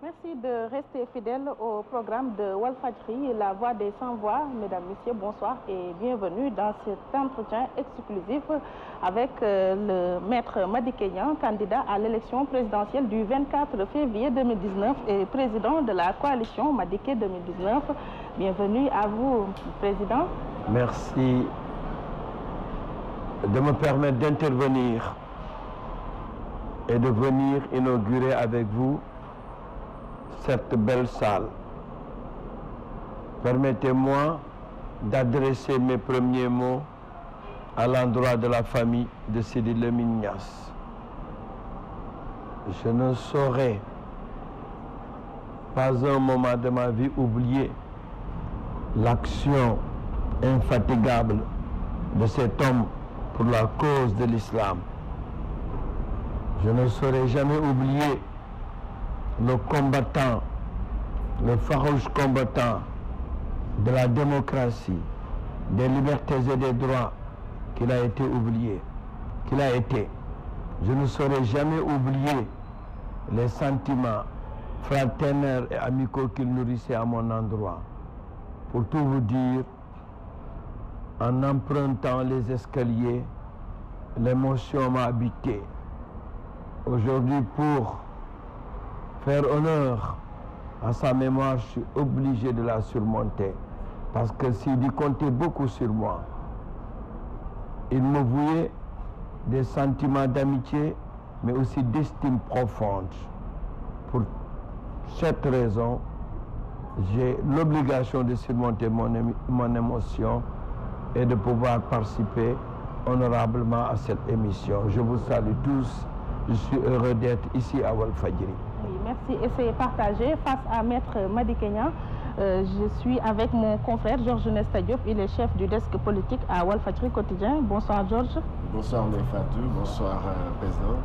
Merci de rester fidèle au programme de Walfadjri, la voix des sans voix. Mesdames, Messieurs, bonsoir et bienvenue dans cet entretien exclusif avec euh, le maître Madi Keyan, candidat à l'élection présidentielle du 24 février 2019 et président de la coalition Madiké 2019. Bienvenue à vous, président. Merci de me permettre d'intervenir et de venir inaugurer avec cette belle salle. Permettez-moi d'adresser mes premiers mots à l'endroit de la famille de Sidi Lamine Niass. Je ne saurais pas un moment de ma vie oublier l'action infatigable de cet homme pour la cause de l'islam. Je ne saurais jamais oublier le combattant, le farouche combattant de la démocratie, des libertés et des droits, qu'il a été oublié, qu'il a été. Je ne saurais jamais oublier les sentiments fraternaires et amicaux qu'il nourrissait à mon endroit. Pour tout vous dire, en empruntant les escaliers, l'émotion m'a habité. Aujourd'hui, pour faire honneur à sa mémoire, je suis obligé de la surmonter. Parce que s'il y comptait beaucoup sur moi, il me vouait des sentiments d'amitié, mais aussi d'estime profonde. Pour cette raison, j'ai l'obligation de surmonter mon, mon émotion et de pouvoir participer honorablement à cette émission. Je vous salue tous. Je suis heureux d'être ici à Walfadjiri. merci et c'est partagé face à Maître Madické Niang. Euh, je suis avec mon confrère Georges Nesta Diop, il est chef du desk politique à Walfadjri Quotidien. Bonsoir Georges. Bonsoir Ndeye Fatou, bonsoir euh, président.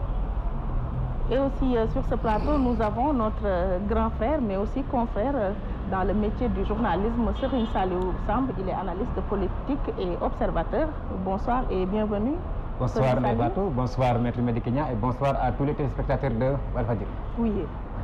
Et aussi euh, sur ce plateau, nous avons notre euh, grand frère mais aussi confrère euh, dans le métier du journalisme, Serigne Saliou Samb, il est analyste politique et observateur. Bonsoir et bienvenue. Bonsoir Ndeye Fatou, bonsoir Maître Madické Niang et bonsoir à tous les téléspectateurs de Walfadjri. Oui.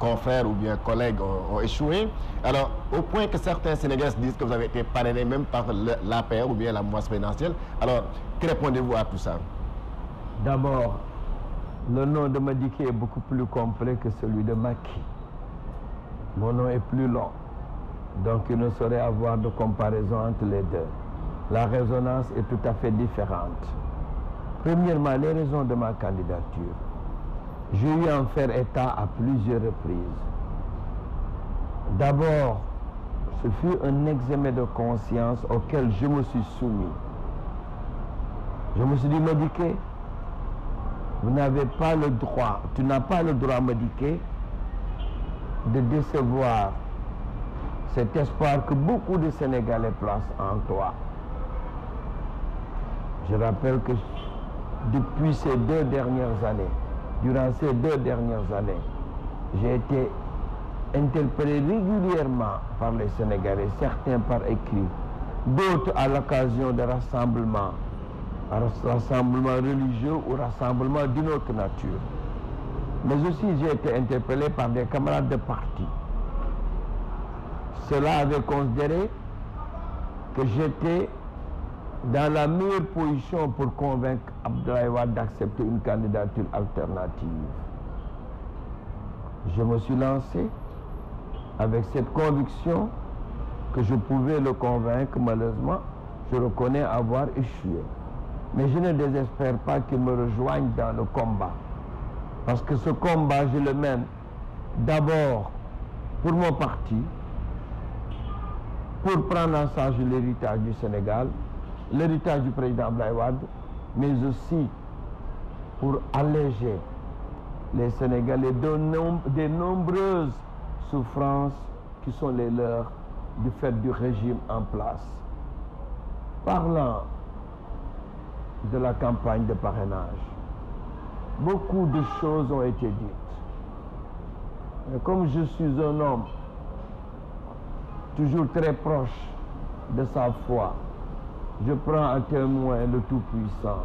confrères ou bien collègues ont, ont Alors, au point que certains Sénégalais disent que vous avez été parrainé même par l'APR ou bien la moisse présidentielle. Alors, que répondez-vous à tout ça D'abord, le nom de Madiké est beaucoup plus complet que celui de Maki. Mon nom est plus long. Donc, il ne saurait avoir de comparaison entre les deux. La résonance est tout à fait différente. Premièrement, les raisons de ma candidature. j'ai eu à en faire état à plusieurs reprises. D'abord, ce fut un examen de conscience auquel je me suis soumis. Je me suis dit, Madické, vous n'avez pas le droit, tu n'as pas le droit, Madické, de décevoir cet espoir que beaucoup de Sénégalais placent en toi. Je rappelle que depuis ces deux dernières années, durant ces deux dernières années, j'ai été interpellé régulièrement par les Sénégalais, certains par écrit, d'autres à l'occasion de rassemblements, religieux ou rassemblements d'une autre nature. Mais aussi j'ai été interpellé par des camarades de parti. Cela avait considéré que j'étais dans la meilleure position pour convaincre Abdoulaye Wade d'accepter une candidature alternative. Je me suis lancé avec cette conviction que je pouvais le convaincre, malheureusement, je reconnais avoir échoué. Mais je ne désespère pas qu'il me rejoigne dans le combat. Parce que ce combat, je le mène d'abord pour mon parti, pour prendre en l'héritage du Sénégal, l'héritage du président Abdoulaye Wade mais aussi pour alléger les Sénégalais de nom des nombreuses souffrances qui sont les leurs du fait du régime en place. Parlant de la campagne de parrainage, beaucoup de choses ont été dites. Et comme je suis un homme toujours très proche de sa foi, je prends à témoin le Tout-Puissant.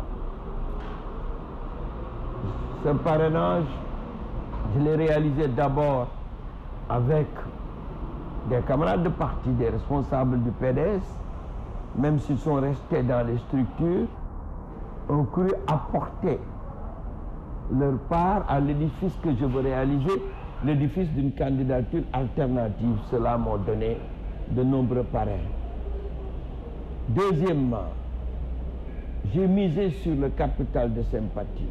Ce parrainage, je l'ai réalisé d'abord avec des camarades de parti, des responsables du PDS, même s'ils sont restés dans les structures, ont cru apporter leur part à l'édifice que je veux réaliser, l'édifice d'une candidature alternative. Cela m'a donné de nombreux parrains. Deuxièmement, j'ai misé sur le capital de sympathie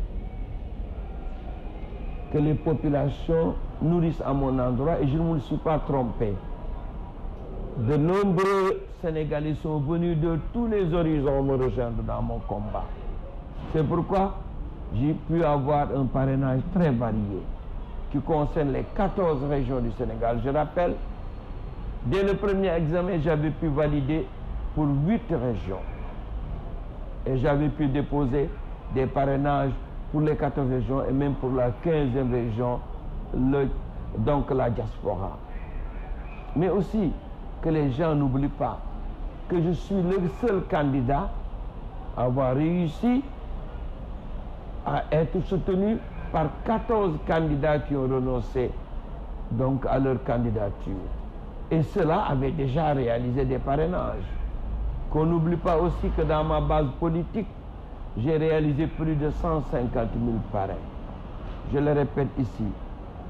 que les populations nourrissent à mon endroit et je ne me suis pas trompé. De nombreux Sénégalais sont venus de tous les horizons me rejoindre dans mon combat. C'est pourquoi j'ai pu avoir un parrainage très varié qui concerne les régions du Sénégal. Je rappelle, dès le premier examen, j'avais pu valider pour huit régions. Et j'avais pu déposer des parrainages pour les 14 régions et même pour la 15e région, le, donc la diaspora. Mais aussi que les gens n'oublient pas que je suis le seul candidat à avoir réussi à être soutenu par 14 candidats qui ont renoncé donc à leur candidature. Et cela avait déjà réalisé des parrainages. Qu'on n'oublie pas aussi que dans ma base politique, j'ai réalisé plus de 150 000 parrains. Je le répète ici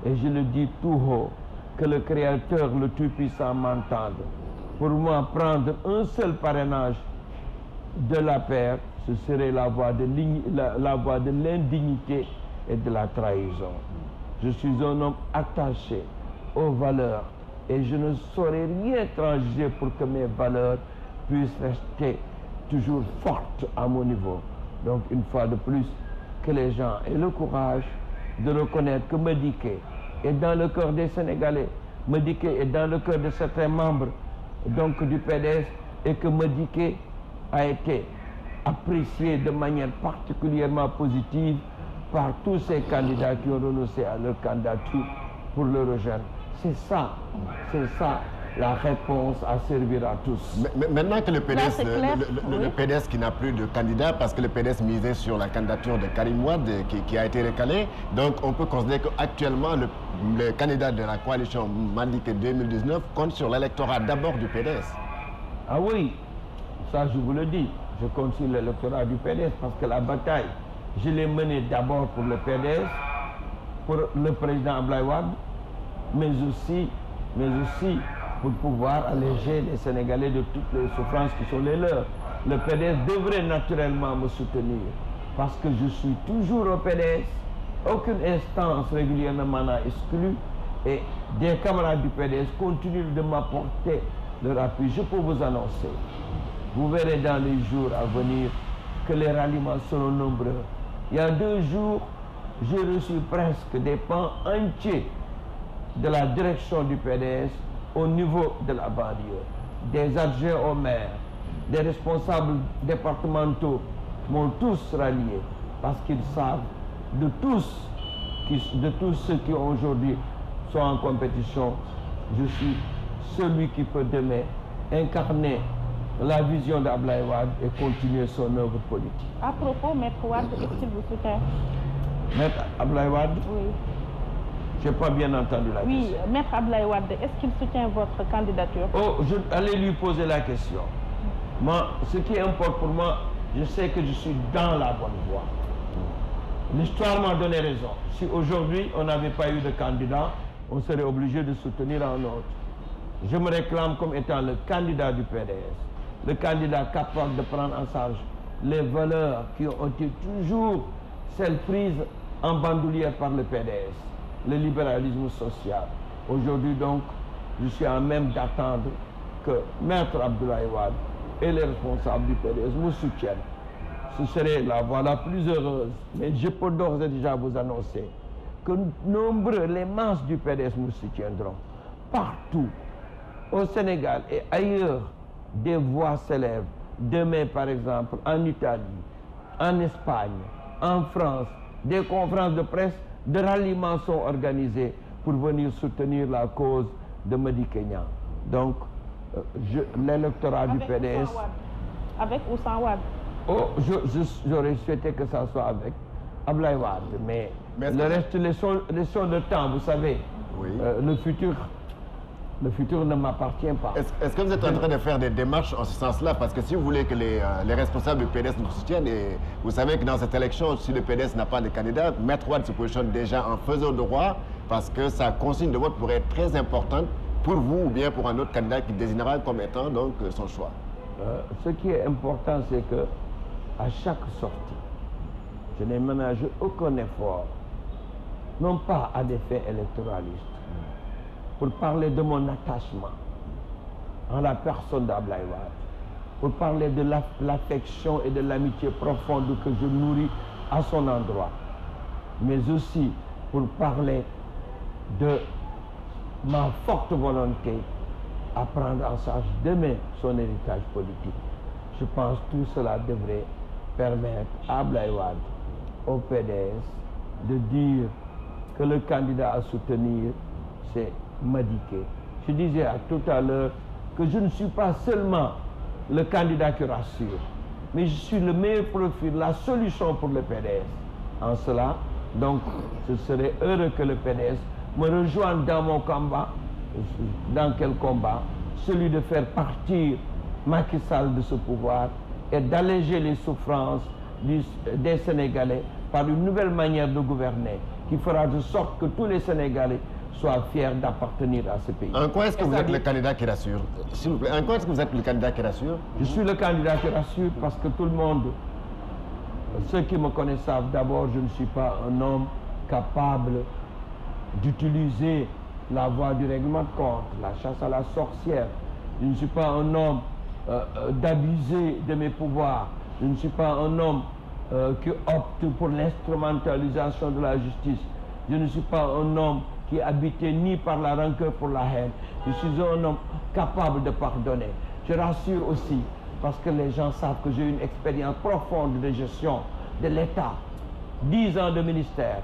et je le dis tout haut, que le Créateur, le Tout-Puissant m'entende. Pour moi, prendre un seul parrainage de la paix, ce serait la voie de l'indignité et de la trahison. Je suis un homme attaché aux valeurs et je ne saurais rien transiger pour que mes valeurs puisse rester toujours forte à mon niveau. Donc une fois de plus, que les gens aient le courage de reconnaître que Madické est dans le cœur des Sénégalais, Madické est dans le cœur de certains membres donc du PDS et que Madické a été apprécié de manière particulièrement positive par tous ces candidats qui ont renoncé à leur candidature pour le rejoindre. C'est ça, c'est ça la réponse à servir à tous. maintenant le PDS, qui n'a plus de candidat parce que le PDS misait sur qui, a été recalée, donc on peut considérer qu'actuellement le, le candidat de la coalition Malik 2019 compte sur l'électorat d'abord du PDS. Ah oui, ça je vous le dis, parce que la bataille, je l'ai menée d'abord pour le PDS, pour le président Ablaï Wade, mais aussi pour pouvoir alléger les Sénégalais de toutes les souffrances qui sont les leurs. Le PDS devrait naturellement me soutenir parce que je suis toujours au PDS. Aucune instance régulièrement m'en a exclu et des camarades du PDS continuent de m'apporter leur appui. Je peux vous annoncer, vous verrez dans les jours à venir que les ralliements seront nombreux. Il y a deux jours, j'ai reçu presque des pans entiers de la direction du PDS au niveau de la banlieue des adjoints au maire des responsables départementaux m'ont tous rallié parce qu'ils savent de tous qui, de tous ceux qui aujourd'hui sont en compétition je suis celui qui peut demain incarner la vision d'Ablaye Wade et continuer son œuvre politique. À propos, Maître Wade, est-il vous soutient? Maître Ablaye Wade? Oui. J'ai pas bien entendu la oui, question. est-ce qu'il soutient votre candidature Oh, je allais lui poser la question. ce qui importe pour moi, je sais que je suis dans la bonne voie. L'histoire m'a donné raison. Si aujourd'hui, on n'avait pas eu de candidat, on serait obligé de soutenir un autre. Je me réclame comme étant le candidat du PDS, le candidat capable de prendre en charge les valeurs qui ont été toujours celles prises en bandoulière par le PDS. le libéralisme social. Aujourd'hui donc, je suis en même d'attendre que Maître Abdoulaye Wade et les responsables du PDS me soutiennent. Ce serait la voie la plus heureuse, mais je peux d'ores et déjà vous annoncer que nombreux, les masses du PDS nous soutiendront. Partout, au Sénégal et ailleurs, des voix s'élèvent. Demain, par exemple, en Italie, en Espagne, en France, des conférences de presse de ralliement sont organisés pour venir soutenir la cause de Madi Kenya donc euh, je l'électorat du PDS avec ou sans Wade oh je je j'aurais souhaité que ça avec Ablaye mais, mais le reste laissons laissons le temps vous savez euh, le futur le futur ne m'appartient pas. Est-ce est que vous êtes en train de faire des démarches en ce sens-là Parce que si vous voulez que les, euh, les responsables du PDS nous soutiennent, et vous savez que dans cette élection, si le PDS n'a pas de candidat, Maître Wade se positionne déjà en faisant droit, parce que sa consigne de vote pourrait être très importante pour vous ou bien pour un autre candidat qui désignera comme étant donc euh, son choix. Euh, ce qui est important, c'est que à chaque sortie, je n'ai ménagé aucun effort, non pas à des faits électoralistes, pour parler de mon attachement en la personne d'Ablaye Wade pour parler de l'affection et de l'amitié profonde que je nourris à son endroit mais aussi pour parler de ma forte volonté à prendre en charge demain son héritage politique je pense que tout cela devrait permettre à Ablaye Wade au PDS de dire que le candidat à soutenir c'est Madické je disais à tout à l'heure que je ne suis pas seulement le candidat qui rassure mais je suis le meilleur profil la solution pour le PDS en cela donc je serais heureux que le PDS me rejoigne dans mon combat dans quel combat celui de faire partir Macky Sall de ce pouvoir et d'alléger les souffrances des Sénégalais par une nouvelle manière de gouverner qui fera de sorte que tous les Sénégalais soit fier d'appartenir à ce pays. En quoi est-ce que vous êtes le candidat qui rassure? S'il vous plaît, en quoi est-ce que vous êtes le candidat qui rassure? Je suis le candidat qui rassure parce que tout le monde, ceux qui me connaissent savent d'abord, je ne suis pas un homme capable d'utiliser la voie du règlement de compte, la chasse à la sorcière. Je ne suis pas un homme euh, euh d'abuser de mes pouvoirs. Je ne suis pas un homme euh, qui opte pour l'instrumentalisation de la justice. Je ne suis pas un homme qui est habité ni par la rancœur pour la haine. Je suis un homme capable de pardonner. Je rassure aussi parce que les gens savent que j'ai une expérience profonde de gestion de l'État. Dix ans de ministère,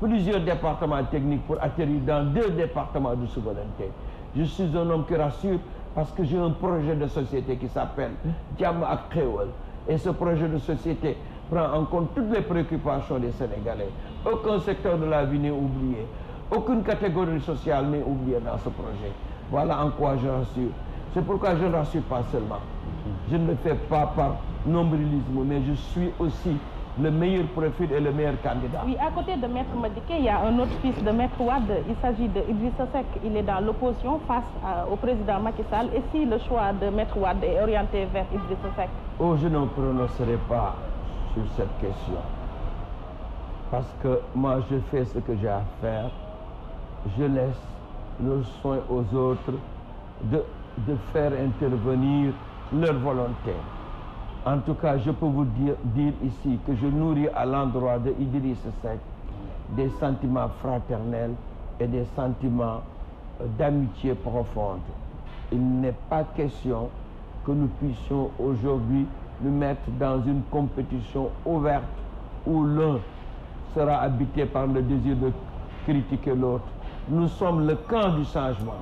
plusieurs départements techniques pour atterrir dans deux départements de souveraineté. Je suis un homme qui rassure parce que j'ai un projet de société qui s'appelle Jàmm ak Xéewal. Et ce projet de société prend en compte toutes les préoccupations des Sénégalais. Aucun secteur de la vie n'est oublié. Aucune catégorie sociale n'est oubliée dans ce projet. Voilà en quoi je rassure. C'est pourquoi je ne rassure pas seulement. Je ne le fais pas par nombrilisme, mais je suis aussi le meilleur profil et le meilleur candidat. Oui, à côté de Maître Madiké, il y a un autre fils de Maître Wade. Il s'agit de Idrissa Seck. Il est dans l'opposition face à, au président Macky Sall. Et si le choix de Maître Wade est orienté vers Idrissa Seck Oh, je ne prononcerai pas sur cette question. Parce que moi, je fais ce que j'ai à faire je laisse le soin aux autres de, de faire intervenir leur volonté. En tout cas, je peux vous dire, dire ici que je nourris à l'endroit de Idriss Seck des sentiments fraternels et des sentiments euh, d'amitié profonde. Il n'est pas question que nous puissions aujourd'hui nous mettre dans une compétition ouverte où l'un sera habité par le désir de critiquer l'autre. nous sommes le camp du changement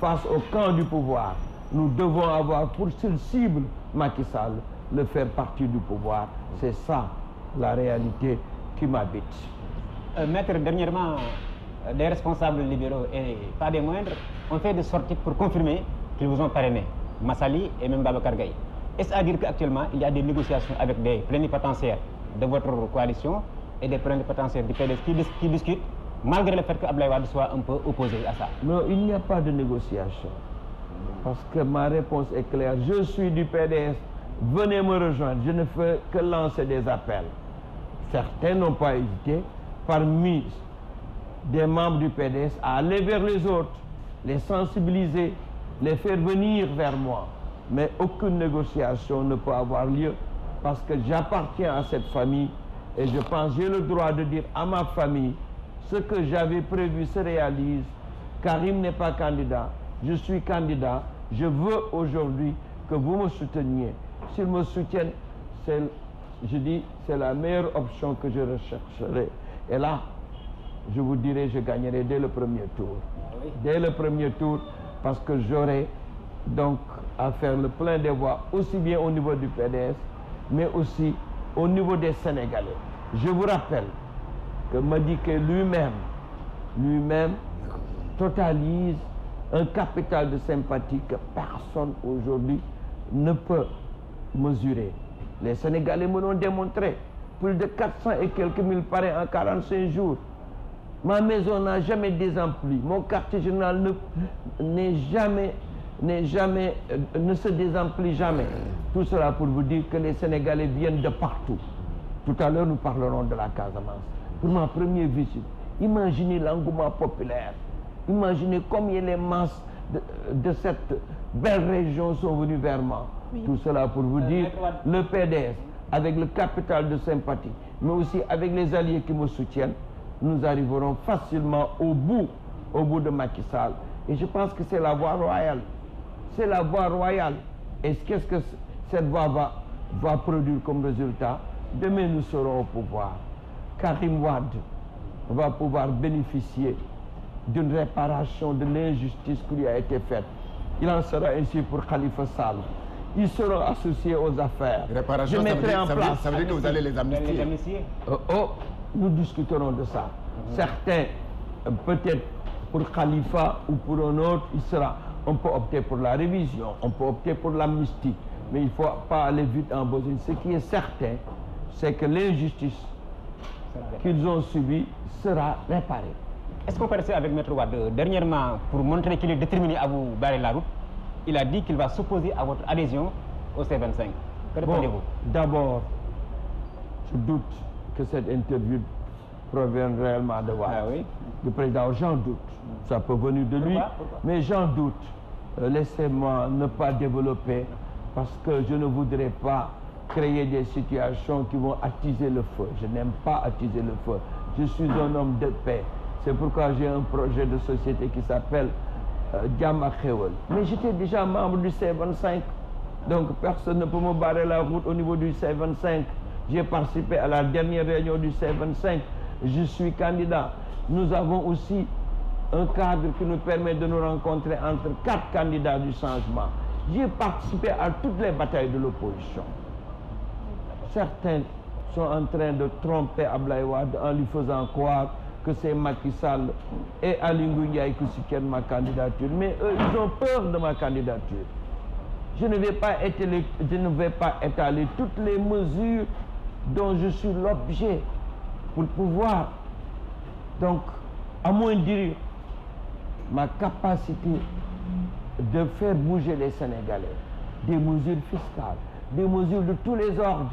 face au camp du pouvoir nous devons avoir pour seule cible Macky le faire partie du pouvoir c'est ça la réalité qui m'habite euh, maître dernièrement euh, des responsables libéraux et pas des moindres ont fait des sorties pour confirmer qu'ils vous ont parrainé Massali et même Babacar Gaye est-ce à dire qu'actuellement il y a des négociations avec des plénipotentiaires de votre coalition et des plénipotentiaires qui discutent malgré le fait que Abdoulaye Wade soit un peu opposé à ça. Non, il n'y a pas de négociation. Parce que ma réponse est claire. Je suis du PDS. Venez me rejoindre. Je ne fais que lancer des appels. Certains n'ont pas hésité, parmi des membres du PDS, à aller vers les autres, les sensibiliser, les faire venir vers moi. Mais aucune négociation ne peut avoir lieu parce que j'appartiens à cette famille et je pense j'ai le droit de dire à ma famille ce que j'avais prévu se réalise. Karim n'est pas candidat. Je suis candidat. Je veux aujourd'hui que vous me souteniez. S'ils me soutiennent, c'est, je dis, c'est la meilleure option que je rechercherai. Et là, je vous dirai, je gagnerai dès le premier tour. Dès le premier tour, parce que j'aurai donc à faire le plein des voix, aussi bien au niveau du PDS, mais aussi au niveau des Sénégalais. Je vous rappelle que Madické lui-même lui-même totalise un de sympathie que personne aujourd'hui ne peut mesurer les Sénégalais me l'ont démontré de quatre cent et quelques mille parrains en quarante cinq jours ma maison n'a jamais désempli mon quartier général ne n'est jamais n'est jamais euh, ne se désemplit jamais tout cela pour vous dire que les Sénégalais viennent de partout tout à l'heure nous parlerons de la Casamance pour ma première visite imaginez l'engouement populaire imaginez combien les masses de, de cette belle région sont venues vers moi oui. tout cela pour vous euh, dire le PDS avec le capital de sympathie mais aussi avec les alliés qui me soutiennent nous arriverons facilement au bout au bout de Macky Sall et je pense que c'est la voie royale c'est la voie royale et qu'est-ce que cette voie va va produire comme résultat demain nous serons au pouvoir Karim Wade va pouvoir bénéficier d'une réparation de l'injustice qui lui a été faite. Il en sera ainsi pour Khalifa Sall. Ils seront associés aux affaires. Je mettrai en place. Euh, oh, mhm. Certains, euh, peut-être pour Khalifa ou pour un autre, il sera. On peut opter pour la révision, on peut opter pour l'amnistie. Mais il faut pas aller vite en besogne. Ce qui est certain, c'est que l'injustice qu'ils ont subi sera réparé. Est-ce qu'on peut rester Dernièrement, pour montrer qu'il est déterminé à vous barrer la route, il a dit qu'il va s'opposer à votre adhésion au c bon, D'abord, je doute que cette interview provienne réellement de Wade. Ah oui? président, j'en doute. Ça peut venir de lui, mais j'en doute. Euh, laissez-moi ne pas développer parce que je ne voudrais pas créer des situations qui vont le feu. Je n'aime pas le feu. Je suis un homme de paix. C'est pourquoi j'ai projet de société qui s'appelle Jàmm ak Xéwal. Mais j'étais déjà membre du C25. Donc personne ne peut me barrer la route au niveau du C25. J'ai participé à la dernière réunion du C25. Je suis candidat. Nous avons aussi un cadre qui nous permet de nous rencontrer entre quatre candidats du changement. J'ai participé à les batailles de l'opposition. certains sont en train de tromper Ablaye Wade en lui faisant croire que c'est Macky Sall et Aly qui soutiennent ma candidature mais eux ont peur de ma candidature je ne vais pas étaler je ne vais pas étaler toutes les mesures dont je suis l'objet pour pouvoir donc amoindrir ma capacité de faire bouger les Sénégalais des mesures fiscales des mesures de tous les ordres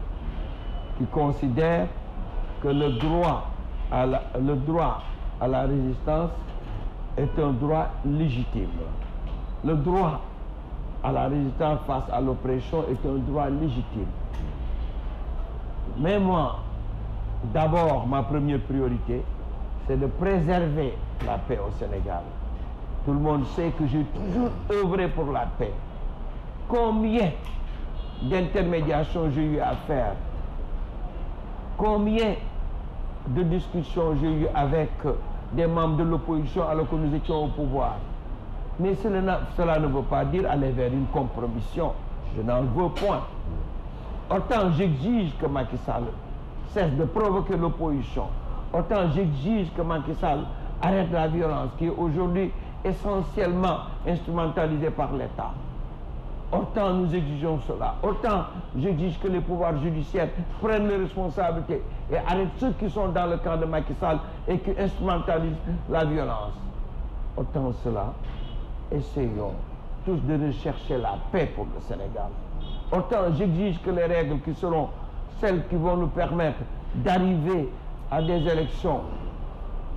qui considère que le droit à la, à la résistance est un droit légitime. Le droit à la résistance face à l'oppression est un droit légitime. Mais moi, d'abord, ma première priorité, c'est de préserver la paix au Sénégal. Tout le monde sait que j'ai toujours œuvré pour la paix. Combien d'intermédiations j'ai eu à faire Combien de discussions j'ai eues avec des membres de l'opposition alors que nous étions au pouvoir. Mais cela, cela ne veut pas dire aller vers une compromission. Je n'en veux point. Autant j'exige que Macky Sall cesse de provoquer l'opposition. Autant j'exige que Macky Sall arrête la violence qui est aujourd'hui essentiellement instrumentalisée par l'État. Autant nous exigeons cela. Autant j'exige que les pouvoirs judiciaires prennent les responsabilités et arrêtent ceux qui sont dans le camp de Macky Sall et qui instrumentalisent la violence. Autant cela, essayons tous de rechercher la paix pour le Sénégal. Autant j'exige que les règles qui seront celles qui vont nous permettre d'arriver à des élections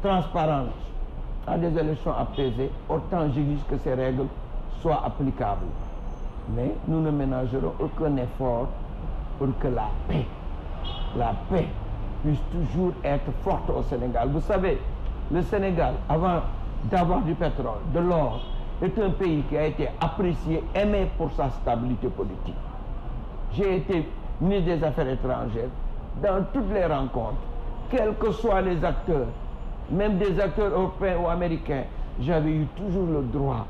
transparentes, à des élections apaisées, autant j'exige que ces règles soient applicables. mais nous ne ménagerons aucun effort pour que la paix, la paix puisse toujours être forte au Sénégal. Vous savez, le Sénégal, avant d'avoir du pétrole, de l'or, est un pays qui a été apprécié, aimé pour sa stabilité politique. J'ai été ministre des Affaires étrangères dans toutes les rencontres, quels que soient les acteurs, même des acteurs européens ou américains, j'avais eu toujours le droit,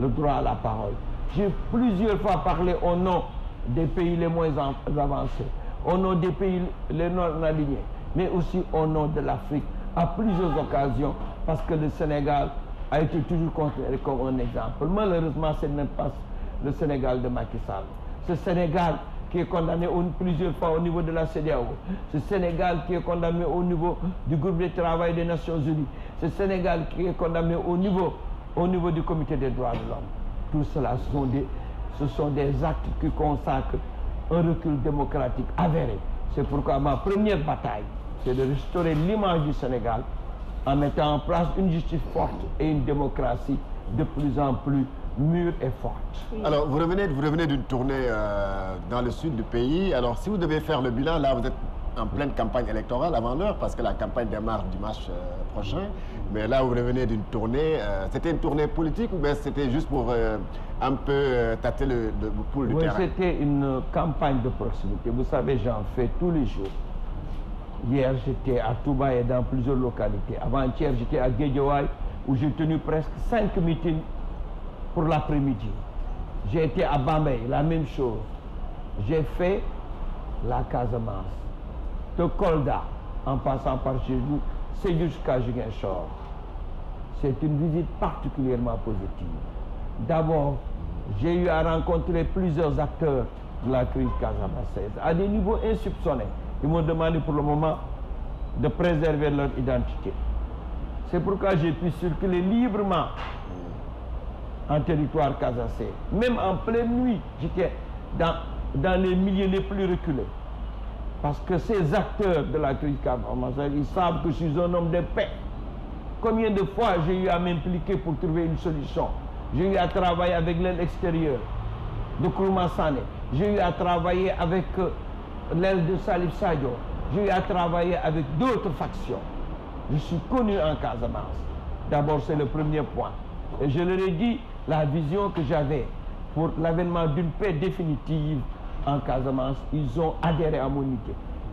le droit à la parole. J'ai plusieurs fois parlé au nom des pays les moins avancés, au nom des pays les non alignés, mais aussi au nom de l'Afrique, à plusieurs occasions, parce que le Sénégal a été toujours considéré comme un exemple. Malheureusement, ce n'est pas le Sénégal de Macky Sall. Ce Sénégal qui est condamné au, niveau de la CEDEAO. o Sénégal au niveau du groupe de travail des Nations Unies. Ce Sénégal qui est condamné niveau, au niveau du comité des droits de l'homme. tout cela ce sont des des actes qui consacrent un recul démocratique avéré c'est pourquoi ma première bataille c'est de restaurer l'image du Sénégal en mettant en place une justice forte et une démocratie de plus en plus mûre et forte. Oui. Alors vous revenez d'une tournée euh, dans le sud du pays si vous devez faire le bilan là vous en pleine campagne électorale avant l'heure parce que la campagne démarre dimanche euh, prochain. Mais là, vous revenez d'une tournée. Euh, c'était une tournée politique ou bien c'était juste pour euh, un peu tâter le, le, le pouls du oui, terrain C'était une campagne de proximité. Vous savez, j'en fais tous les jours. Hier, j'étais à Touba et dans plusieurs localités. Avant-hier, j'étais à Guédiouaï où j'ai tenu presque cinq meetings pour l'après-midi. J'ai été à Bambay, la même chose. J'ai fait la Casamance. de Kolda en passant par chez vous, c'est jusqu'à Ziguinchor. C'est une visite particulièrement positive. D'abord, j'ai eu à rencontrer plusieurs acteurs de la crise casamassaise à des niveaux insoupçonnés. Ils m'ont demandé pour le moment de préserver leur identité. C'est pourquoi j'ai pu circuler librement en territoire casassais. Même en pleine nuit, j'étais dans, dans les milieux les plus reculés. Parce que ces acteurs de la crise caravansale, ils savent que je suis un homme de paix. Combien de fois j'ai eu à m'impliquer pour trouver une solution J'ai eu à travailler avec l'aile extérieure de Koumasane. J'ai à travailler avec euh, l'aile de Salif J'ai eu à travailler avec d'autres factions. Je suis connu en Casamance. D'abord, c'est le premier point. Et je leur ai dit la vision que j'avais pour l'avènement d'une paix définitive en Casamance, ils ont adhéré à Monique.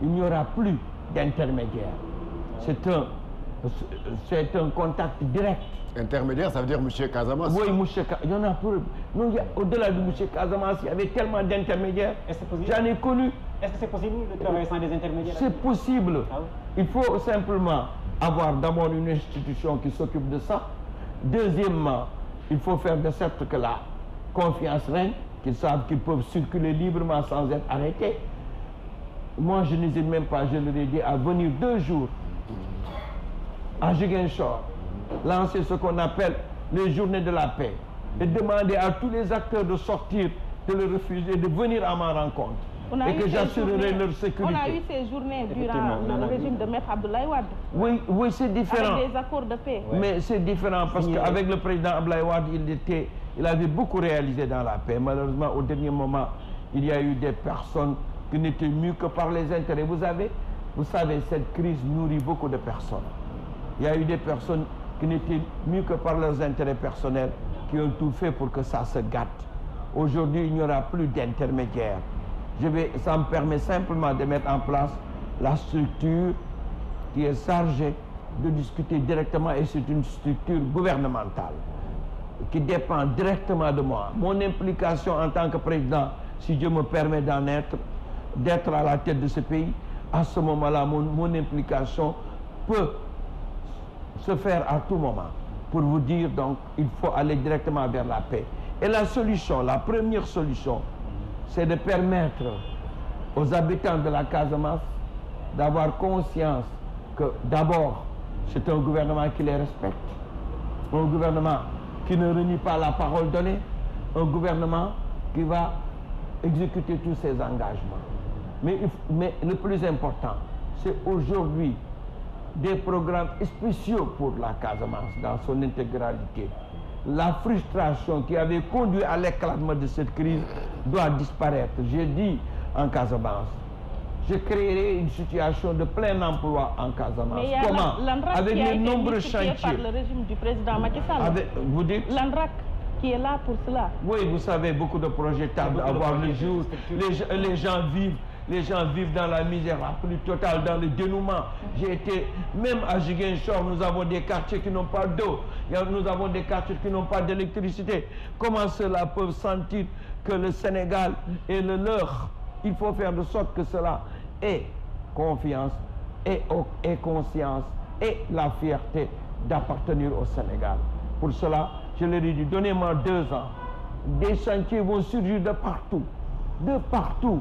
Il n'y aura plus d'intermédiaire. C'est un, c'est un contact direct. Intermédiaire, ça veut dire monsieur Casamance. Oui, monsieur il y en a pour... Non, au-delà de monsieur Casamance, il y avait tellement d'intermédiaires. Est-ce possible J'en ai connu. Est-ce que c'est possible de travailler sans des intermédiaires C'est possible. Ah oui? Il faut simplement avoir d'abord une institution qui s'occupe de ça. Deuxièmement, il faut faire de sorte que la confiance règne. qu'ils savent qu'ils peuvent circuler librement sans être arrêtés. Moi, je n'hésite même pas, je leur ai dit, à venir deux jours à Juguenchor, lancer ce qu'on appelle les journées de la paix et demander à tous les acteurs de sortir de le refuser, de venir à ma rencontre. On a et que j'assurerai leur sécurité. On a eu ces journées durant le régime de Maître Abdoulaye Wade. Oui, oui c'est différent. Avec des accords de paix. Ouais. Mais c'est différent parce qu'avec le président Abdoulaye Wade, il était il avait beaucoup réalisé dans la paix malheureusement au dernier moment il y a eu des personnes qui n'étaient mieux que par les intérêts vous avez vous savez cette crise nourrit beaucoup de personnes il y a eu des personnes qui n'étaient mieux que par leurs intérêts personnels qui ont tout fait pour que ça se gâte aujourd'hui il n'y aura plus d'intermédiaires je vais ça me permet simplement de mettre en place la structure qui est chargée de discuter directement et c'est une structure gouvernementale qui dépend directement de moi. Mon implication en tant que président, si Dieu me permet d'en être, d'être à la tête de ce pays, à ce moment-là, mon, mon implication peut se faire à tout moment. Pour vous dire, donc, il faut aller directement vers la paix. Et la solution, la première solution, c'est de permettre aux habitants de la Casamance d'avoir conscience que d'abord, c'est un gouvernement qui les respecte, un gouvernement qui ne renie pas la parole donnée, un gouvernement qui va exécuter tous ses engagements. Mais, mais le plus important, c'est aujourd'hui des programmes spéciaux pour la Casamance dans son intégralité. La frustration qui avait conduit à l'éclatement de cette crise doit disparaître. J'ai dit en Casamance, je créerai une situation de plein emploi en Casamance. Mais Comment l'ANRAC Avec qui a les été nombreux chantiers. par le régime du président Macky Avec, vous savez, beaucoup de projets tardent le jour. Les, les gens vivent dans la misère la plus totale, dans le dénouement. J'ai été, même à Jiguenchor, nous avons des quartiers qui n'ont pas d'eau, nous avons des quartiers qui n'ont pas d'électricité. Comment cela peut sentir que le Sénégal est le leur Il faut faire de sorte que cela et confiance et, et conscience et la fierté d'appartenir au Sénégal. Pour cela, je leur ai dit, donnez-moi deux ans. Des chantiers vont surgir de partout. De partout.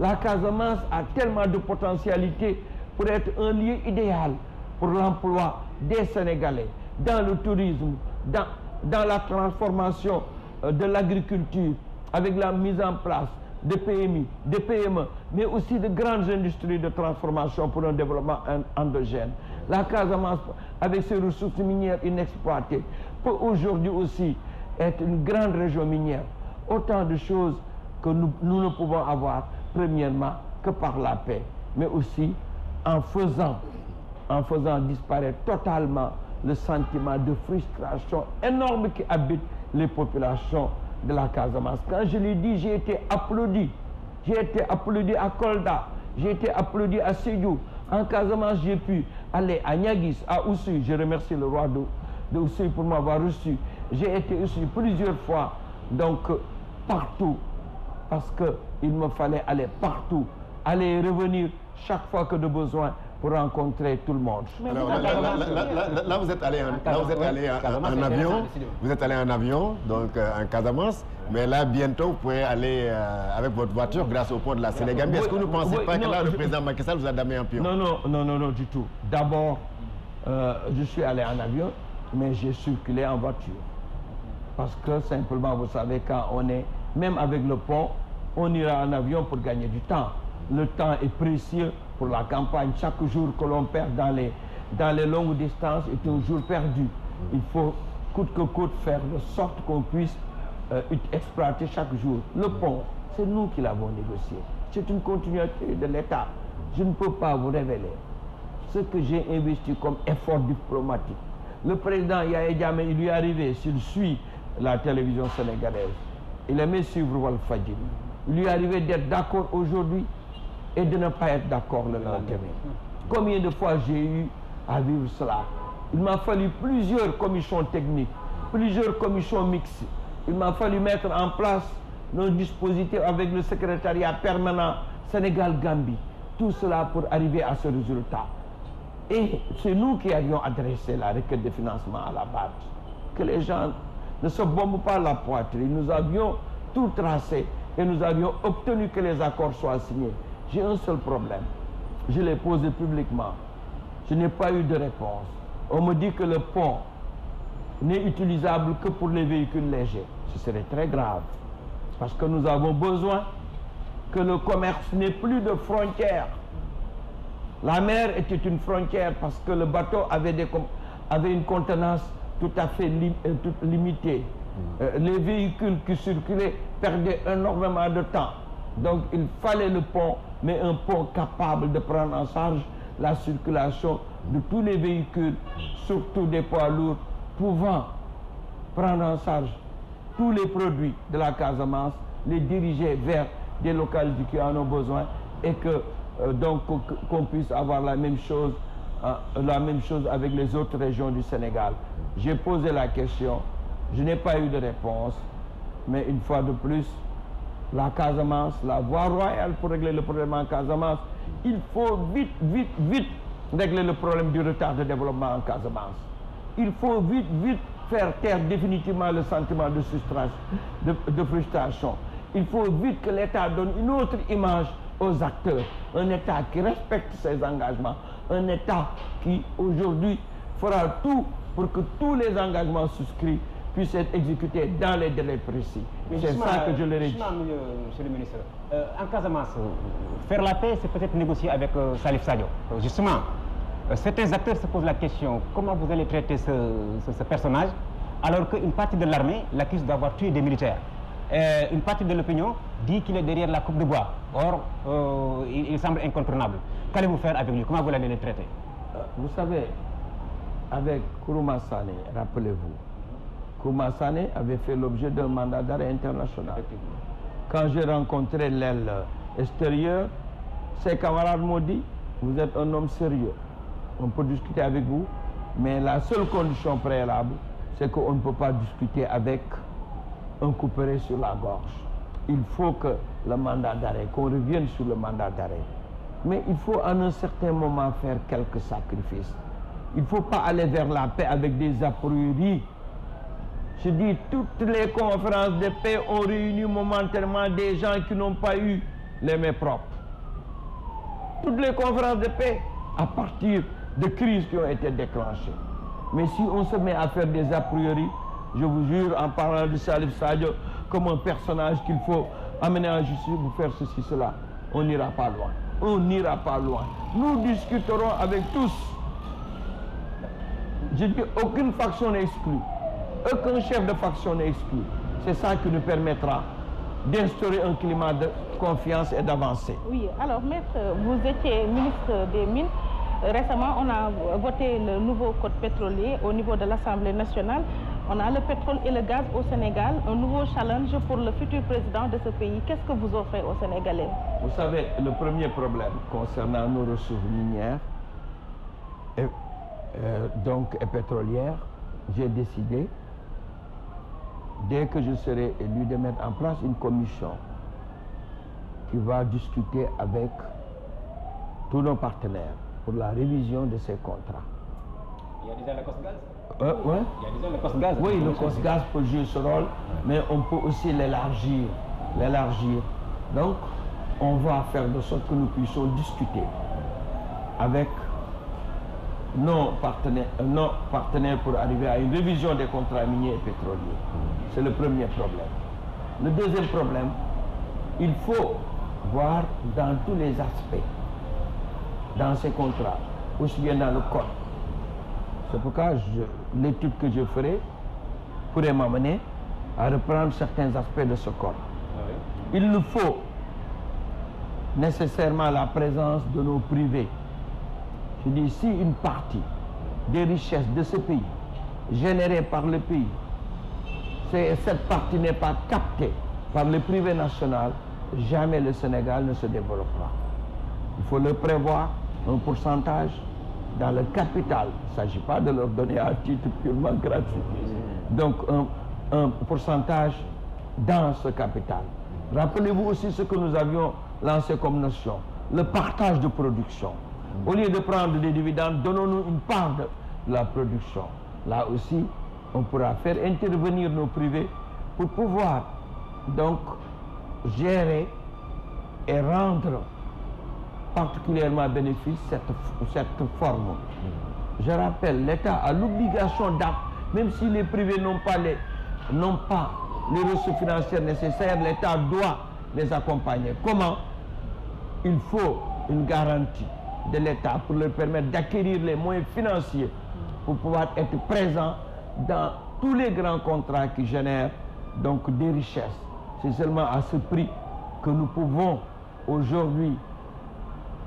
La Casamance a tellement de potentialité pour être un lieu idéal pour l'emploi des Sénégalais, dans le tourisme, dans, dans la transformation euh, de l'agriculture, avec la mise en place de PMI, de PME, mais aussi de grandes industries de transformation pour un développement endogène. La Casamance, avec ses ressources minières inexploitées, peut aujourd'hui aussi être une grande région minière. Autant de choses que nous, nous ne pouvons avoir, premièrement, que par la paix, mais aussi en faisant, en faisant disparaître totalement le sentiment de frustration énorme qui habite les populations de la Casamance. Quand je l'ai dit, j'ai été applaudi. J'ai été applaudi à Kolda, j'ai été applaudi à Sédhiou. En Casamance, j'ai pu aller à Niaguis, à Oussouye. Je remercie le roi de, de Oussouye pour m'avoir reçu. J'ai été Oussouye plusieurs fois, donc partout, parce qu'il me fallait aller partout, aller et revenir chaque fois que de besoin. pour rencontrer tout le monde. Alors, là, là, là, là vous êtes allé en, là, vous êtes allé en, en avion. Vous êtes allé en avion, donc euh, en Casamance. Mais là, bientôt, vous pouvez aller euh, avec votre voiture grâce au pont de la Sénégambie. Est-ce que vous ne pensez pas que là, le président Macky Sall vous a damé un pion Non, non, non, non, non, du tout. D'abord, euh, je suis allé en avion, mais j'ai circulé en voiture. Parce que simplement, vous savez, quand on est, même avec le pont, on ira en avion pour gagner du temps. Le temps est précieux pour la campagne. Chaque jour que l'on perd dans les, dans les longues distances est un jour perdu. Il faut coûte que coûte faire de sorte qu'on puisse euh, exploiter chaque jour. Le pont, c'est nous qui l'avons négocié. C'est une continuité de l'État. Je ne peux pas vous révéler ce que j'ai investi comme effort diplomatique. Le président Yahya Jammeh, il lui est arrivé, s'il suit la télévision sénégalaise, il aimait suivre Walfadjri. Il lui est arrivé d'être d'accord aujourd'hui et de ne pas être d'accord le lendemain. Combien de fois j'ai eu à vivre cela? Il m'a fallu plusieurs commissions techniques, plusieurs commissions mixtes. Il m'a fallu mettre en place nos dispositifs avec le secrétariat permanent Sénégal-Gambie. Tout cela pour arriver à ce résultat. Et c'est nous qui avions adressé la requête de financement à la BAD. Que les gens ne se bombent pas la poitrine. Nous avions tout tracé et nous avions obtenu que les accords soient signés. J'ai un seul problème. Je l'ai posé publiquement. Je n'ai pas eu de réponse. On me dit que le pont n'est utilisable que pour les véhicules légers. Ce serait très grave. Parce que nous avons besoin que le commerce n'ait plus de frontières. La mer était une frontière parce que le bateau avait, des avait une contenance tout à fait li euh, tout limitée. Mmh. Euh, les véhicules qui circulaient perdaient énormément de temps. donc il fallait le pont mais un pont capable de prendre en charge la circulation de tous les véhicules surtout des poids lourds pouvant prendre en charge tous les produits de la Casamance les diriger vers des localités qui en ont besoin et que euh, donc qu'on puisse avoir la même chose hein, euh, la même chose avec les autres régions du Sénégal j'ai posé la question je n'ai pas eu de réponse mais une fois de plus la Casamance la voie royale pour régler le problème en Casamance il faut vite vite vite régler le problème du retard de développement en Casamance il faut vite vite faire taire définitivement le sentiment de de frustration il faut vite que l'État donne une autre image aux acteurs un État qui respecte ses engagements un État qui aujourd'hui fera tout pour que tous les engagements souscrits puissent être exécutés dans les délais précis c'est ça que je leur ai dit. monsieur le ministre eh, en Casamance faire la paix c'est peut-être négocier avec euh, Salif Sadio euh, justement euh, certains acteurs se posent la question comment vous allez traiter ce ce, ce personnage alors qu'une partie de l'armée l'accuse d'avoir tué des militaires euh, une partie de l'opinion dit qu'il est derrière la coupe de bois or euh, il, il semble incontournable qu'allez-vous faire avec lui comment vous allez le traiter vous savez avec Kourouma Sané rappelez-vous Kouma Sané avait fait l'objet d'un mandat d'arrêt international. Quand j'ai rencontré l'aile extérieure, ses camarades m'ont vous êtes un homme sérieux, on peut discuter avec vous, mais la seule condition préalable, c'est qu'on ne peut pas discuter avec un couperet sur la gorge. Il faut que le mandat d'arrêt, qu'on revienne sur le mandat d'arrêt. Mais il faut à un certain moment faire quelques sacrifices. Il ne faut pas aller vers la paix avec des a Je dis, toutes les conférences de paix ont réuni momentanément des gens qui n'ont pas eu les mains propres. Toutes les conférences de paix à partir de crises qui ont été déclenchées. Mais si on se met à faire des a priori, je vous jure, en parlant de Salif Sadio comme un personnage qu'il faut amener en justice pour faire ceci, cela, on n'ira pas loin. On n'ira pas loin. Nous discuterons avec tous. Je dis, aucune faction n'est exclue. Aucun chef de faction n'est exclu. C'est ça qui nous permettra d'instaurer un climat de confiance et d'avancée. Oui, alors maître, vous étiez ministre des Mines. Récemment, on a voté le nouveau code pétrolier au niveau de l'Assemblée nationale. On a le pétrole et le gaz au Sénégal, un nouveau challenge pour le futur président de ce pays. Qu'est-ce que vous offrez aux Sénégalais? Vous savez, le premier problème concernant nos ressources minières et, euh, donc et pétrolières, j'ai décidé dès que je serai élu, de mettre en place une commission qui va discuter avec tous nos partenaires pour la révision de ces contrats. Il y a déjà le COSGAS euh, ouais. Il y a déjà le COSGAS. Oui, le COSGAS peut jouer ce rôle, mais on peut aussi l'élargir. L'élargir. Donc, on va faire de sorte que nous puissions discuter avec non partenaires, euh, nos partenaires pour arriver à une révision des contrats miniers et pétroliers. C'est le premier problème. Le deuxième problème, il faut voir dans tous les aspects, dans ces contrats, aussi bien dans le code. C'est pourquoi l'étude que je ferai pourrait m'amener à reprendre certains aspects de ce code. Il nous faut nécessairement la présence de nos privés je dis si une partie des richesses de ce pays générées par le pays, cette partie n'est pas captée par le privé national, jamais le Sénégal ne se développera. Il faut le prévoir, un pourcentage dans le capital. Il ne s'agit pas de leur donner à titre purement gratuit. Donc un, un pourcentage dans ce capital. Rappelez-vous aussi ce que nous avions lancé comme notion, le partage de production. au lieu de prendre des dividendes, donnons-nous une part de la production. Là aussi, on pourra faire intervenir nos privés pour pouvoir donc gérer et rendre particulièrement bénéfique cette, cette forme. Je rappelle, l'État a l'obligation d'acte, même si les privés n'ont pas les, n'ont pas les ressources financières nécessaires, l'État doit les accompagner. Comment Il faut une garantie de l'État pour leur permettre d'acquérir les moyens financiers pour pouvoir être présent dans tous les grands contrats qui génèrent donc des richesses. C'est seulement à ce prix que nous pouvons aujourd'hui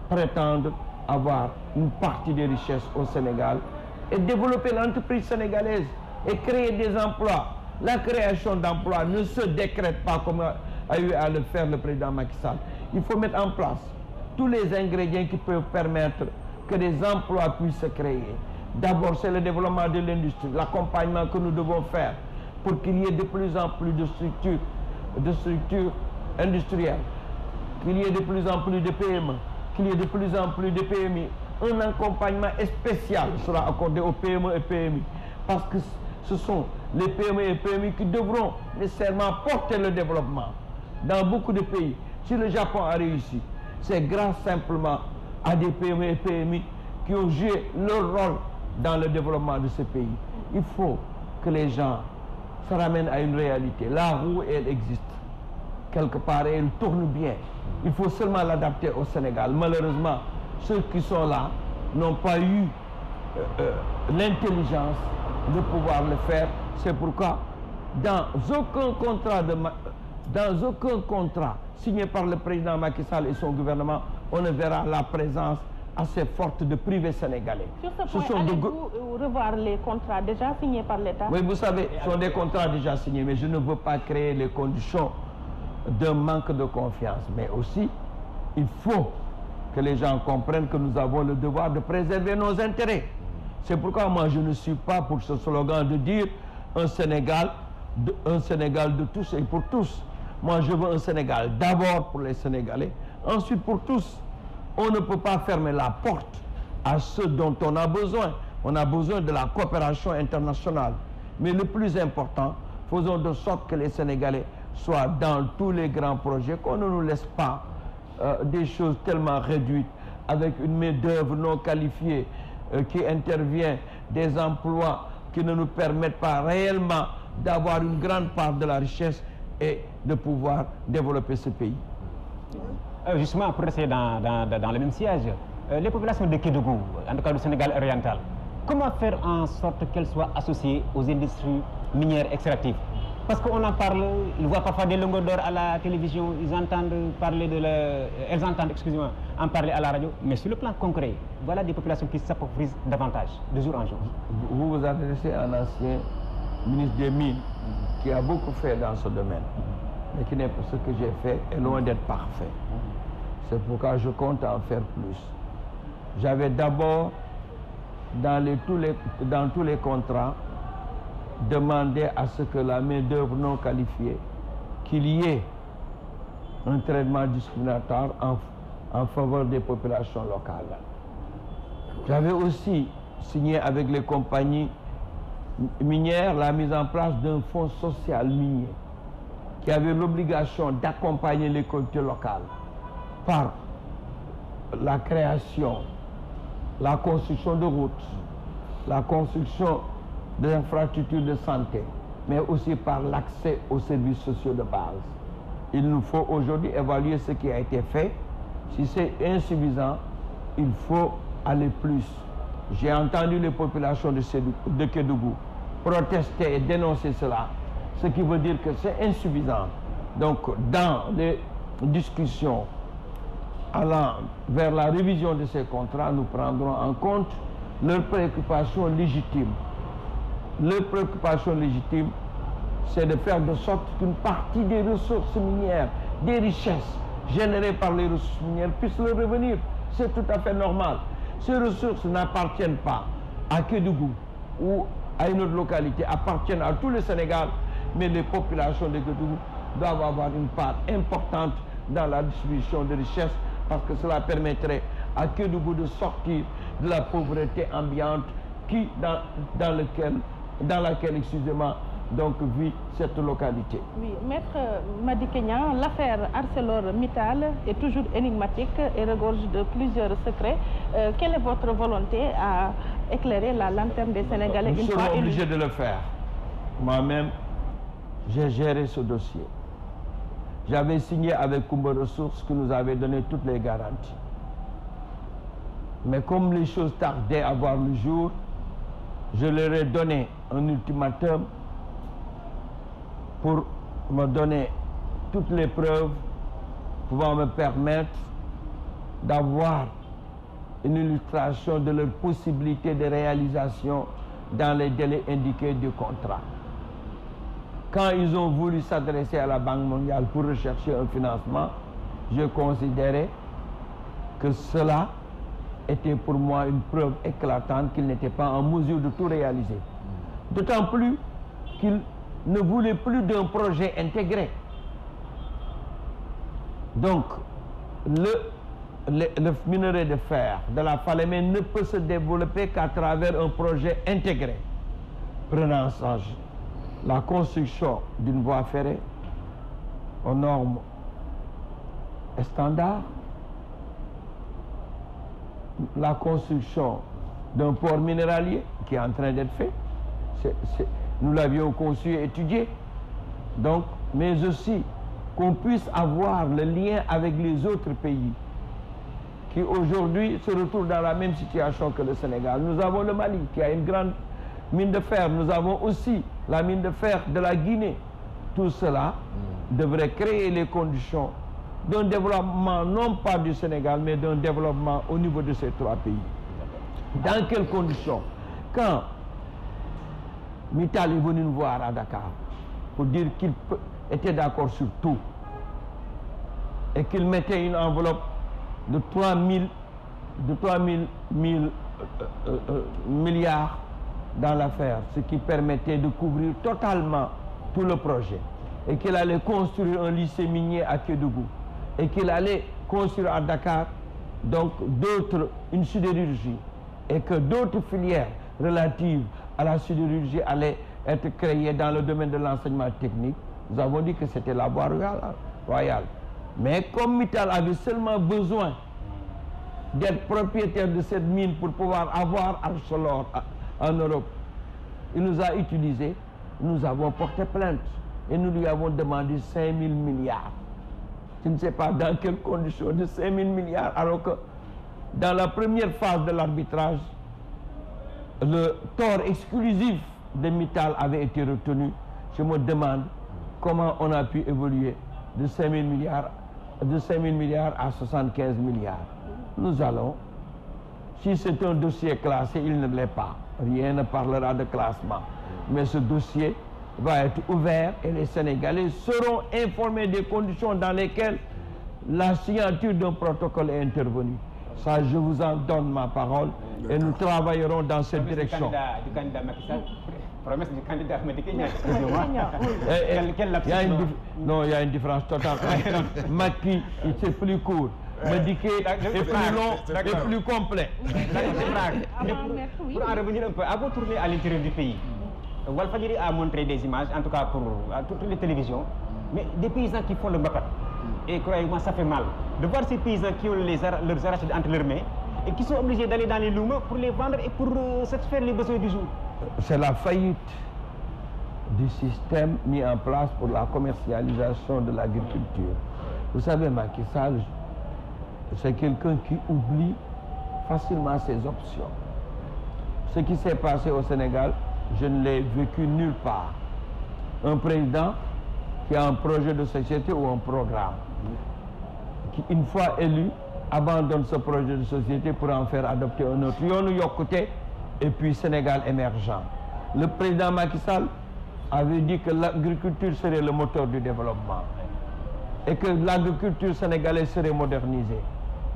prétendre avoir une partie des richesses au Sénégal et développer l'entreprise sénégalaise et créer des emplois. La création d'emplois ne se décrète pas comme a eu à le faire le président Macky Sall. Il faut mettre en place tous les ingrédients qui permettre que des emplois puissent se créer. D'abord, c'est le développement de l'industrie, l'accompagnement que nous devons faire pour qu'il y ait de plus en plus de structures, de structures industrielles, qu'il y ait de plus en plus de PME, qu'il y ait de plus en plus de PMI. Un accompagnement spécial sera accordé aux PME et PMI parce que ce sont les PME et PMI qui devront nécessairement porter le développement dans beaucoup de pays. Si le Japon a réussi, C'est grâce simplement à des PME et PMI qui ont joué leur rôle dans le développement de ce pays. Il faut que les gens se ramènent à une réalité. La roue, elle existe quelque part et elle tourne bien. Il faut seulement l'adapter au Sénégal. Malheureusement, ceux qui sont là n'ont pas eu euh, euh, l'intelligence de pouvoir le faire. C'est pourquoi dans aucun contrat de euh, dans aucun contrat signé par le président Macky Sall et son gouvernement, on ne verra la présence assez forte de privés sénégalais. Sur ce, point, ce sont allez-vous de... revoir les contrats déjà signés par l'État? Oui, vous savez, ce sont des contrats déjà signés, mais je ne veux pas créer les conditions d'un manque de confiance. Mais aussi, il faut que les gens comprennent que nous avons le devoir de préserver nos intérêts. C'est pourquoi moi, je ne suis pas pour ce slogan de dire un Sénégal, de, un Sénégal de tous et pour tous. moi je veux un Sénégal d'abord pour les Sénégalais ensuite pour tous on ne peut pas fermer la porte à ce dont on a besoin on a besoin de la coopération internationale mais le plus important faisons de sorte que les Sénégalais soient dans tous les grands projets qu'on ne nous laisse pas euh, des choses tellement réduites avec une main-d'œuvre non qualifiée euh, qui intervient des emplois qui ne nous permettent pas réellement d'avoir une grande part de la richesse et de pouvoir développer ce pays. Euh, justement pour rester dans, dans, dans le même siège, euh, les populations de Kédougou, en tout cas du Sénégal oriental, comment faire en sorte qu'elles soient associées aux industries minières extractives Parce qu'on en parle, ils voient parfois des longueurs d'or à la télévision, ils entendent parler de la... Euh, elles entendent, excusez-moi, en parler à la radio, mais sur le plan concret, voilà des populations qui s'approprient davantage, de jour en jour. Vous vous adressez à l'ancien ministre des Mines qui a beaucoup fait dans ce domaine, mais qui n'est pas ce que j'ai fait, est loin d'être parfait. C'est pourquoi je compte en faire plus. J'avais d'abord, dans, les, tous les, dans tous les contrats, demandé à ce que la main-d'œuvre non qualifiée, qu'il y ait un traitement discriminatoire en, en faveur des populations locales. J'avais aussi signé avec les compagnies minière, la mise en place d'un fonds social minier qui avait l'obligation d'accompagner les collectivités locales par la création, la construction de routes, la construction d'infrastructures de santé, mais aussi par l'accès aux services sociaux de base. Il nous faut aujourd'hui évaluer ce qui a été fait. Si c'est insuffisant, il faut aller plus. J'ai entendu les populations de, Sédou, de Kédougou protester et dénoncer cela, ce qui veut dire que c'est insuffisant. Donc, dans les discussions allant vers la révision de ces contrats, nous prendrons en compte leurs préoccupations légitimes. Leurs préoccupations légitimes, c'est de faire de sorte qu'une partie des ressources minières, des richesses générées par les ressources minières puissent leur revenir. C'est tout à fait normal. ces ressources n'appartiennent pas à Kédougou ou à une autre localité, appartiennent à tout le Sénégal, mais les populations de Kédougou doivent avoir une part importante dans la distribution de richesses parce que cela permettrait à Kédougou de sortir de la pauvreté ambiante qui, dans, dans, lequel, dans laquelle, excusez-moi, donc vu cette localité. Oui, maître Madikényan, l'affaire ArcelorMittal est toujours énigmatique et regorge de plusieurs secrets. Euh, quelle votre volonté à éclairer la lanterne des Sénégalais Nous une de le faire. Moi-même, j'ai géré ce dossier. J'avais signé avec Kumba Ressources qui nous avait donné toutes les garanties. Mais comme les choses tardaient à voir le jour, je leur ai donné un ultimatum pour me donner toutes les preuves pouvant me permettre d'avoir une illustration de leur possibilité de réalisation dans les délais indiqués du contrat. Quand ils ont voulu s'adresser à la Banque mondiale pour rechercher un financement, je considérais que cela était pour moi une preuve éclatante qu'ils n'étaient pas en mesure de tout réaliser. D'autant plus qu'ils ne voulait plus d'un projet intégré donc le le, le minerai de fer de la Falémé ne peut se développer qu'à travers un projet intégré prenant en charge la construction d'une voie ferrée aux normes et standards la construction d'un port minéralier qui est en train d'être fait c'est nous l'avions conçu et étudié. Donc, mais aussi qu'on puisse avoir le lien avec les autres pays qui aujourd'hui se retrouvent dans la même situation que le Sénégal. Nous avons le Mali qui a une grande mine de fer. Nous avons aussi la mine de fer de la Guinée. Tout cela mmh. devrait créer les conditions d'un développement, non pas du Sénégal, mais d'un développement au niveau de ces trois pays. Dans quelles conditions Quand Mittal est venu nous voir à Dakar pour dire qu'il était d'accord sur tout et qu'il mettait une enveloppe de mille de trois mille mille euh, euh, euh, milliards dans l'affaire ce qui permettait de couvrir totalement tout le projet et qu'il allait construire un lycée minier à Kédougou et qu'il allait construire à Dakar donc d'autres une sidérurgie et que d'autres filières relatives à la sidérurgie allait être créée dans le domaine de l'enseignement technique nous avons dit que c'était la voie royale mais comme Mittal avait seulement besoin d'être propriétaire de cette mine pour pouvoir avoir Arcelor en Europe il nous a utilisé nous avons porté plainte et nous lui avons demandé cinq mille milliards je ne sais pas dans quelles conditions de cinq mille milliards alors que dans la première phase de l'arbitrage le tort exclusif de Mittal avait été retenu je me demande comment on a pu évoluer de cinq milliards de cinq mille à soixante-quinze milliards nous allons si c'est un dossier classé il ne l'est pas rien ne parlera de classement mais ce dossier va être ouvert et les Sénégalais seront informés des conditions dans lesquelles la signature d'un protocole est intervenue Ça, je vous en donne ma parole. Et nous travaillerons dans cette direction. promesse du a une différence totale. Macky, c'est plus court. Madické est plus long et plus complet. Ah, pour en revenir un peu, à votre à l'intérieur du pays, Walfadjri a montré des images, en tout cas pour toutes les télévisions, mais des paysans qui font le mbapat. Et croyez-moi, a fait mal. De voir ces paysans qui ont les ar leurs arachides entre leurs mains et qui sont obligés d'aller dans les loumes pour les vendre et pour euh, satisfaire les besoins du jour. C'est la faillite du système mis en place pour la commercialisation de l'agriculture. Vous savez, Macky Sall, c'est quelqu'un qui oublie facilement ses options. Ce qui s'est passé au Sénégal, je ne l'ai vécu nulle part. Un président qui a un projet de société ou un programme qui une fois élu abandonne ce projet de société pour en faire adopter un autre yoonu yokkute et puis Sénégal émergent le président Macky Sall avait dit que l'agriculture serait le moteur du développement et que l'agriculture sénégalaise serait modernisée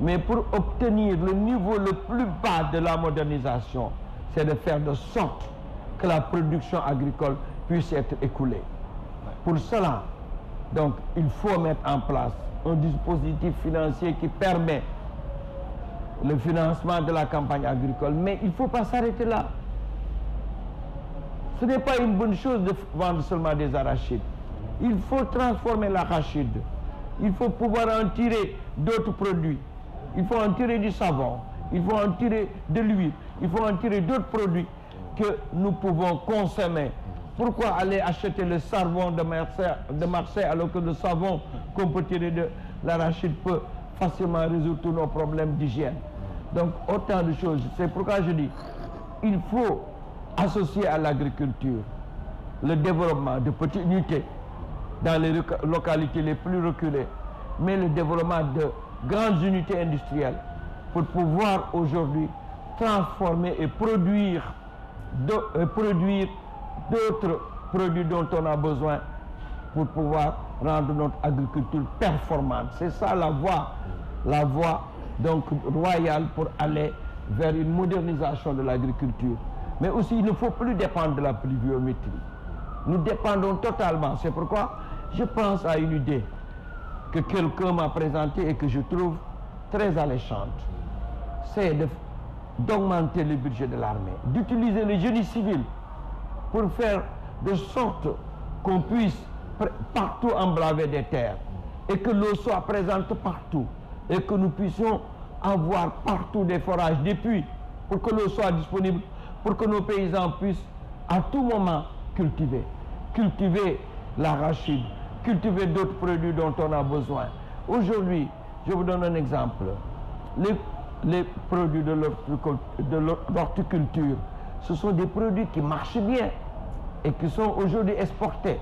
mais pour obtenir le niveau le plus bas de la modernisation c'est de faire de sorte que la production agricole puisse être écoulée pour cela donc il faut mettre en place un dispositif financier qui permet le financement de la campagne agricole. Mais il ne faut pas s'arrêter là. Ce n'est pas une bonne chose de vendre seulement des arachides. Il faut transformer l'arachide. Il faut pouvoir en tirer d'autres produits. Il faut en tirer du savon. Il faut en tirer de l'huile. Il faut en tirer d'autres produits que nous pouvons consommer Pourquoi aller acheter le sarvon de Marseille, de Marseille alors que le savon qu'on peut tirer de l'arachide peut facilement résoudre tous nos problèmes d'hygiène? Donc autant de choses. C'est pourquoi je dis, il faut associer à l'agriculture le développement de petites unités dans les localités les plus reculées, mais le développement de grandes unités industrielles pour pouvoir aujourd'hui transformer et produire de, euh, produire d'autres produits dont on a besoin pour pouvoir rendre notre agriculture performante. C'est ça la voie, la voie donc royale pour aller vers une modernisation de l'agriculture. Mais aussi, il ne faut plus dépendre de la pluviométrie. Nous dépendons totalement. C'est pourquoi je pense à une idée que quelqu'un m'a présentée et que je trouve très alléchante. C'est d'augmenter le budget de l'armée, d'utiliser les génie civils pour faire de sorte qu'on puisse partout embraver des terres et que l'eau soit présente partout et que nous puissions avoir partout des forages, des puits pour que l'eau soit disponible, pour que nos paysans puissent à tout moment cultiver. Cultiver l'arachide, cultiver d'autres produits dont on a besoin. Aujourd'hui, je vous donne un exemple. Les, les produits de l'horticulture ce sont des produits qui marchent bien et qui sont aujourd'hui exportés.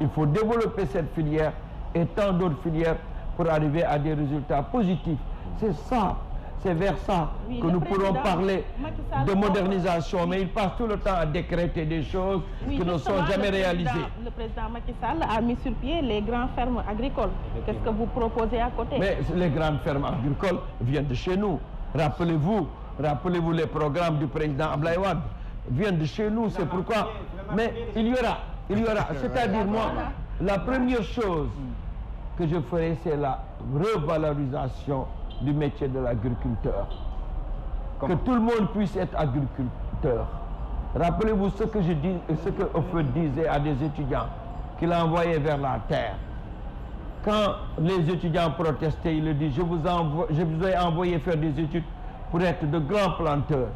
Il faut développer cette filière et tant d'autres filières pour arriver à des résultats positifs. C'est ça, c'est vers ça oui, que nous pourrons parler de modernisation. Mais il passe tout le temps à décréter des choses oui, qui ne sont jamais réalisées. Le président Macky Sall a mis sur pied les grandes fermes agricoles. Qu'est-ce que vous proposez à côté Mais les grandes fermes agricoles viennent de chez nous. Rappelez-vous, rappelez-vous les programmes du président Ablaïwad. viennent de chez nous, c'est pourquoi. Mais il y aura, il y aura. C'est-à-dire, moi, la première chose que je ferai, c'est la revalorisation du métier de l'agriculteur. Que tout le monde puisse être agriculteur. Rappelez-vous ce que je dis, ce que Ophé disait à des étudiants qu'il a envoyé vers la terre. Quand les étudiants protestaient, il dit, je vous, envo je vous ai envoyé faire des études pour être de grands planteurs.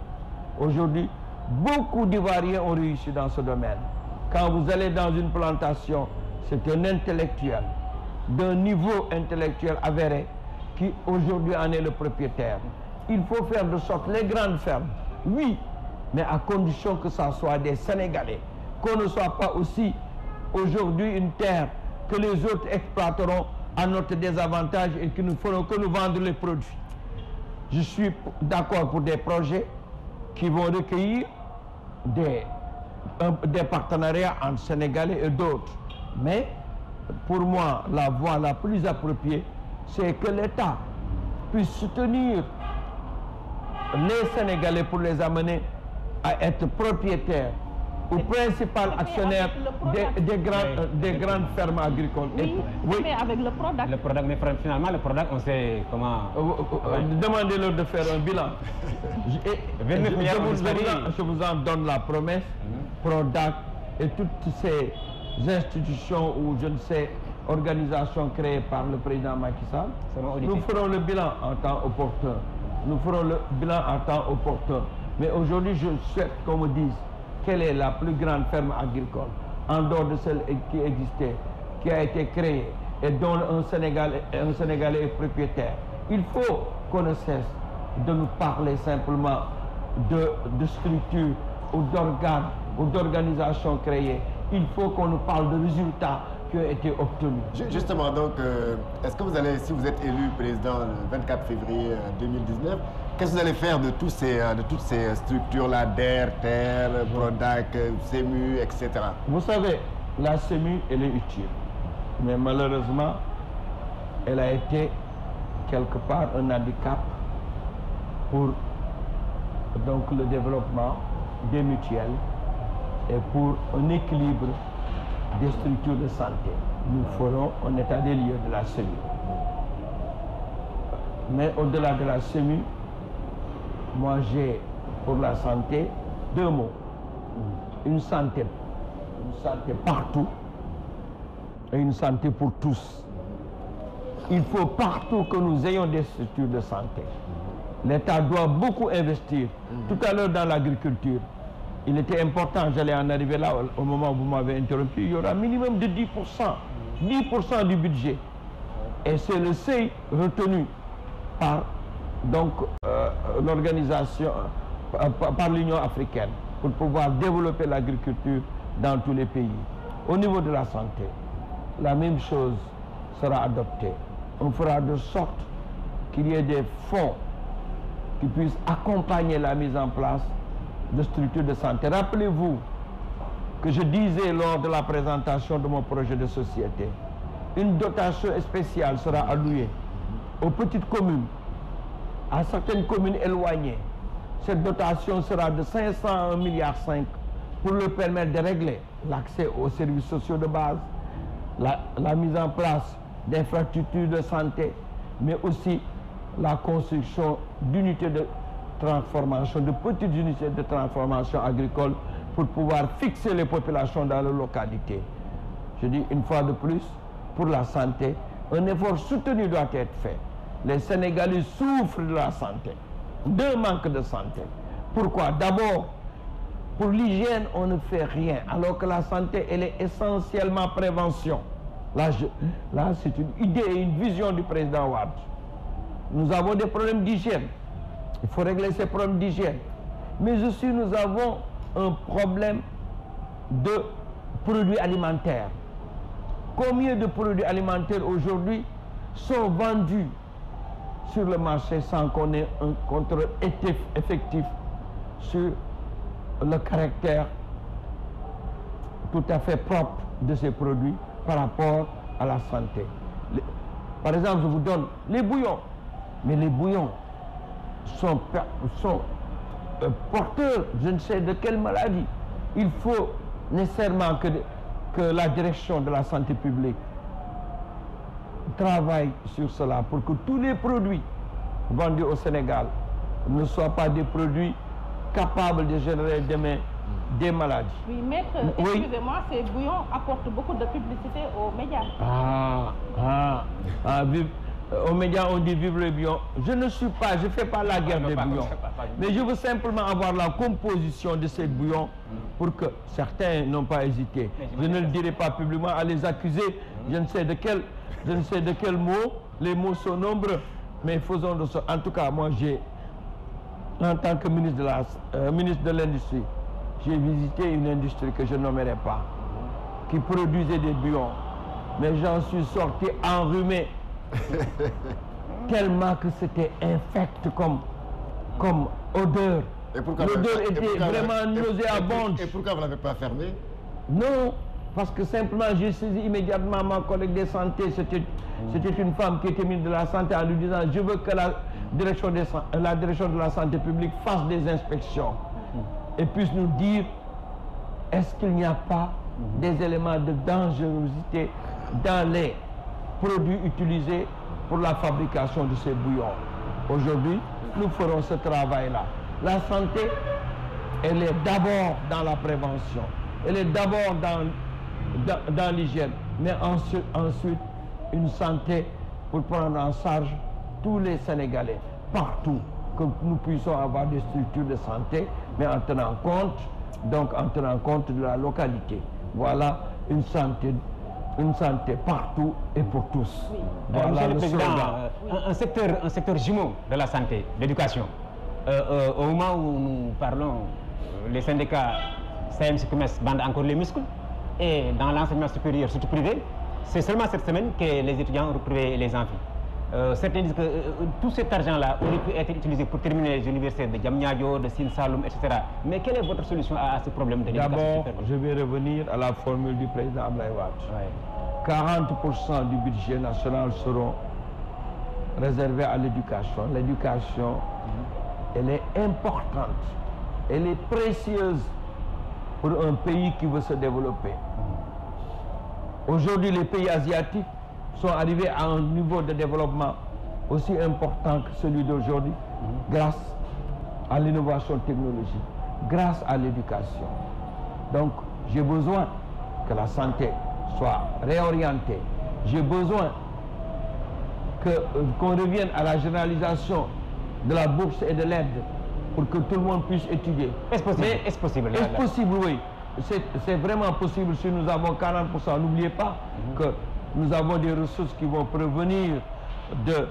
Aujourd'hui, Beaucoup d'Ivoiriens ont réussi dans ce domaine. Quand vous allez dans une plantation, c'est un intellectuel, d'un niveau intellectuel avéré, qui aujourd'hui en est le propriétaire. Il faut faire de sorte les grandes fermes, oui, mais à condition que ça soit des Sénégalais, qu'on ne soit pas aussi aujourd'hui une terre que les autres exploiteront à notre désavantage et que nous ferons les produits. Je suis d'accord pour des projets qui vont recueillir des, euh, des partenariats entre Sénégalais et d'autres. Mais pour moi, la voie la plus appropriée, c'est que l'État puisse soutenir les Sénégalais pour les amener à être propriétaires ou principal actionnaire des, des, grands, euh, des grandes fermes agricoles. Oui, oui. mais avec le product. Le product, mais finalement, le product, on sait comment... Euh, euh, demandez-leur de faire un bilan. Et, je, vous, je, vous, en donne la promesse. Mm-hmm. Product et toutes ces institutions ou je ne sais organisation créée par le président Macky Sall. Nous ferons le bilan en temps opportun. Nous ferons le bilan en temps opportun. Mais aujourd'hui, je souhaite qu'on me dise quelle est la plus ferme agricole en dehors de celle qui existait, qui a été créée un Sénégalais, un Sénégalais est Il faut qu'on ne cesse de nous parler simplement de, de structures ou d'organes ou d'organisations Il faut qu'on nous parle de résultats qui ont été obtenus. Justement, donc, euh, est-ce que vous allez, si vous êtes élu président le 24 qu'est-ce que vous allez faire de tous ces euh, de toutes ces structures là DER TER Prodac CEMU euh, etc. vous savez la CEMU elle est utile mais malheureusement elle a été quelque part un handicap pour donc le développement des mutuelles et pour un équilibre des structures de santé. Nous ferons un état des lieux de la CEMU. Mais au-delà de la CEMU, moi j'ai pour la santé deux mots une santé une santé partout et une santé pour tous il faut partout que nous ayons des structures de santé l'État doit beaucoup investir mm-hmm. tout à l'heure dans l'agriculture il était important j'allais en arriver là au moment où vous m'avez interrompu il y aura minimum de 10 pour cent 10 pour cent du budget et c'est le seuil retenu par donc euh, l'organisation euh, par l'Union africaine pour pouvoir développer l'agriculture dans tous les pays. Au niveau de la santé, la même chose sera adoptée. On fera de sorte qu'il y ait des fonds qui puissent accompagner la mise en place de structures de santé. Rappelez-vous que je disais lors de la présentation de mon projet de société, une dotation spéciale sera allouée aux petites communes à certaines communes éloignées cette dotation sera de 501 milliards 5 pour leur permettre de régler l'accès aux services sociaux de base la, la mise en place d'infrastructures de santé mais aussi la construction d'unités de transformation de petites unités de transformation agricole pour pouvoir fixer les populations dans les localités je dis une fois de plus pour la santé un effort soutenu doit être fait Les Sénégalais souffrent de la santé, d'un manque de santé. Pourquoi? D'abord, pour l'hygiène, on ne fait rien, alors que la santé, elle est essentiellement prévention. Là, je, là, c'est une idée et une vision du président Wade. Nous avons des problèmes d'hygiène. Il faut régler ces problèmes d'hygiène. Mais aussi, nous avons un problème de produits alimentaires. Combien de produits alimentaires aujourd'hui sont vendus sur le marché sans qu'on ait un contrôle effectif sur le caractère tout à fait propre de ces produits par rapport à la santé. Les, par exemple, je vous donne les bouillons. Mais les bouillons sont, sont euh, porteurs, je ne sais de quelle maladie. Il faut nécessairement que, que la direction de la santé publique travaille sur cela pour que tous les produits vendus au Sénégal ne soient pas des produits capables de générer demain des maladies. Oui, maître, excusez-moi, oui. ces bouillons apportent beaucoup de publicité aux médias. Ah, ah, ah vive, euh, aux médias, on dit vive le bouillon. Je ne suis pas, je ne fais pas la ah, guerre ah, des pas, bouillons. Pas, pas, mais je veux simplement avoir la composition de ces bouillons mm. pour que certains n'ont pas hésité. Je ne le dirai pas publiquement à les accuser, mm. je ne sais de quel je ne sais de quel mot les mots sont nombreux mais faisons de ça en tout cas moi j'ai en tant que ministre de la euh, ministre de l'industrie j'ai visité une industrie que je nommerai pas qui produisait des buons mais j'en suis sorti enrhumé tellement que c'était infect comme comme odeur l'odeur était vraiment nauséabonde et pourquoi vous l'avez pas fermé non parce que simplement j'ai saisi immédiatement ma collègue des santé c'était c'était une femme qui était ministre de la santé en lui disant je veux que la direction des la direction de la santé publique fasse des inspections et puisse nous dire est-ce qu'il n'y a pas des éléments de dangerosité dans les produits utilisés pour la fabrication de ces bouillons aujourd'hui nous ferons ce travail-là la santé elle est d'abord dans la prévention elle est d'abord dans dans, dans l'hygiène, mais ensuite, ensuite une santé pour prendre en charge tous les Sénégalais, partout, que nous puissions avoir des structures de santé, mais en tenant compte, donc en tenant compte de la localité. Voilà une santé une santé partout et pour tous. Voilà euh, Monsieur le, le Président, euh, un, un, secteur, un de la santé, l'éducation. Euh, euh, au moment où nous parlons, euh, les syndicats CMC Commerce bandent encore les muscles. Et dans l'enseignement supérieur, surtout privé, c'est seulement cette semaine que les étudiants ont retrouvé les envies. Euh, certains disent que euh, euh, tout cet argent-là aurait pu être pour terminer les universités de Diamniadio, de Sine etc. Mais quelle est votre solution à, ce problème de l'éducation du budget national seront réservés à l'éducation. Mhm. elle est importante, elle est précieuse pour un pays qui veut se développer. Mm-hmm. Aujourd'hui, les pays asiatiques sont arrivés à un niveau de développement aussi important que celui d'aujourd'hui mm-hmm. grâce à l'innovation technologique, grâce à l'éducation. Donc, j'ai besoin que la santé soit réorientée. J'ai besoin que euh, qu'on revienne à la généralisation de la bourse et de l'aide pour que tout le monde puisse étudier. Est-ce possible? Mais est-ce possible? Est-ce possible, oui. C'est c'est vraiment possible si nous avons 40%. N'oubliez pas mm -hmm. que nous avons des ressources qui vont prévenir de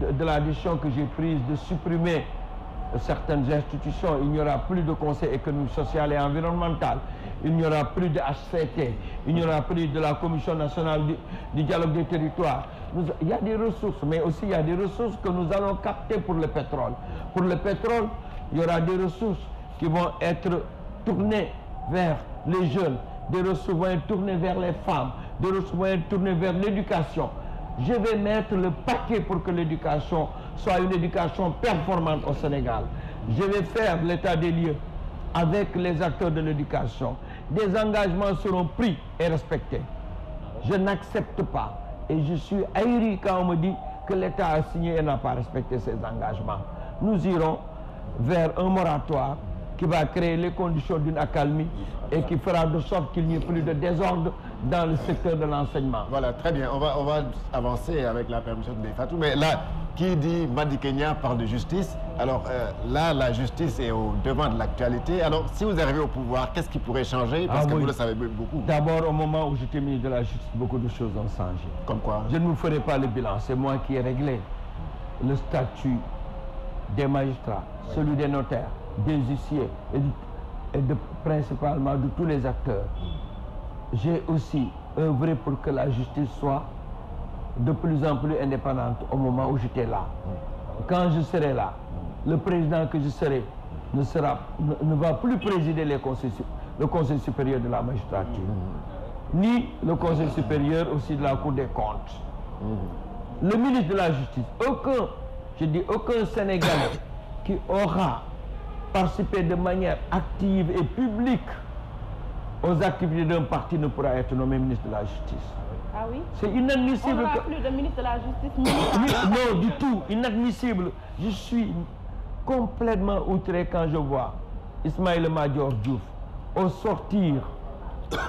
de, de la décision que j'ai prise de supprimer certaines institutions, il n'y aura plus de conseil économique, social et environnemental, il n'y aura plus de HCT, il n'y aura plus de la Commission nationale du, du dialogue des territoires. Nous, il y a des ressources, mais aussi il y a des ressources que nous allons capter pour le pétrole. Pour le pétrole, il y aura des ressources qui vont être tournées vers les jeunes, des ressources vont être tournées vers les femmes, des ressources vont être tournées vers l'éducation. Je vais mettre le paquet pour que l'éducation soit une éducation performante au Sénégal. Je vais faire l'état des lieux avec les acteurs de l'éducation. Des engagements seront pris et respectés. Je n'accepte pas et je suis ahuri quand on me dit que l'État a signé et n'a pas respecté ses engagements. Nous irons vers un moratoire qui va créer les conditions d'une accalmie et qui fera de sorte qu'il n'y ait plus de désordre dans le secteur de l'enseignement. Voilà, très bien. On va, on va avancer avec la permission de Fatou. Mais là, qui dit Madi Kenya parle de justice. Alors euh, là, la justice est au devant de l'actualité. Alors, si vous arrivez au pouvoir, qu'est-ce qui pourrait changer ah Parce ah, que oui. vous le savez beaucoup. D'abord, au moment où j'étais ministre de la justice, beaucoup de choses ont changé. Comme quoi Je ne vous ferai pas le bilan. C'est moi qui ai réglé le statut des magistrats celui des notaires des huissiers et, de, et de principalement de tous les acteurs j'ai aussi œuvré pour que la justice soit de plus en plus indépendante au moment où j'étais là quand je serai là le président que je serai ne sera ne, ne va plus présider les conseils le conseil supérieur de la magistrature ni le conseil supérieur aussi de la cour des comptes mm. le ministre de la justice aucun je dis aucun Sénégalais qui aura participé de manière active et publique aux activités d'un parti ne pourra être nommé ministre de la Justice. Ah oui? C'est inadmissible. On n'aura que... plus de ministre de la Justice. non, du tout, inadmissible. Je suis complètement outré quand je vois Ismaïla Madior Diouf au sortir,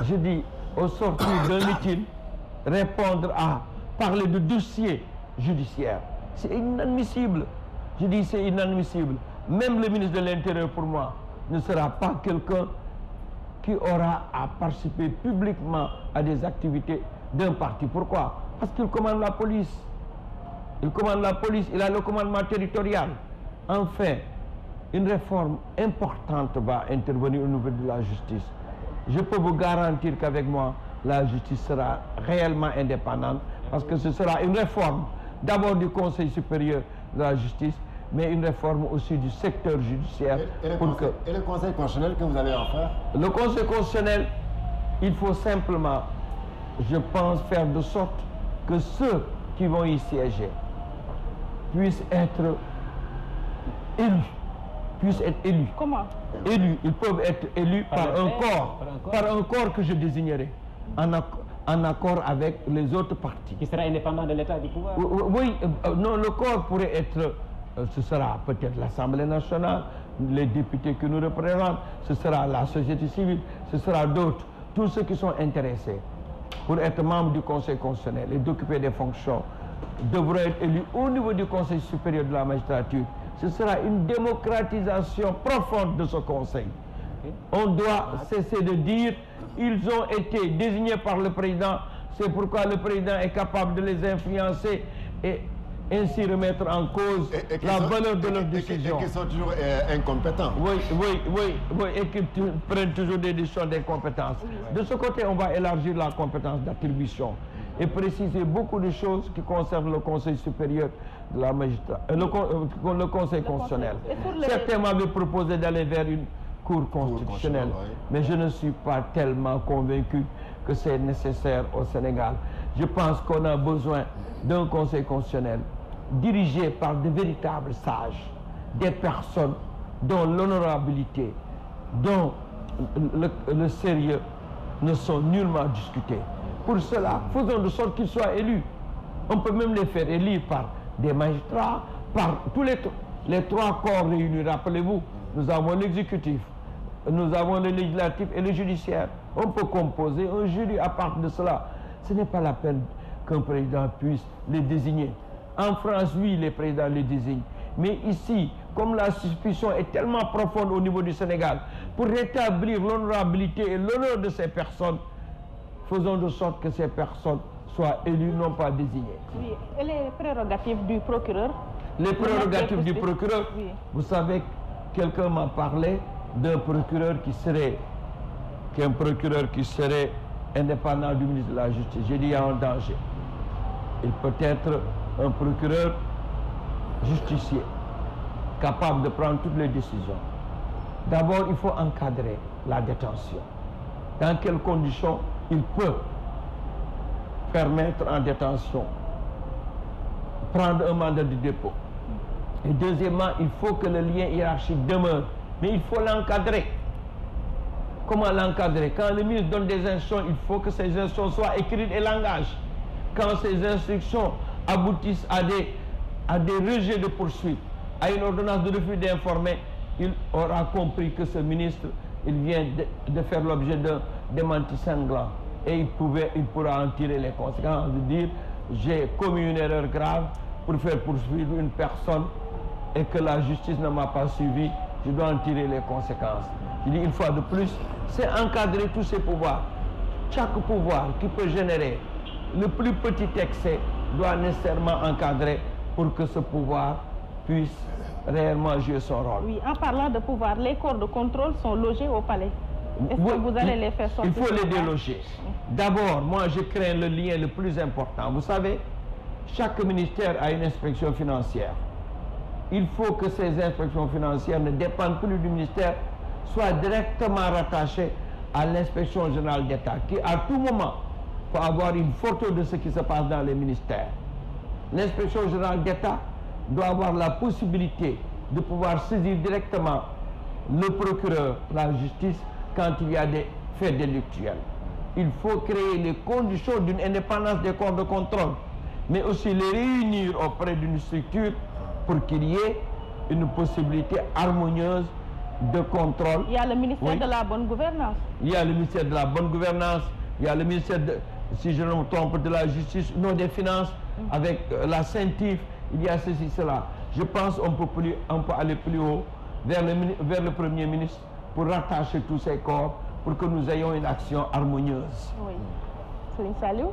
je dis, au sortir d'un meeting, répondre à parler de dossier judiciaire. C'est inadmissible. je dis c'est inadmissible même le ministre de l'intérieur pour moi ne sera pas quelqu'un qui aura à participer publiquement à des activités d'un parti pourquoi parce qu'il commande la police il commande la police il a le commandement territorial enfin une réforme importante va intervenir au niveau de la justice je peux vous garantir qu'avec moi la justice sera réellement indépendante parce que ce sera une réforme d'abord du Conseil supérieur de la justice mais une réforme aussi du secteur judiciaire. Et, et le, pour conseil, que... et le conseil constitutionnel que vous allez en faire Le conseil constitutionnel, il faut simplement, je pense, faire de sorte que ceux qui vont y siéger puissent être élus. Puissent être élus. Comment Élus. Ils peuvent être élus par, par un, corps, par un corps, par un corps que je désignerai, en, acc en accord avec les autres partis. Qui sera indépendant de l'État du pouvoir Oui, euh, non, le corps pourrait être ce sera peut-être l'Assemblée nationale, les députés qui nous représentent, ce sera la société civile, ce sera d'autres, tous ceux qui sont intéressés pour être membre du Conseil constitutionnel et d'occuper des fonctions devront être élus au niveau du Conseil supérieur de la magistrature. Ce sera une démocratisation profonde de ce Conseil. On doit cesser de dire ils ont été désignés par le président, c'est pourquoi le président est capable de les influencer et ainsi remettre en cause et, et la sont, valeur de leurs décisions. Et, qui sont toujours euh, incompétents. Oui, oui, oui, oui, et qui prennent toujours des décisions d'incompétence. Ouais. De ce côté, on va élargir la compétence d'attribution et préciser beaucoup de choses qui concernent le Conseil supérieur de la magistrature, euh, le, euh, le, Conseil constitutionnel. Le conseil. Certains m'avaient proposé d'aller vers une Cour constitutionnelle, cour constitutionnelle mais ouais. je ne suis pas tellement convaincu que c'est nécessaire au Sénégal. Je pense qu'on a besoin d'un Conseil constitutionnel dirigée par de véritables sages, des personnes dont l'honorabilité, dont le, le sérieux ne sont nullement discutés. Pour cela, faisons de sorte qu'ils soient élus. On peut même les faire élire par des magistrats, par tous les, les trois corps réunis. Rappelez-vous, nous avons l'exécutif, nous avons le législatif et le judiciaire. On peut composer un jury à part de cela. Ce n'est pas la peine qu'un président puisse les désigner. En France, oui, les présidents le désignent. Mais ici, comme la suspicion est tellement profonde au niveau du Sénégal, pour rétablir l'honorabilité et l'honneur de ces personnes, faisons de sorte que ces personnes soient élues, non pas désignées. Oui, et les prérogatives du procureur Les prérogatives du procureur, oui. vous savez, quelqu'un m'a parlé d'un procureur qui serait, qui est un procureur qui serait indépendant du ministre de la Justice. J'ai dit, il y a un danger. Il peut être un procureur justicier capable de prendre toutes les décisions. D'abord, il faut encadrer la détention. Dans quelles conditions il peut permettre en détention, prendre un mandat de dépôt. Et deuxièmement, il faut que le lien hiérarchique demeure, mais il faut l'encadrer. Comment l'encadrer Quand le ministre donne des instructions, il faut que ces instructions soient écrites et langage. Quand ces instructions aboutissent à des, à des rejets de poursuite, à une ordonnance de refus d'informer, il aura compris que ce ministre, il vient de, de faire l'objet d'un démenti sanglant. Et il, pouvait, il pourra en tirer les conséquences de dire j'ai commis une erreur grave pour faire poursuivre une personne et que la justice ne m'a pas suivi, je dois en tirer les conséquences. Je dis une fois de plus, c'est encadrer tous ces pouvoirs. Chaque pouvoir qui peut générer le plus petit excès doit nécessairement encadrer pour que ce pouvoir puisse réellement jouer son rôle. Oui, en parlant de pouvoir, les corps de contrôle sont logés au palais. Est-ce que vous allez les faire sortir Il faut les D'abord, je crains le lien le plus important. Vous savez, chaque ministère a une inspection financière. Il faut que ces inspections financières ne dépendent plus du ministère, soient directement rattachées à l'inspection générale d'État, qui à tout moment pour avoir une photo de ce qui se passe dans les ministères. L'inspection générale d'État doit avoir la possibilité de pouvoir saisir directement le procureur, la justice, quand il y a des faits délictuels. Il faut créer les conditions d'une indépendance des corps de contrôle, mais aussi les réunir auprès d'une structure pour qu'il y ait une possibilité harmonieuse de contrôle. Il y a le ministère de la bonne gouvernance. Il y a le ministère de la bonne gouvernance, il y a si je ne me trompe, de la justice, non des finances, mm. avec euh, la CENTIF, il y a ceci, cela. Je pense qu'on peut, plus, on peut aller plus haut vers le, vers le Premier ministre pour rattacher tous ces corps, pour que nous ayons une action harmonieuse. Oui. Salut.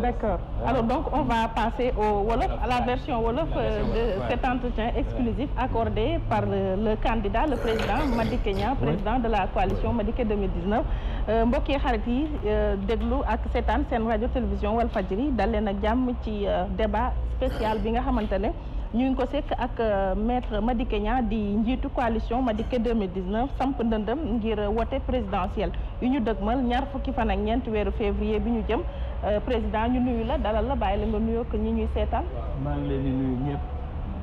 D'accord. Alors donc on va passer au Wolof, à la version Wolof euh, de cet entretien exclusif accordé par le candidat le président Madické Niang président de la coalition Madické 2019 euh, mbokk yi xarit yi euh, déglu ak seetaan seen rajo télévision Walfadjri dal leen ak jàmm ci débat spécial bi nga xamante ne ñu ngi ko sekk ak maître Madické Niang di njiitu coalition Madické 2019 samp ndëndëm ngir wote présidentiel yu ñu dëgmal ñaar fukki fan ak ñeenti weeru février bi ñu jëm Euh, président ñu nuyu la dalal la bàyyi la nga nuyoo ko ñi ñuy seetaan. maa ngi leen di nuyu ñëpp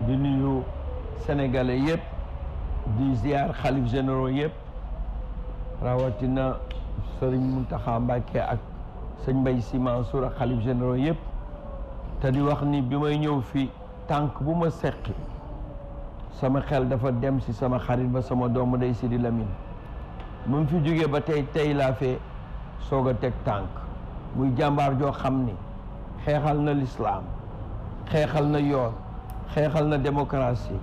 di nuyu sénégalais yëpp di ziar xalif généraux yëpp rawatina sëriñ Mountakha Mbacké ak sëñ mbay Sy Mansour ak xalif généraux yëpp te di wax ni bi may ñëw fii tànk bu ma seqi sama xel dafa dem si sama xarit ba sama doomu day Sidi Lamine mu fi jógee ba tey tey laa fee soog a teg tànk muy jàmbaar joo xam ni xeexal na lislaam xeexal na yoon xeexal na démocratie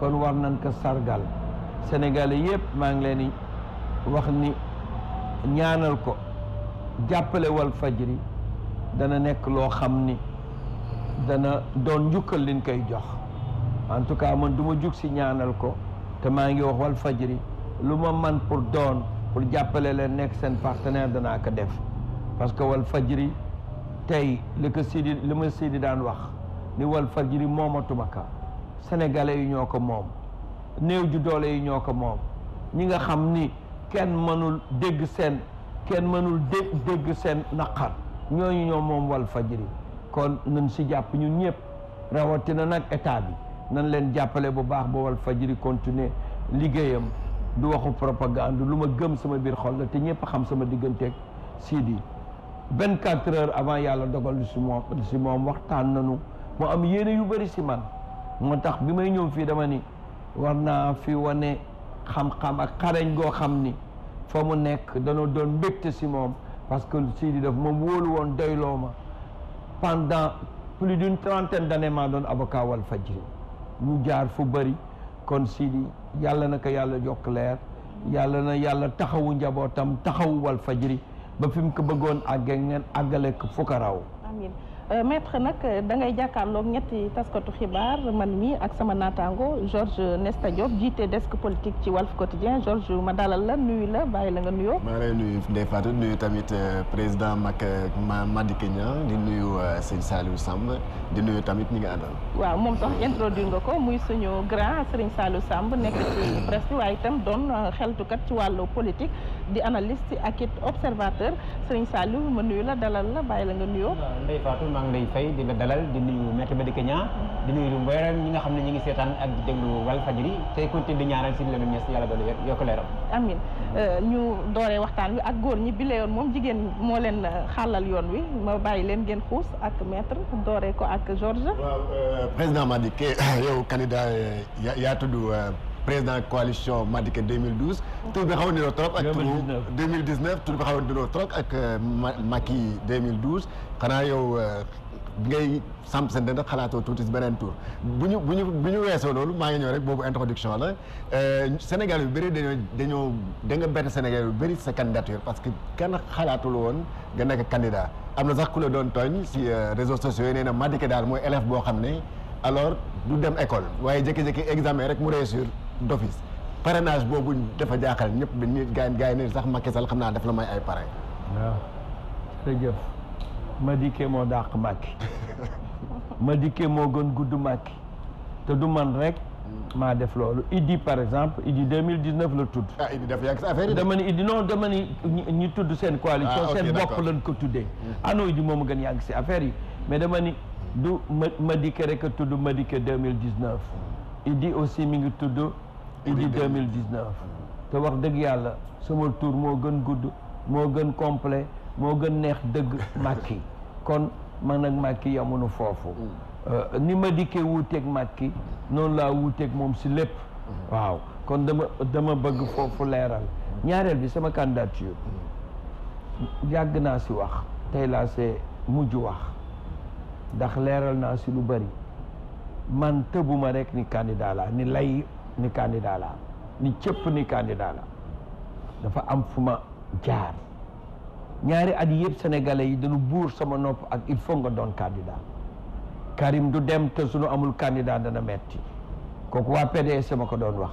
kon war nañ ko sargal sénégalais yépp maa ngi leen di wax ni ñaanal ko jàppale wal fajri dana nekk loo xam ni dana doon njukkal liñ koy jox en tout cas mën du ma jug si ñaanal ko te maa ngi wax wal fajiri lu ma man pour doon pour jàppale leen nekk seen partenaire danaa ko def parce que wal fajri tey li ko Sidi li ma Sidi daan wax ni wal fajri moomatuma ka sénégalais yi ñoo ko moom néew ju doole yi ñoo ko moom ñi nga xam ni kenn mënul dégg seen kenn mënul dégg seen naqar ñooñu ñoo moom wal fajiri kon nañ si jàpp ñun ñëpp rawatina nag état bi nan leen jàppale bu baax ba wal fajiri continuer liggéeyam du waxu propagande lu ma gëm sama biir xol la te ñëpp xam sama digganteeg Sidi benn quatre avant yàlla dogal si moom si moom waxtaan nañu mu am yéene yu bëri si man moo tax bi may ñëw fii dama ni war naa fi wane xam-xam ak xarañ goo xam ni fa mu nekk dañoo doon mbégte si moom parce que Sidi daf moom woolu woon doyloo ma pendant plus d'une trentaine d'années maa doon avocat wal fajri ñu jaar fu bari kon Sidi yàlla na ko yàlla jokk leer yàlla na yàlla taxawu njabootam taxawu wal fajri ba fi mu ko bëggoon àggee ngeen àggale ko fukaraaw amiin euh, maître nag da ngay jàkkaarloog ñetti taskatu xibaar man mi ak sama naataango Georges Nesta Diop jiite desk politique ci Walf Quotidien Georges ma dalal la nuyu la bàyyi la nga nuyoo. maa lay nuyu Ndeye Fatou nuyu tamit euh, président Mak Madické Niang di nuyu euh, sëñ Saliou Samb di nuyu tamit ñi nga àndal. waaw moom sax introduire nga ko muy suñu grand Serigne Saliou Samb nekk ci presse waaye itam doon xeltukat ci wàllu politique. di analyste ak it observateur Serigne Saliou ma nuyu la dalal la bàyyi la nga nuyoo. Ndeye maa ngi lay fay di la dalal di nuyu maître Madické Niang di nuyu mbooleem ñi nga xam ne ñu ngi seetaan ak di déglu Walfadjri tey continué di ñaanal si Léone Niass yàlla doole yokk leeram amin euh, ñu dooree waxtaan wi ak góor ñi bi la yoon moom jigéen moo leen xàllal yoon wi ma bàyyi leen ngeen xuus ak maître dooree ko ak Georges. waaw euh, président Madické yow candidat euh, yaa tudd. président coalition Madické 2012. tur bi xaw a niroo trop ak. 2019 2019 tur bi xaw a niroo trop ak euh, Macky 2012 xanaa yow euh, ngay samp seen dënd xalaatoo tuuti si beneen tur bu ñu bu ñu bu ñu weesoo loolu maa ngi ñëw rek boobu introduction la euh, Sénégal yu bëri dañoo dañoo da nga bett Sénégal yu bëri sa candidature parce que kenn xalaatul woon nga nekk candidat am na sax ku la doon tooñ si réseaux sociaux yi nee na Madické daal mooy élève boo xam ne alors du dem école waaye jékki-jékki examen rek mu réussir. d'office parrainage boobu dafa jaaxal ñëpp bi nit gaay gaay ne sax Macky Sall xam naa def la may ay parrain waaw jërëjëf dikke moo dàq ma Madické moo gën gudd Macky te du man rek maa def loolu Idi par exemple Idi 2019 la tudd. ah Idi dafa yàgg sa affaire yi. dama ni Idi non dama ni ñi tudd seen coalition ah, seen bopp lañ ko tuddee. Mm. ano Idi moom gën yàgg si affaire yi mais dama ni du ma Madické rek a tudd Madické 2019. Mm. Idi aussi mi ngi tudd. idi 2019 te wax dëgg yàlla sama tour moo gën gudd moo gën complet moo gën neex dëgg Macky kon man ak Macky yamunu foofu mm. euh, ni ma dikkee wuuteeg Macky noonu laa wuuteeg moom si lépp mm. waaw kon dama bëgg foofu leeral ñaareel bi sama candidature yàgg naa si wax tey laa see mujj wax ndax leeral naa si lu bëri man tëbuma rek ni candidat laa ni lay ni candidat la ni cëpp ni candidat la dafa am fu ma jaar ñaari at yëpp sénégalais yi dañu buur sama nopp ak il faut nga doon candidat Karim du dem te suñu amul candidat dana metti kooku waa PDS ma ko doon wax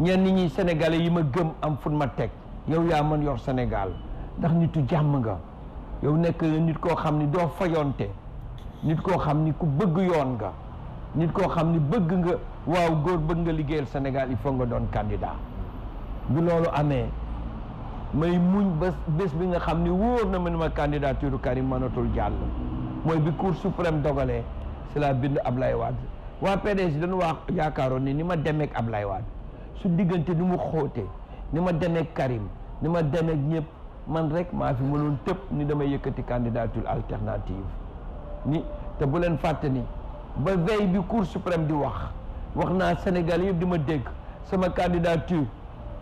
ñenn ñi sénégalais yi ma gëm am fu ma teg yow yaa mën yor Sénégal ndax nitu jàmm nga yow nekk nit koo xam ni doo fayonte nit koo xam ni ku bëgg yoon nga nit koo xam ni bëgg nga waaw góor bëgg nga liggéeyal Sénégal il foog nga doon candidat bu loolu amee may muñ ba bés bi nga xam ni wóor na ma ne ma candidature Karim mënatul jàll mooy bi cour suprême dogalee ci la bind Ablaye Wade waa PDS dañu wax yaakaaroon ni ni ma demeek Ablaye Wade su diggante ni mu xóotee ni ma demeek Karim ni ma demeek ñëpp man rek maa fi mënoon tëb ni damay yëkkati candidature alternative ni te bu leen fàtte ni ba veille bi cour suprême di wax wax naa Sénégal yëpp di ma dégg sama candidature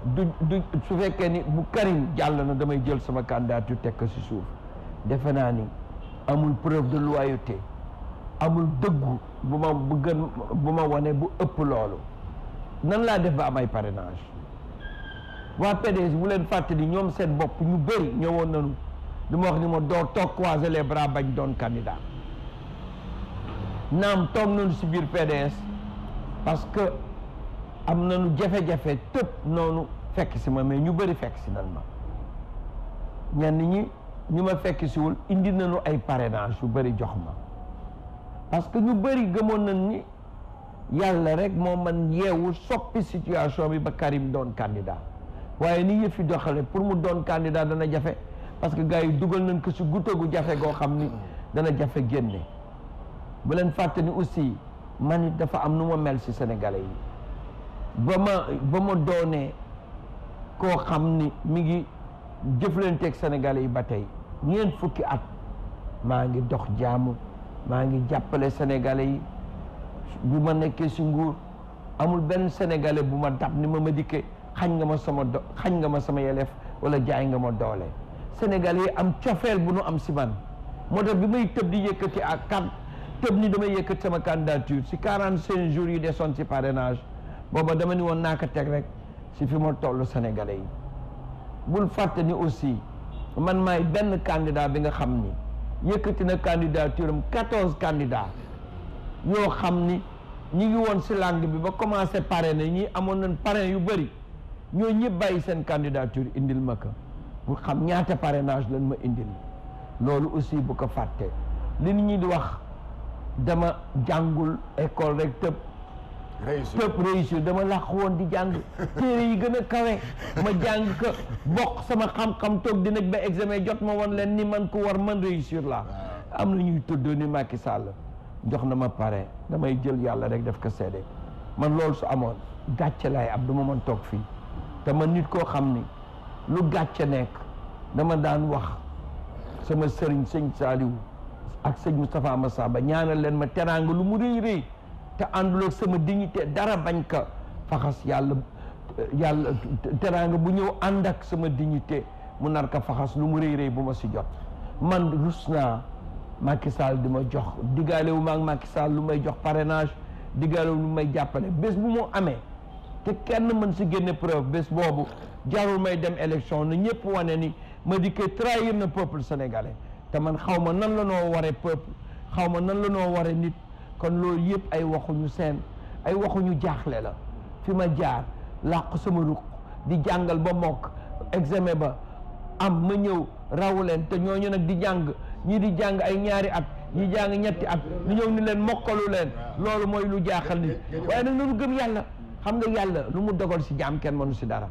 du du su fekkee ni bu Karim jàll na damay jël sama candidature teg ko si suuf defe naa ni amul preuve de loyauté amul dëggu bu ma bu gën bu ma wane bu ëpp loolu nan laa def ba am ay parrainage waa PDS bu leen fàttali ñoom seen bopp ñu bëri ñëwoon nañu du ma wax ni ma door toog croiser les bras bañ doon candidat naam toog nañu si biir PDS parce que am nañu jafe-jafe tëb noonu fekk si ma mais ñu bëri fekk si nan ma ñenn ñi ñu ma fekk siwul indi nañu ay parrainage yu bëri jox ma parce que ñu bëri gëmoon nañ ni yàlla rek moo man yeewu soppi situation bi ba Karim doon candidat waaye ni yëfi doxale pour mu doon candidat dana jafe parce que gars yi dugal nañ ko si gutta gu jafe goo xam ni dana jafe génne bu leen fàtte ni aussi man it dafa am nu ma mel si sénégalais yi ba ma ba ma doonee koo xam ni mi ngi jëflanteeg sénégalais yi ba tey ngeen fukki at maa ngi dox jaamu maa ngi jàppale sénégalais yi bu ma nekkee ci nguur amul benn sénégalais bu ma dab ni ma ma dikkee xañ nga ma sama do xañ nga ma sama yelef wala jaay nga ma doole sénégalais yi am cofeel bu nu am ci man moo tax bi may tëb di yëkkati ak kan tëb ni damay yëkkat sama candidature si quarante cinq jours yi desoon si parrainage booba dama ni woon naa ko teg rek si fi ma tollu Sénégalais yi bul fàtte ni aussi man maay benn candidat bi nga xam ni yëkkati na candidature am quatorze candidats yoo xam ni ñu ngi woon si langue bi ba commencé parrainer ñi amoon nañ parrain yu bëri ñoo ñëpp bàyyi seen candidature indil ma ko bu xam ñaata parrainage lan ma indil loolu aussi bu ko fàtte li nit ñi di wax dama jàngul école rek tëb tëb réussir dama làq woon di jàng téere yi gën a kawe ma jàng ko bokk sama xam-xam toog di nag ba examen jot ma wan leen ni man ko war man réussir la am na ñuy tuddoo ni Macky Sall jox na ma pare damay jël yàlla rek def ko seede man loolu su amoon gàcce laay ab du ma mën toog fii te man nit koo xam ni lu gàcce nekk dama daan wax sama sëriñ sëñ Saaliwu ak sëñ Moustapha Massamba ñaanal leen ma teraanga lu mu rëy rëy te ànduloo sama dignité dara bañ ka faxas yàlla yàlla teraanga bu ñëw ànd ak sama dignité mu nar ka faxas lu mu rëy rëy bu ma si jot man rus naa Macky di ma jox diggaale wu ma ak Macky lu may jox parenage diggaale wu may jàppale bés bu mu amee te kenn mën si génne preuve bés boobu jarul may dem élection na ñëpp wane ni ma di que trahir na peuple sénégalais te man xaw ma nan la noo waree pëpp xaw ma nan la noo waree nit kon loolu yëpp ay waxuñu seen ay waxuñu jaaxle la fi ma jaar làq sama ruq di jàngal ba mokk examen ba am ma ñëw raw leen te ñooñu nag di jàng ñii di jàng ay ñaari at ñi jàng ñetti at ñu ñëw ni leen mokkalu leen loolu mooy lu jaaxal nit waaye nag nanu gëm yàlla xam nga yàlla lu mu dogal si jaam kenn mënu ci dara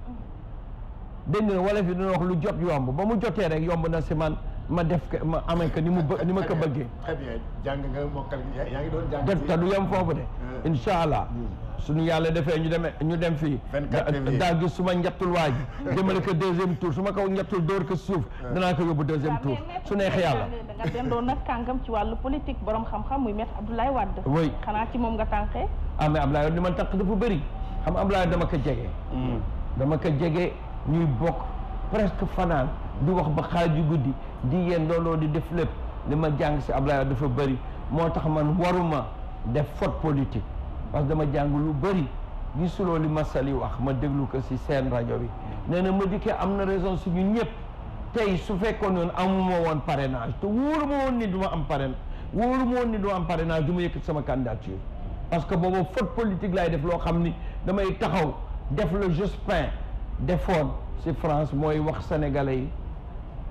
dégg nga fi dina wax lu jot yomb ba mu jotee rek yomb na si man ma def ko ma amee ko ni mu bë ni ma ko bëggee. très bien jàng nga mokkal yaa ngi doon jàng. def te du yem foofu de. Euh. incha allah. Hmm. suñu yàlla defee ñu demee ñu dem fii. 24 février daa gis su ma njattul waa ji. jëmale ko deuxième tour su ma ko njattul dóor ko suuf. Euh. danaa ko yóbbu deuxième tour. su neexee yàlla. da nga dendoon nag kàngam ci wàllu politique borom xam-xam muy maître Abdoulaye Wade. oui xanaa ci moom nga tànqee. ah mais Abdoulaye Wade li ma tànq dafa bëri. xam Abdoulaye dama ko jege. Hmm. dama ko jege ñuy bokk presque fanaan du wax ba xaaju guddi di yeen dooloo di def lépp li ma jàng si Ablaye dafa bëri moo tax man waruma def faute politique parce que dama jàng lu bëri gisuloo li Massaly wax ma déglu ko si seen rajo bi nee na ma dikkee am na raison suñu ñëpp tey su fekkoon noonu amuma woon parrainage te wóoru ma woon ni du ma am parrainage wóoru ma woon ni du ma am parrainage du ma yëkkat sama candidature parce que boobu faute politique laay def loo xam ni damay taxaw def la le Jospin defoon si France mooy wax sénégalais yi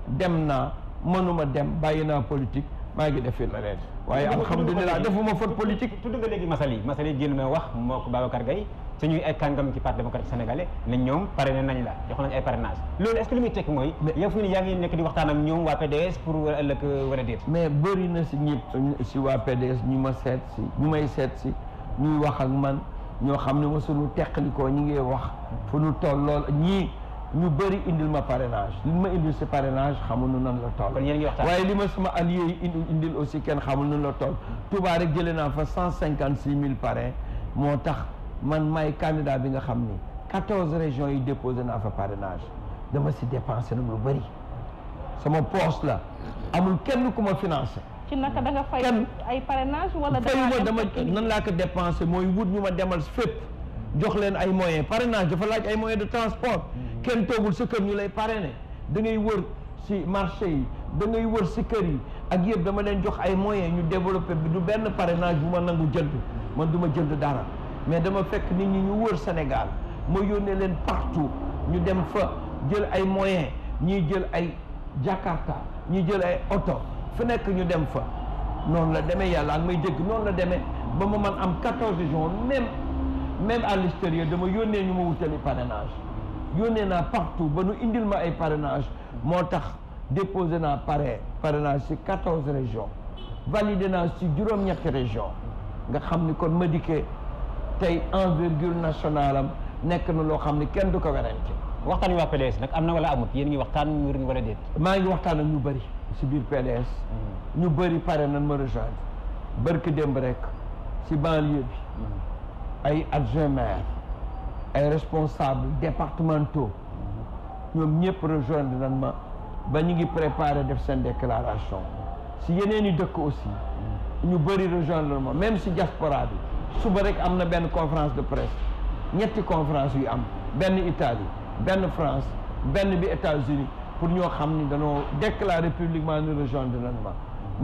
dem naa mënuma dem bàyyi naa politique maa ngi defi la leen waaye alhamdulilah defuma faute politique tudd nga léegi Massaly Massaly jéem na wax moo ko Babacar Gaye suñuy ay kàngam ci parti démocratique sénégalais ne ñoom parrainé nañ la jox nañ ay parrainage loolu ay ce que li muy tekki mooy yow fu yaa ngi nekk di waxtaan ak ñoom waa PDS pour wala ëllëg euh, wala déet mais bëri na si ñëpp si waa PDS ñu ma seet si ñu may seet si ñuy wax ak man ñoo xam ne ma suñu teqalikoo ñi ngi wax fu nu toll lool ñii ñu bëri indil ma parrainage li ma indil si parrainage xamul nu nan la toll. kon yéen ngi waxtaan waaye li ma sama allié yi indil indil aussi kenn xamul nu la toll. Touba rek jëlee naa fa cent cinquante six mille parrain moo tax man may daal bi nga xam ni région régions yi déposé naa fa parrainage dama si dépensé nag lu bëri sama poche la amul kenn ku ma financé. ci naka da nga fay ay parrainage wala. dama dama nan laa ko dépensé mooy wut ñu ma demal fépp. jox leen ay moyens parrainage dafa laaj ay moyen de transport hmm. kenn toogul sa kër ñu lay parrainer da ngay wër si marché yi da ngay wër si kër yi ak yëpp dama leen jox ay moyens ñu développé bi du benn parrainage bu ma nangu jënd man duma ma jënd dara mais dama fekk nit ñi ñu wër Sénégal ma yónnee leen partout ñu dem fa jël ay moyens ñiy jël ay Jakarta ñiy jël ay oto fu nekk ñu dem fa noonu la demee yàlla ak may dégg noonu la demee ba ma man am quatorze jours même même à l'extérieur dama yónnee ñu ma wutali parrainage yónnee naa partout ba nu indil ma ay parrainage moo tax déposé naa parrain parrainage ci quatorze régions validé naa ci juróom-ñetti région nga xam ni kon ma Madické tey envergure nationale am nekk na loo xam ni kenn du ko werante waxtaan wi waa PDS nag am na wala amut yéen ngi waxtaan wér wala déet maa ngi waxtaan ak ñu bëri ci biir PDS mm. ñu bëri pare nan ma rejoindre barki démb rek ci ay adjoint maire ay responsable départementaux ñoom ñëpp rejoindre nan ma ba ñu ngi préparer def seen déclaration si yeneen i dëkk aussi ñu bëri rejoindre ma même si diaspora bi suba rek am na benn conférence de presse ñetti conférence yu am benn Italie benn France benn bi États-Unis pour ñoo xam ni dañoo déclarer publiquement ni rejoindre nan ma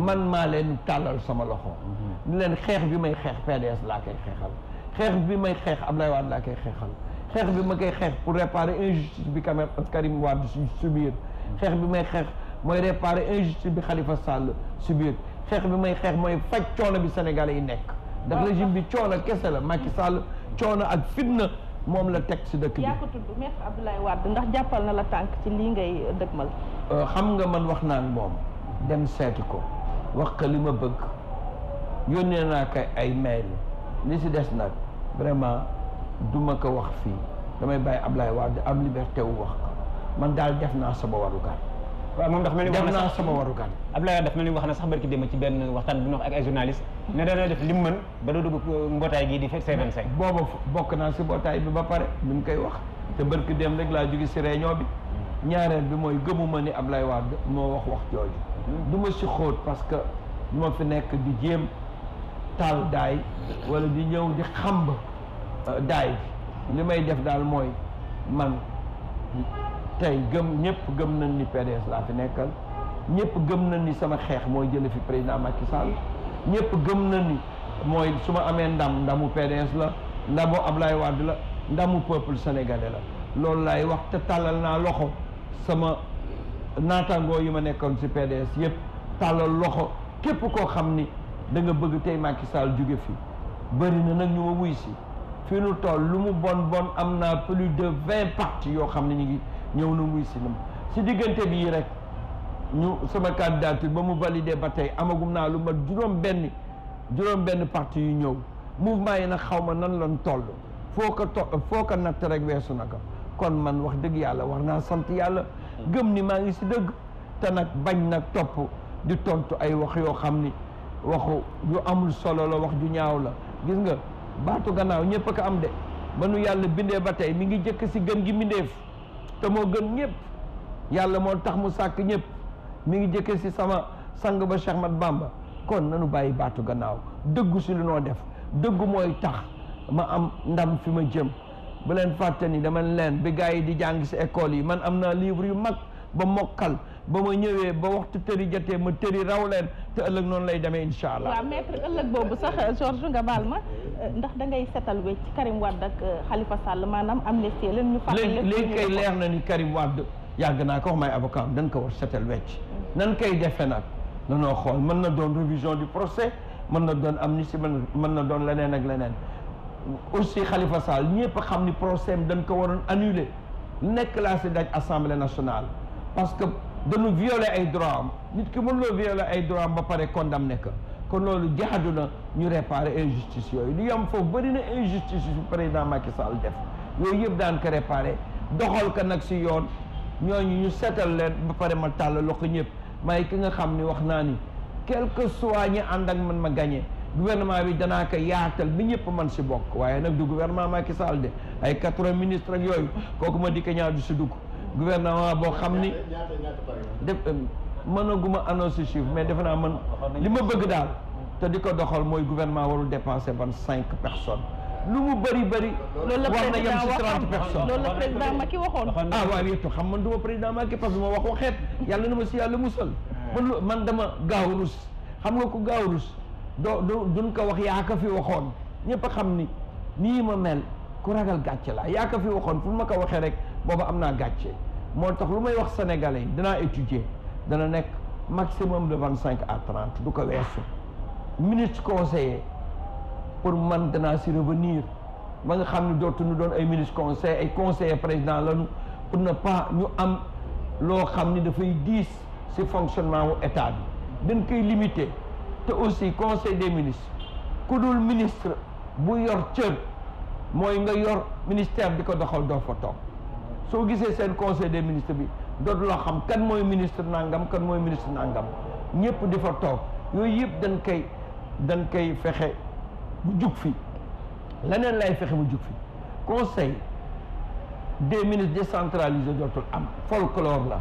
man maa leen tàllal sama loxo mm-hmm. ni leen xeex bi may xeex PDS laa koy xeexal xeex bi may xeex Abdoulaye Wade laa koy xeexal xeex bi ma koy xeex pour réparer injustice bi quand même Karim Wade subir xeex bi may xeex mooy réparer injustice bi Khalifa Sall subir xeex bi may xeex mooy faj coono bi Sénégalais yi nekk ndax régime bi coono kese la Macky Sall coono ak fitna moom la teg si dëkk bi yaa ko tudd maître Abdoulaye Wade ndax jàppal na la tànk ci lii ngay dëgmal euh, xam nga man wax naan moom dem seeti ko wax ko li ma bëgg yónnee naa ko ay mail li si des nag vraiment du ma ko wax fii damay bàyyi Ablaye Wade am liberté wu wax man daal def naa sama warugar. waaw moom dafa mel ni wax na sax sama warugar. Ablaye Wade dafa mel ni wax na sax barki démb ci benn waxtaan bu ñu wax ak ay journaliste def li mu mën ba doo dugg mbootaay gii di C25. booba bokk naa si mbootaay bi ba pare bi mu koy wax te barki dem rek laa jóge si réunion bi ñaareel bi mooy gëmuma ni Ablaye Wade moo wax wax jooju. Mm-hmm. du ma si xóot parce que moo ma fi nekk di jéem taal daay wala di ñëw di xamb Euh, daay bi li may def daal mooy man tey gëm ñëpp gëm nañ ni PDS laa fi nekkal ñëpp gëm nañ ni sama xeex mooy jële fi président Macky Sall ñëpp gëm nañ ni mooy su ma amee ndam ndamu PDS la ndamu Ablaye Wade la ndamu peuple sénégale la loolu laay wax te tàllal naa loxo sama naataangoo yi ma nekkoon ci PDS yëpp tàllal loxo képp koo xam ni danga bëgg tey Macky Sall jóge fi bëri na nag ñu ma wuy si fii nu toll lu mu bon bon am naa plus de vingt partis yoo xam ne ñu ngi ñëw na muy sinam si diggante bii rek ñu sama candidature ba mu validé ba tey amagum naa lu ma juróom benn juróom benn parti yu ñëw mouvement yi nag xaw ma nan lan toll foo ko to foo ko natt rek weesu na kon man wax dëgg yàlla war naa sant yàlla gëm ni maa ngi si dëgg te nag bañ nag topp di tontu ay wax yoo xam ni waxu yu amul solo la wax ju ñaaw la gis nga baatu gannaaw ñëpp a ko am de ba nu yàlla bindee ba tey mi ngi jëkk si gën gi mbindeef te moo gën ñëpp yàlla moo tax mu sàkk ñëpp mu ngi jëkk si sama sang ba Cheikh Mat Bamba kon nanu bàyyi baatu gannaaw dëggu si lu noo def dëggu mooy tax ma am ndam fi ma jëm bu leen fàtte ni dama leen bi gars yi di jàng si école yi man am naa livre yu mag ba mokkal ba ma ñëwee ba waxtu tëri jotee ma tëri raw leen te ëllëg noonu lay demee incha allah. waaw maître ëllëg boobu sax Georges nga baal ma ndax da ngay setal wecc Karim Wade ak euh, Khalifa Sall maanaam amnistie leen léegi kay na ni Karim Wade yàgg naa ko wax may avocat am dañ ko war setal wecc mm. nan kay defee nag danoo xool mën na doon révision du procès mën na doon amnistie mën na doon leneen ak leneen aussi Khalifa ñëpp xam ni procès dañ ko waroon annulé nekk laa si daj assemblée nationale parce que. dañu violer ay droit am nit ki mënuloo violer ay droit ba pare condamné ko kon loolu jaadu na ñu réparer injustice yooyu li yam foofu bëri na injustice yu président Macky Sall def yooyu yëpp daan ko réparer doxal ko nag si yoon ñooñu ñu seetal leen ba pare ma tàll loxo ñëpp may ki nga xam ni wax naa ni quelque que soit ñi ànd ak man ma gagné gouvernement bi danaa ko yaatal bi ñëpp man si bokk waaye nag du gouvernement Macky Sall de ay quatre ministres ak yooyu kooku ma di ko ñaar du si dugg gouvernement boo xam ni def euh, mënaguma annoncer chiffre mais defe naa man li ma bëgg daal te di ko doxal mooy gouvernement warul dépenser ban cinq personnes lu mu bëri bëri. war na yem si trente personnes loolu la président Macky waxoon. ah waaw yëpp xam man du ma président Macky parce que ma wax waxeet yàlla na ma si yàlla musal. man man dama gaaw rus xam nga ko gaaw rus doo doo duñ ko wax yaa ko fi waxoon ñëpp xam ni nii ma mel ku ragal gàcce laa yaa ko fi waxoon fu ma ko waxee rek. booba am naa gàcce moo tax lu may wax sénégalais yi danaa étudier dana nekk maximum de vingt cinq à trente du ko weesu ministre conseiller pour man danaa si revenir ba nga xam ne dootuñu doon ay ministre conseil ay conseiller président lañu pour ne pas ñu am loo xam ni dafay diis si fonctionnement wu état bi dañ koy limiter te aussi conseil des ministres ku dul ministre bu yor cër mooy nga yor ministère di ko doxal doo fa toog soo gisee seen conseil des ministre bi dootu la xam kan mooy ministre nangam kan mooy ministre nangam ñëpp di fa toog yooyu yëpp dañ koy dañ koy fexe bu jug fi leneen lay fexe bu jug fi conseil des ministres décentralisé dootul am folklore la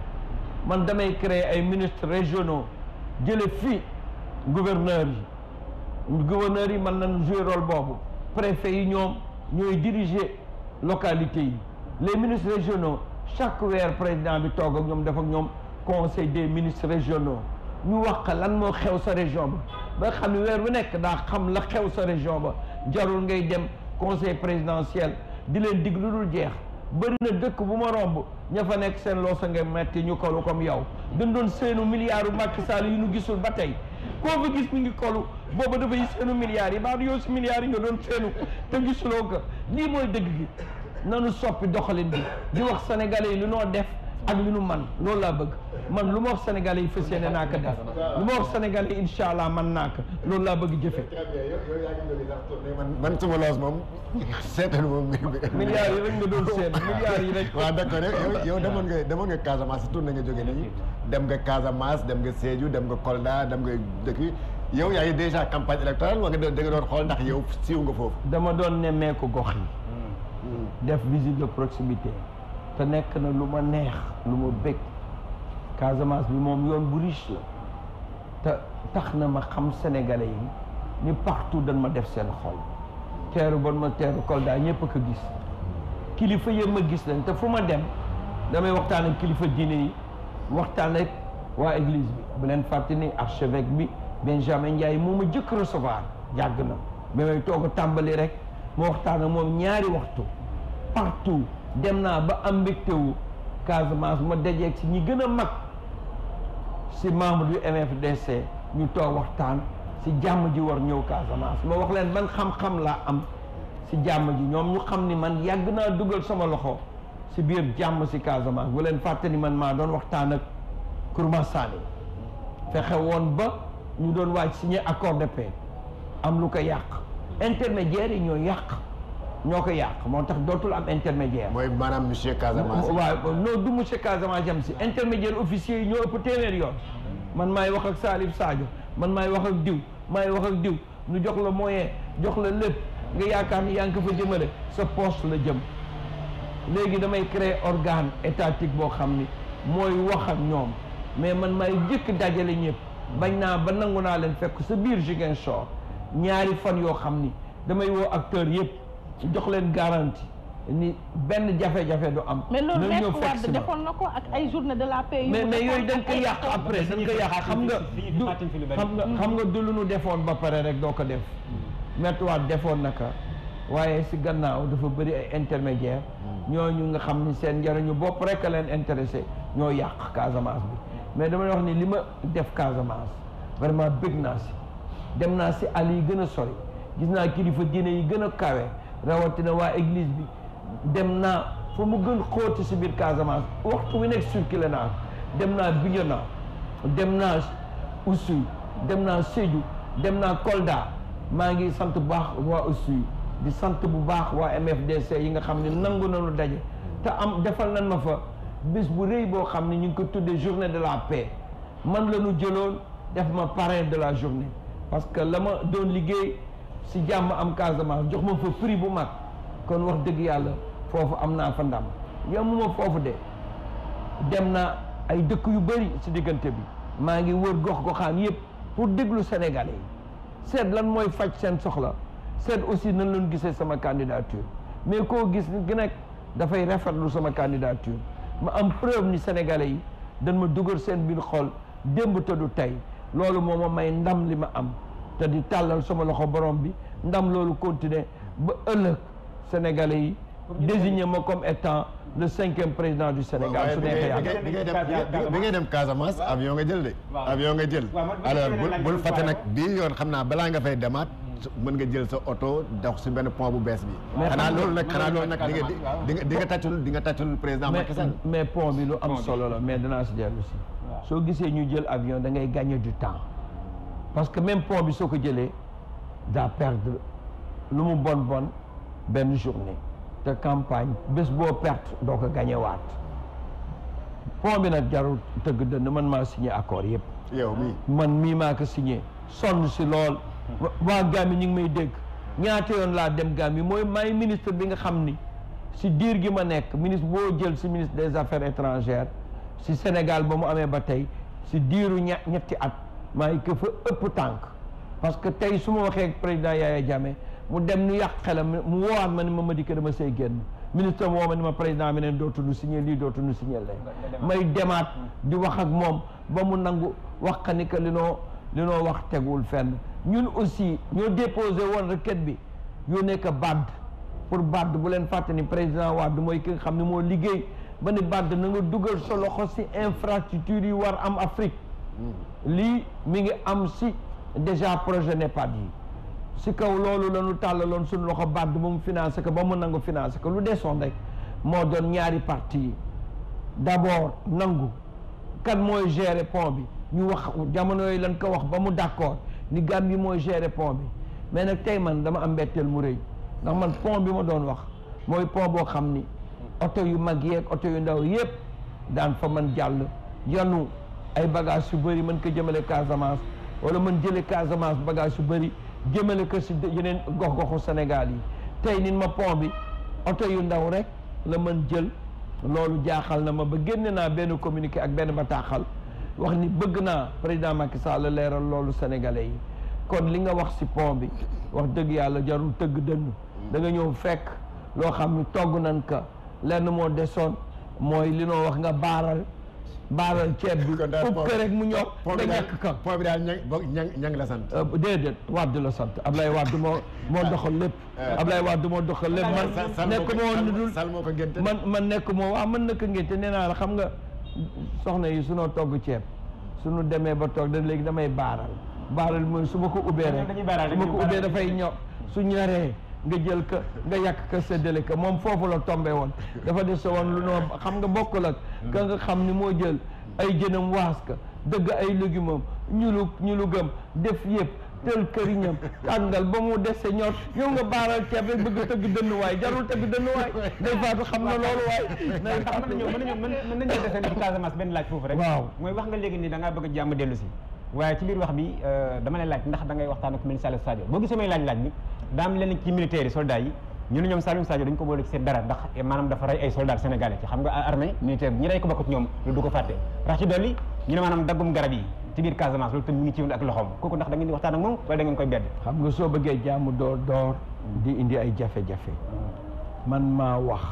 man damay créer ay ministres régionaux jële fi gouverneurs yi gouverneurs yi mën nañ jouer rôle boobu préfet yi ñoom ñooy diriger localité yi les ministres régionaux chaque weer président bi toog ak ñoom def ak ñoom conseil des ministres régionaux ñu wax lan moo xew sa région ba ba xam ne weer bu nekk daa xam la xew sa région ba jarul ngay dem conseil présidentiel di leen dig lu dul jeex bëri na dëkk bu ma romb ña fa nekk seen loo sa nga metti ñu kolu comme yow dañ doon seenu milliards u Macky Sall yi ñu gisul ba tey koo fa gis mi ngi kolu booba dafay seenu milliards yi baa yow si milliards yi nga doon seenu te gisuloo ko mooy dëgg gi noonu soppi doxalin bi di wax sénégalais yi lu noo def ak lu man loolu laa bëgg man lu ma wax sénégalais yi fas yéene naa ko def lu ma wax sénégalais yi incha allah man naa ko loolu laa bëgg jëfe man suma loos moom seetal moom milliards yi rek nga doon seet milliards yi rek waaw d'accord yow yow demoon nga demoon nga Casamance si tourné nga jóge nii dem nga Casamance dem nga Sédhiou dem nga Kolda dem nga dëkk yi yow yaa ngi déjà campagne électorale wa nga da nga doon xool ndax yow siiw nga foofu dama doon nemmeeku gox yi def visite de proximité te nekk na lu ma neex lu ma bég Casamance bi moom yoon bu riche la te tax na ma xam sénégalais yi ni partout dañ ma def seen xol teeru bon ma teeru Kolda ñëpp a ko gis kilifa yëpp ma gis nañ te fu ma dem damay waxtaan ak kilifa diine yi waxtaan ak waa église bi bu leen fàtte ni archevêque bi Benjamin Ndiaye moo ma jëkk recevoir jàgg na ba may toog tàmbali rek ma waxtaan ak moom ñaari waxtu partout dem naa ba am mbégte wu Casamance ma dajeeg ci ñi gën a mag si membre du MFDC ñu toog waxtaan si jàmm ji war ñëw Casamance ma wax leen ban xam-xam laa am si jàmm ji ñoom ñu xam ni man yàgg naa dugal sama loxo si biir jàmm si Casamance bu leen fàtte ni man maa doon waxtaan ak Kourma Sané fexe woon ba ñu doon waaj signé accord de paix am lu ko yàq intermédiaire yi ñoo yàq ñoo ko yàq moo tax dootul am intermédiaire. mooy maanaam monsieur Casamance. waaw non du monsieur Casamance jam si intermédiaire officier yi ñoo ëpp téeméer yoon. man maay wax ak Salif Sadio man maay wax ak diw maay wax ak diw ñu jox la moyen jox la lépp nga yaakaar ni yaa ngi ko fa jëmale sa poste la jëm léegi damay créer organe étatique boo xam ni mooy wax ak ñoom mais man maay jëkk dajale ñëpp bañ naa ba nangu naa leen fekk sa biir Ziguinchor. ñaari fan yoo xam ni damay woo acteurs yëpp jox leen garantie ni benn jafe-jafe du am. mais loolu Maître Wade defoon na ko ak ay journée de la paix. mais mais yooyu dañ ko yàq après dañ ko yàq xam nga. du xam nga xam nga du lu nu defoon ba pare rek doo ko def. Mm. Maître Wade defoon na ko waaye si gannaaw dafa bëri ay intermédiaire mm. ñu nga xam ni seen njëriñu bopp rek a leen intéressé ñoo yàq Casamance bi mais dama wax ni li ma def Casamance vraiment bëgg naa si. dem naa si àll yi gën a sol gis naa kilifa diine yi gën a kawe rawatina waa église bi dem naa fa mu gën xóoti si biir Casamance waxtu wi nekk circulé naa dem naa Bignona dem naa Oussouye dem naa Sédhiou dem naa Kolda maa ngi sant bu baax waa ussu di sant bu baax waa MFDC yi nga xam ne nangu nañu daje te am defal nañ ma fa bés bu rëy boo xam ne ñu ngi ko tuddee journée de la paix man la ñu jëloon def ma parrain de la journée parce que la ma doon liggéey si jàmm am Casamance jox ma fa prix bu mag kon wax dëgg yàlla foofu am naa fa ndam yemuma foofu de dem na ay dëkk yu bëri si diggante bi maa ngi wër gox goxaan yëpp pour déglu Sénégalais yi seet lan mooy faj seen soxla seet aussi nan leen gisee sama candidature mais koo gis gi nag dafay rafetlu sama candidature ma am preuve ni Sénégalais yi dañ ma dugal seen biir xol démb te tey loolu moo ma may ndam li ma am te di tàllal sama loxo borom bi ndam loolu continuer ba ëllëg sénégalais yi désigné ma comme étant le cinquième président du Sénégal su neexee yàlla bi ngay dem Casamance avion nga jël de avion nga jël alors bul fàtte nag bi yoon xam naa balaa nga fay demaat mën nga jël sa oto dox si benn pont bu bees bi. xanaa loolu nag xanaa loolu nag di nga di nga di nga tàccul di nga tàccul président Macky Sall. mais pont bi lu am solo la mais danaa si dellu si. soo gisee ñu jël avion da ngay gagner du temps parce que même pont bi soo ko jëlee daa perdre lu mu bon bon benn journée te campagne bés boo perte doo ko gañewaat pont bi nag jarul tëgg dënn man maa signé accord yëpp. yow mii man mii maa ko signé sonn si lool. waa Gàmbi ñu ngi may dégg ñaata yoon laa dem Gàmbi mooy maay ministre bi nga xam ni si diir gi ma nekk ministre boo jël si ministre des affaires étrangères si Sénégal ba mu amee ba tey si diiru ña ñetti at maay ko fa ëpp tànk parce que tey su ma waxee président Yaya Jammeh mu dem nu yàq xelam mu woowaat ma ni ma ma dikk dama say génn ministre am woo ma ni ma président mi neen dootuñu signé lii si signé lay may demaat di wax ak moom ba mu nangu wax ni que li noo li wax tegul fenn ñun aussi ñoo déposé woon requête bi yónnee ko BAD pour BAD bu leen fàtte ni président Wade mooy ki nga xam ne moo liggéey ba ni BAD na nga dugal sa loxo si infrastructure yi war am Afrique mm. lii mi ngi am si déjà projet NEPAD yi si kaw loolu la ñu tàllaloon suñu loxo BAD ba mu financé ko ba mu nangu financé ko lu desoon rek moo doon ñaari parti yi d'abord nangu kan mooy gérer pont bi ñu wax jamono yooyu lañ ko wax ba mu d'accord ni bi mooy gérer pont bi mais nag tey man dama am mbetteel mu rëy ndax man pont bi ma doon wax mooy pont boo xam ni oto yu mag yeeg oto yu ndaw yëpp daan fa man jàll yanu ay bagage yu bëri mën ko jëmale Casamance wala man jële Casamance bagage yu bëri jëmale ko si yeneen gox-goxu Sénégal yi tey nit ma pont bi oto yu ndaw rek la mën jël loolu jaaxal na ma ba génne naa benn communiqué ak benn bataaxal wax ni bëgg naa président Macky Sall leeral loolu sénégalais yi kon li nga wax si pont bi wax dëgg yàlla jarul tëgg dënn danga nga ñëw fekk loo xam ni togg nañ ka lenn moo desoon mooy li noo wax nga baaral baaral ceeb bi ëpp ko rek mu ñor nga ñàkk ka pont bi daal ñang ñang la sant déedéet Wade la sant Ablaye Wade moo moo doxal lépp Ablaye Wade moo doxal lépp man nekk moo woon dul man man nekk moo waaw man nekk ngénte nee naa la xam nga soxna yi sunoo togg ceeb su nu demee ba toog da léegi damay baaral baaral mooy su ma ko ubbee rek su ma ko ubbee dafay ñor su ñoree nga jël ka nga yàq ka séddale ka moom foofu la tombé woon dafa des woon lu noo xam nga bokk ak ka nga xam ni moo jël ay jënam waas ka dëgg ay légumam ñu lu ñu lu gëm def yëpp tël këriñam tàngal ba mu dese ñor ñëw nga baaral ceeb rek bëgg tëgg dënn waay jarul tëgg dënn waay day xam nga loolu waay xam nañu mën nañu mën nañu dese ci Casamance benn laaj foofu rek waaw mooy wax nga léegi ni da ngaa bëgg jàmm dellu si waaye ci biir wax bi euh, dama lay laaj ndax da ngay waxtaan ak ministre Saliou Sadio boo gisee may laaj laaj bi daa am lenn ci militaires yi soldats yi ñu ne ñoom Saliou Sadio dañ ko boole ci seen dara ndax eh, maanaam dafa rey yi ci biir Casamance loolu tamit mu ngi ci ak loxoom kooku ndax da ngeen di waxtaan ak moom wala da ngeen koy bedd xam nga soo bëggee jaamu door door di indi ay jafe-jafe man maa wax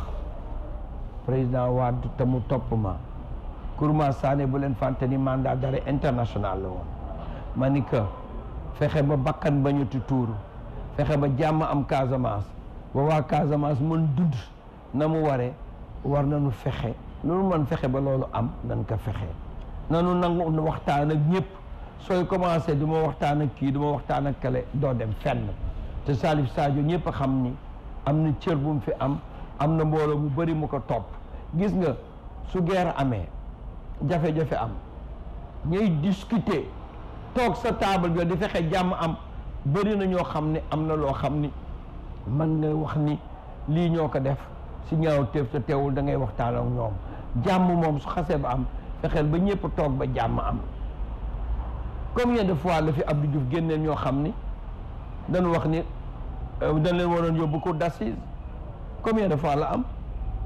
président waa te mu topp ma Kourouma Sané bu leen fànte ni mandat d'arrêt international la woon ma ni que fexe ba bakkan ba ñu ti tuur fexe ba jàmm am Casamance ba waa Casamance mën dund na mu waree war na nañu fexe loolu mën fexe ba loolu am nan ko fexe nanu nangu waxtaan ak ñëpp sooy commencé du ma waxtaan ak kii du waxtaan ak kale doo dem fenn te Salif saajo ñëpp a xam ni am na cër bu mu fi am am na mbooloo mu bari mu ko topp gis nga su geer amee jafe-jafe am ñuy discuter toog sa taabal bi di fexe jàmm am bëri na ñoo xam ne am na loo xam ni mën nga wax ni lii ñoo ko def si ñaaw teef sa teewul da ngay waxtaan ak ñoom jàmm moom su xasee ba am fexeel ba ñëpp toog ba jàmm am combien de fois la fi Abdou Diouf génneen ñoo xam ni dañu wax ni euh, dañ leen waroon yóbbu cour d'assises combien de fois la am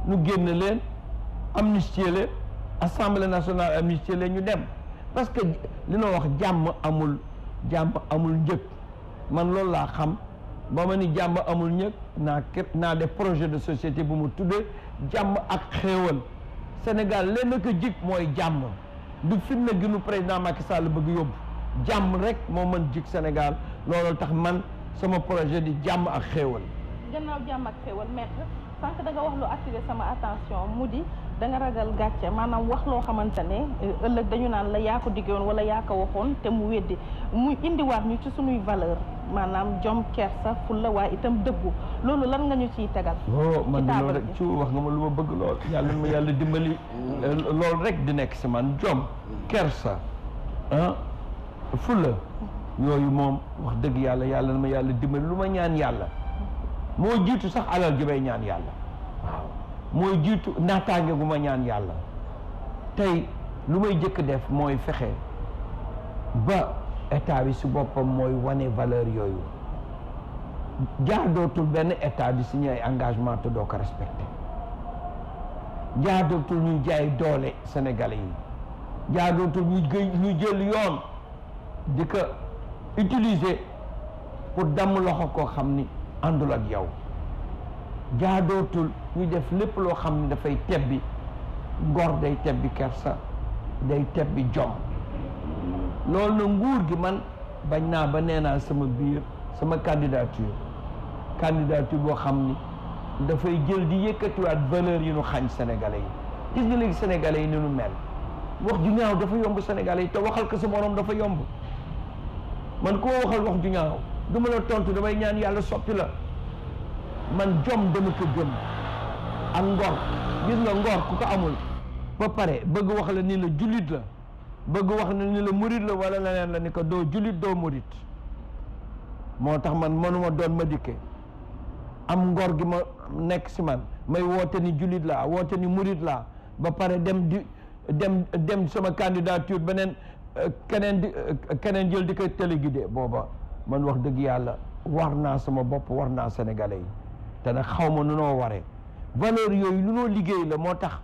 ñu génn leen amnistier leen assemblée nationale amnistier leen ñu dem parce que li noo wax jàmm amul jàmm amul njëg man loolu laa xam ba ma ni jàmm amul njëg naa naa def projet de société bu mu tuddee jàmm ak xéewal Sénégal lenn ko jig mooy jàmm du fitna gi nu président Macky Sall bëgg yóbbu jàmm rek moo man jig Sénégal loolu tax man sama projet di jàmm ak xéewal gannaaw jàmm ak xéewal maître sànq da nga wax lu attiré sama attention mu di danga nga ragal gàcce maanaam wax loo xamante ne euh, ëllëg dañu naan la yaa ko diggoon wala yaa ko waxoon te mu weddi muy indiwaat ñu ci suñuy valeur maanaam jom kersa fulla waaye itam dëggu loolu lan nga ñu ciy tegal. ci oh, man loolu rek ci wax nga ma lu bëgg lool yàlla ma yàlla dimbali. Euh, rek di nekk si man jom. kersa fulla yooyu moom wax dëgg yàlla yàlla ma yàlla dimbali lu ma ñaan yàlla. moo jiitu sax alal ji may ñaan yàlla mooy jiitu naataange gu ma ñaan yàlla tey lu may jëkk def mooy fexe ba état bi si boppam mooy wane valeur yooyu jaadootul benn état bi signé ay engagement te doo ko respecté jaadootul ñuy jaay doole sénégalais yi jaadootul ñu gëy ñu jël yoon di ko utiliser pour damm loxo koo xam ni àndul ak yow jaadootul ñu def lépp loo xam ne dafay tebbi góor day tebbi kersa day tebbi jom loolu na nguur gi man bañ naa ba nee naa sama biir sama candidature candidature boo xam ni dafay jël di yëkkatiwaat valeur yi ñu xañ sénégalais yi gis nga léegi sénégalais yi ni ñu mel wax ju ñaaw dafa yomb sénégalais yi te waxal ko sa morom dafa yomb man koo waxal wax ju ñaaw du la tontu damay ñaan yàlla soppi la man jom dama ko gëm ak ngor gis nga ngor ku ko amul ba pare bëgg wax la ni la jullit la bëgg wax la ni la murit la wala leneen la ni ko doo jullit doo murit moo tax man mënuma doon ma dikke am ngor gi ma nekk si man may woote ni jullit laa woote ni murit laa ba pare dem di dem dem sama candidature beneen euh, keneen di euh, keneen jël di ko téléguidé booba man wax dëgg yàlla war naa sama bopp war naa sénégalais yi te nag xaw ma nu noo waree valeur yooyu noo liggéey la moo tax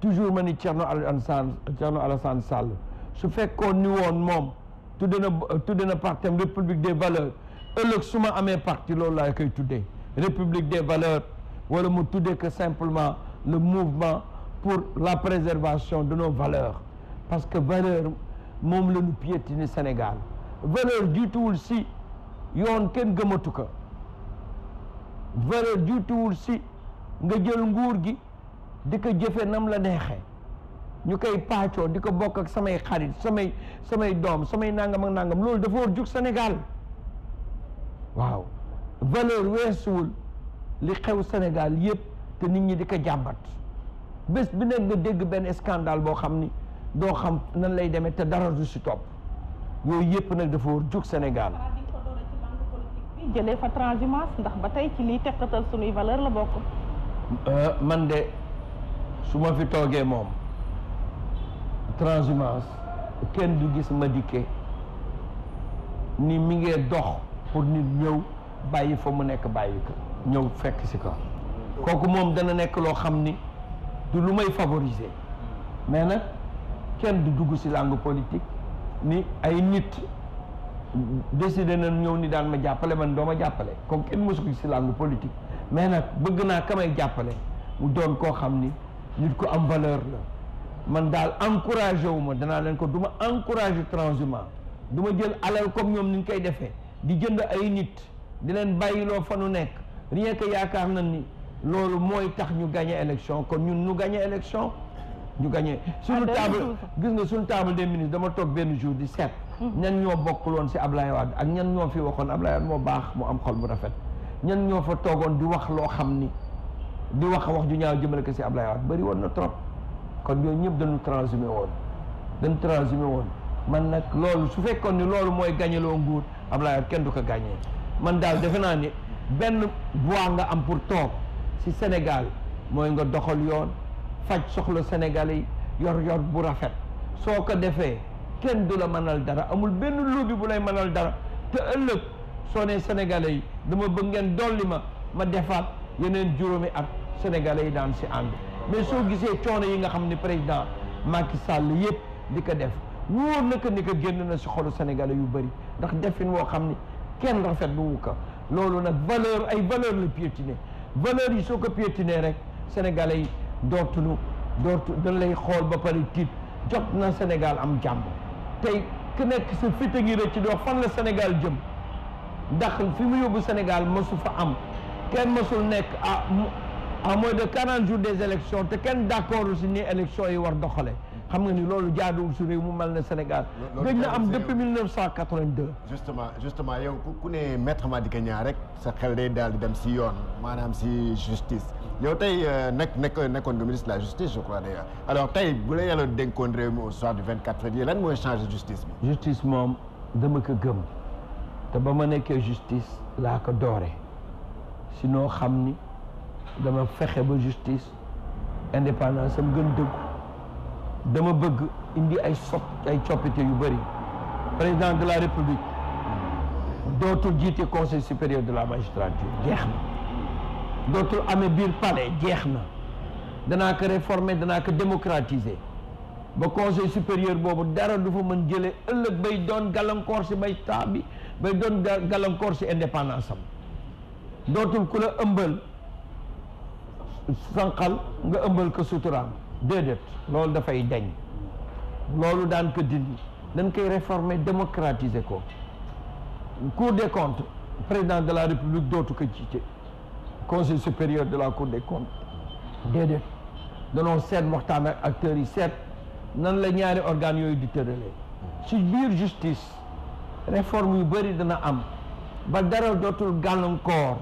toujours ma ni Thierno Alassane Thierno Alassane Sall su fekkoon ni woon moom tudde na tudde na parti am république des valeurs ëllëg su ma amee parti loolu laa koy tuddee république des valeurs wala mu tuddee que simplement le mouvement pour la préservation de nos valeurs parce que valeur moom la ñu piétiner Sénégal valeur jiituwul si yoon kenn gëmatu ko valeur juutuwul si nga jël nguur gi di ko jëfe nam la neexe ñu koy paacoo di ko bokk ak samay xarit samay samay doom samay nangam ak nangam loolu dafa war jug Sénégal waaw valeur weesuwul li xew Sénégal yëpp te nit ñi di ko jàmbat bés bi nekk nga dégg benn scandale boo xam ni doo xam nan lay demee te dara du si topp yooyu yëpp nag dafa war jug Sénégal jëlee fa transhumance ndax ba tey ci liy teqatal sunuy valeur la bokk euh, man de su ma fi toogee moom transhumance kenn du gis ma dikkee ni mi ngee dox pour nit ñëw bàyyi fa mu nekk bàyyi ko ñëw fekk si ko kooku moom dana nekk loo xam ni du lu may favoriser mais nag kenn du dugg si langue politique ni ay nit décidé na ñëw ni daal ma jàppale man doo ma jàppale kon kenn mësu ko si làngu politique mais nag bëgg naa kamay jàppale mu doon koo xam ni nit ko am valeur la man daal encouragé wu ma danaa leen ko du ma encouragé transhumant du ma jël alal comme ñoom ni ñu koy defee di jënd ay nit di leen bàyyiloo fa nu nekk rien que yaakaar na ni loolu mooy tax ñu gagné élection kon ñun ñu gagné élection ñu gagné. Ah, suñu table gis nga suñu table des ministres dama toog benn jour di seet. ñan ñoo bokkuloon si Ablaye Wade ak ñan ñoo fi waxoon Ablaye Wade moo baax mu am xol bu rafet ñan ñoo fa toogoon di wax loo xam ni di wax wax ju ñaaw jëmale ko si Ablaye Wade bëri woon na trop kon ñooñu ñëpp dañu transhumé woon dañu transhumé woon man nag loolu su fekkoon ni loolu mooy gañeloo nguur Ablaye Wade kenn du ko gàññee man daal defe naa ni benn voix nga am pour toog si Sénégal mooy nga doxal yoon faj soxla Sénégalais yor yor bu rafet soo ko defee kenn du la mënal dara amul benn lobby bu lay mënal dara te ëllëg soo nee sénégalais yi dama bëgg ngeen dolli ma ma defaat yeneen juróomi at sénégalais yi daan si ànd mais soo gisee coono yi nga xam ne président Macky sàll yëpp di ko def wóor na ni ko génn na si xolu sénégalais yu bëri ndax defin woo xam ni kenn rafet bu wu ko loolu nag valeur ay valeur la piétiner valeur yi soo ko piétiner rek sénégalais yi dootuñu dootu dañ lay xool ba pare tiit jot na Sénégal am jàmm tey ki nekk sa fit a ngi rëcc doo fan la Sénégal jëm ndax fi mu yóbbu Sénégal mësu fa am kenn mësul nekk ah à à moins de quarante jours des élections te kenn d'accord si ni élections yi war doxale xam nga ni loolu jaaduwul su réew mu man ne Sénégal. loolu gëj na am depuis 1982. justement justement yow ku ne maître Madické Niang rek sa xel day daal di dem si yoon maanaam si justice. yow tey euh, nekk nekk nekkoon nga ministre la justice je crois d'ailleurs alors tey bu la yàlla dénkoon réew mi au soir du 24 février lan mooy changer justice bi. justice moom dama ko gëm te ba ma nekkee justice laa ko si noo xam ni dama fexe ba justice indépendance am gën dëggu. dama bëgg indi ay sop ay coppite yu bëri président de la république dootul jiite conseil supérieur de la magistrature jeex na dootul ame biir palais jeex na danaa ko réformer danaa ko démocratiser ba conseil supérieur boobu dara du fa mën jëlee ëllëg bay doon gàllankoor si bay taa bi bay doon gàllankoor si indépendance am dootul ku la ëmbal sànqal nga ëmbal ko suturaam déedéet loolu dafay deñ loolu daan ko dindi dañ koy réformer démocratiser ko cour des comptes président de la république dootu ko jiite conseil supérieur de la cour des comptes déedéet danoo seet waxtaan ak acteurs yi seet nan la ñaari organes yooyu di tëralee ci biir justice réforme yu bëri dana am ba dara dootul gàllankoor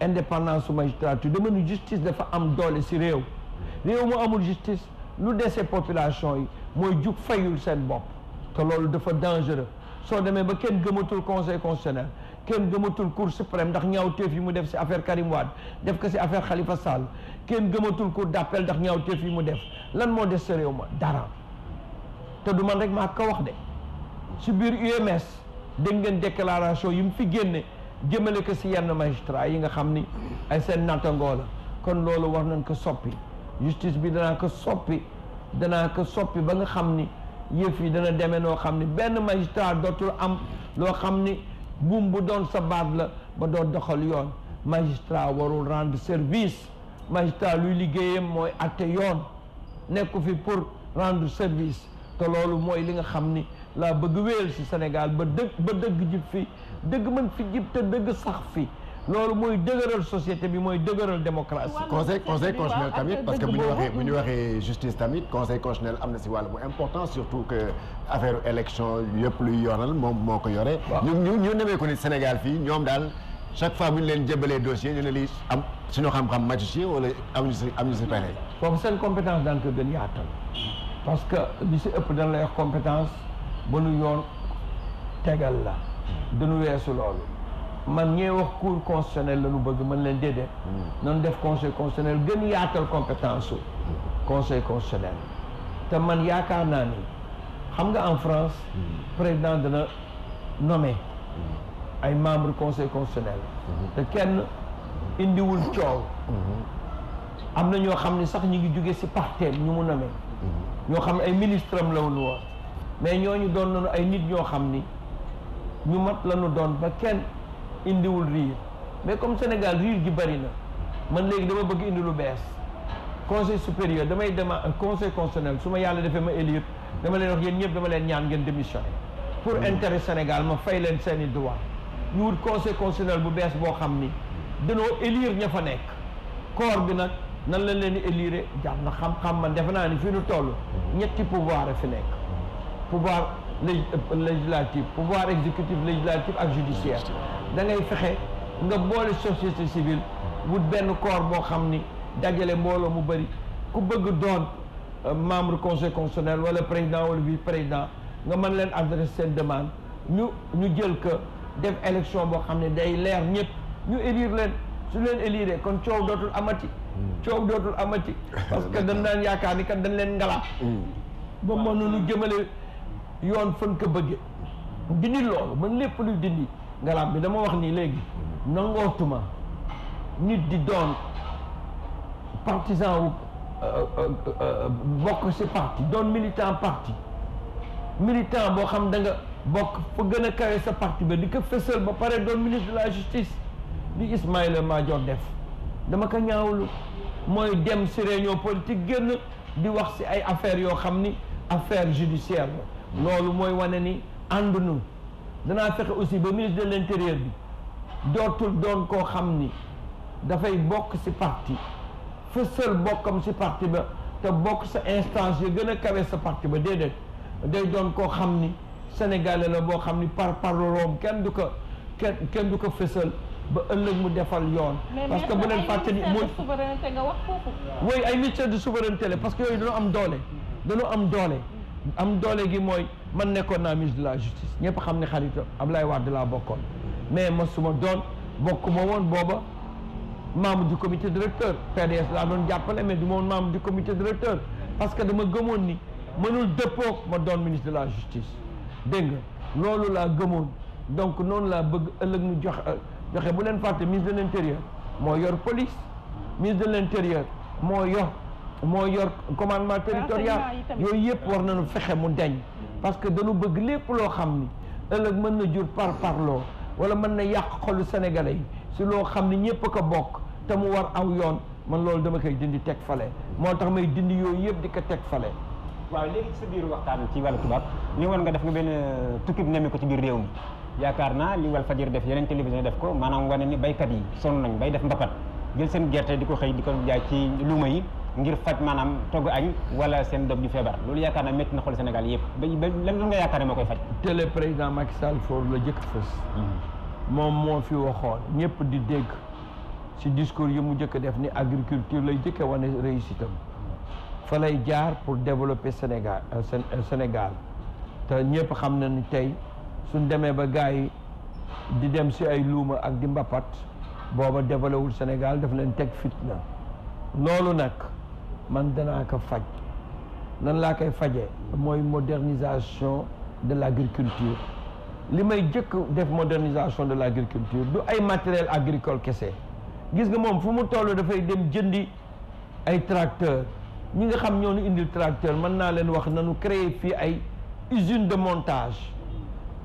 indépendance su magistrature dama ne justice dafa am doole si réew réew mu amul justice lu dese population yi mooy jug fayul seen bopp te loolu dafa dangereux soo demee ba kenn gëmatul conseil constitutionnel kenn gëmatul cour suprême ndax ñaawteef yi mu def si affaire Karim def ko si affaire Khalifa Sall kenn gëmatul cour d'appel ndax ñaawteef yi mu def lan moo des sa réew ma dara te du man rek maa ko wax de si biir UMS dégg ngeen déclaration yi mu fi génne jëmale ko si yenn magistrat yi nga xam ni ay seen nattangoo la kon loolu war nañ ko soppi justice bi danaa ko soppi danaa ko soppi ba nga xam ni yëf yi dana demee noo xam ni benn magistrat dootul am loo xam ni buum bu doon sa baat la ba doo doxal yoon magistrat warul rendre service magistrat luy liggéeye mooy atte yoon nekku fi pour rendre service te loolu mooy li nga xam ni laa bëgg wéyal ci Sénégal ba dëgg ba dëgg jib fi dëgg mën fi jib te dëgg sax fi loolu mooy dëgëral société bi mooy dëgëral démocratie. conseil conseil constitutionnel tamit parce que bu ñu waxee bu ñu waxee justice tamit conseil constitutionnel am na si wàll bu important surtout que affaire élection yëpp luy yoonal moom moo ko yore. ñu ñu ñu nemee ko ni Sénégal fii ñoom daal. chaque fois bu ñu leen jëbalee dossier ñu ne lii am suñu xam-xam magicien wala am ñu si am ñu si pexe. foofu seen compétence daan ko gën yaatal parce que li si ëpp dañ lay wax compétence ba nu yoon tegal la. dañu weesu loolu. man ñee wax cour constitutionnel la ñu bëgg mën leen déedéet hmm. noonu def conseil constitutionnel gën yaatal compétence su hmm. conseil constitutionnel te man yaakaar naa ni xam nga en France hmm. président dana nommé ay membre conseil constitutionnel te kenn indiwul coow am na ñoo xam ne sax ñu ngi jóge si parteem ñu mu nommé ñoo xam ne ay ministre am la woon woon mais ñooñu doon nañu ay nit ñoo xam ni ñu mat la doon ba kenn indiwul riir mais comme Sénégal riir gi bëri na man léegi dama bëgg indi lu bees conseil supérieur damay dem conseil constitutionnel su ma yàlla defee ma élire dama leen wax yéen ñëpp dama leen ñaan ngeen démissionné pour mm. intérêt Sénégal ma fay leen seeni i droit ñu wut conseil bu bees boo xam ni danoo élire ña fa nekk corps bi nag nan lañ leen di élire jàpp na xam-xam man defe naa ni fii nu toll ñetti pouvoir a fi nekk pouvoir législatif pouvoir exécutif législatif ak judiciaire da ngay fexe nga boole société civile wut benn corps boo xam ni dajale mbooloo mu bëri ku bëgg doon euh, membre conseil wala président wala vice président nga man leen adresse seen demande ñu ñu jël ko def élection boo xam ne day leer ñëpp ñu élire leen su leen élire kon coow dootul amati hmm. coow dootul amati parce que dañ daan yaakaar ni kat dañ leen ngalaat hmm. ba mënuñu jëmale yoon fan ko bëggee dindi loolu man lépp lu dindi ngalaam bi dama wax nii léegi nangootuma nit di doon partisan euh, euh, euh, bokk si parti doon militant parti militant boo xam da nga bokk fa gën a kawe sa parti ba di ko fësal ba pare doon ministre de la justice di Ismaïla Madior def dama ko ñaawlu mooy dem si réunion politique génn di wax si ay affaires yoo xam ni affaire judiciaire loolu mooy wane ni ànd nu danaa fexe aussi ba ministre de l'intérieur bi dootul doon koo xam ni dafay bokk si parti fësal bokkam si parti ba te bokk sa instance yi gën a kawe sa parti ba déedéet day doon koo xam ni sénégalais la boo xam ni par par room kenn du ko kenn kenn du ko fësal ba ëllëg mu defal yoon. parce que bu leen fàtte ni mooy souveraineté nga wax foofu. ay ministère de souveraineté la parce que yooyu dañoo am doole dañoo am doole. am doole gi mooy man nekkoon naa ministre de la justice ñëpp xam ne xarit Ablaye Wade laa bokkoon mais ma suma doon bokk ma woon booba membre du comité directeur PDS laa doon jàppale mais du ma woon membre du comité directeur parce que dama gëmoon ni mënul dëppoog ma doon ministre de la justice dégg nga loolu laa gëmoon donc noonu laa bëgg ëllëg mu jox joxe bu leen fàtte ministre de l' intérieur moo yor police ministre de l' intérieur moo yor moo yor commandement territorial yooyu yëpp war na nañu fexe mu dañ parce que dañu bëgg lépp loo xam ni ëllëg mën na jur par parloo wala mën na yàq xolu sénégalais yi si loo xam ni ñëpp a ko bokk te mu war aw yoon man loolu dama koy dindi teg fale moo tax may dindi yooyu yëpp di ko teg fale waaw léegi ci sa biir waxtaan ci wàllu tubaab ni woon nga def nga benn euh, tukkib nemme ko ci biir réew mi yaakaar naa li wal fajir def yeneen télévision def ko maanaam wane ni baykat yi sonn nañ bay def mbapat jël seen gerte di ko xëy di ko jaay ci luuma yi ngir faj maanaam togg añ wala seen doom ju feebar loolu yaakaar na métti na xool Sénégal yëpp ba lan lan nga yaakaar ne moo koy faj. te le président Macky Sall la jëkk fës. Hmm. moom moo fi waxoon ñëpp di dégg si discours yi mu jëkk def ni agriculture lay jëkk wane réussite am fa lay jaar pour développer Sénégal euh, euh, Sénégal te ñëpp xam na ni tey suñ demee ba gars yi di dem si ay luuma ak di mbapat booba développé wul Sénégal daf leen teg fitna loolu nag. man danaa ko faj nan laa koy fajee mooy modernisation de l' agriculture li may jëkk def modernisation de l' agriculture du ay matériel agricole kese gis nga moom fu mu toll dafay dem jëndi ay tracteur ñi nga xam ñoo nu indil tracteur mën naa leen wax nanu créer fii ay usine de montage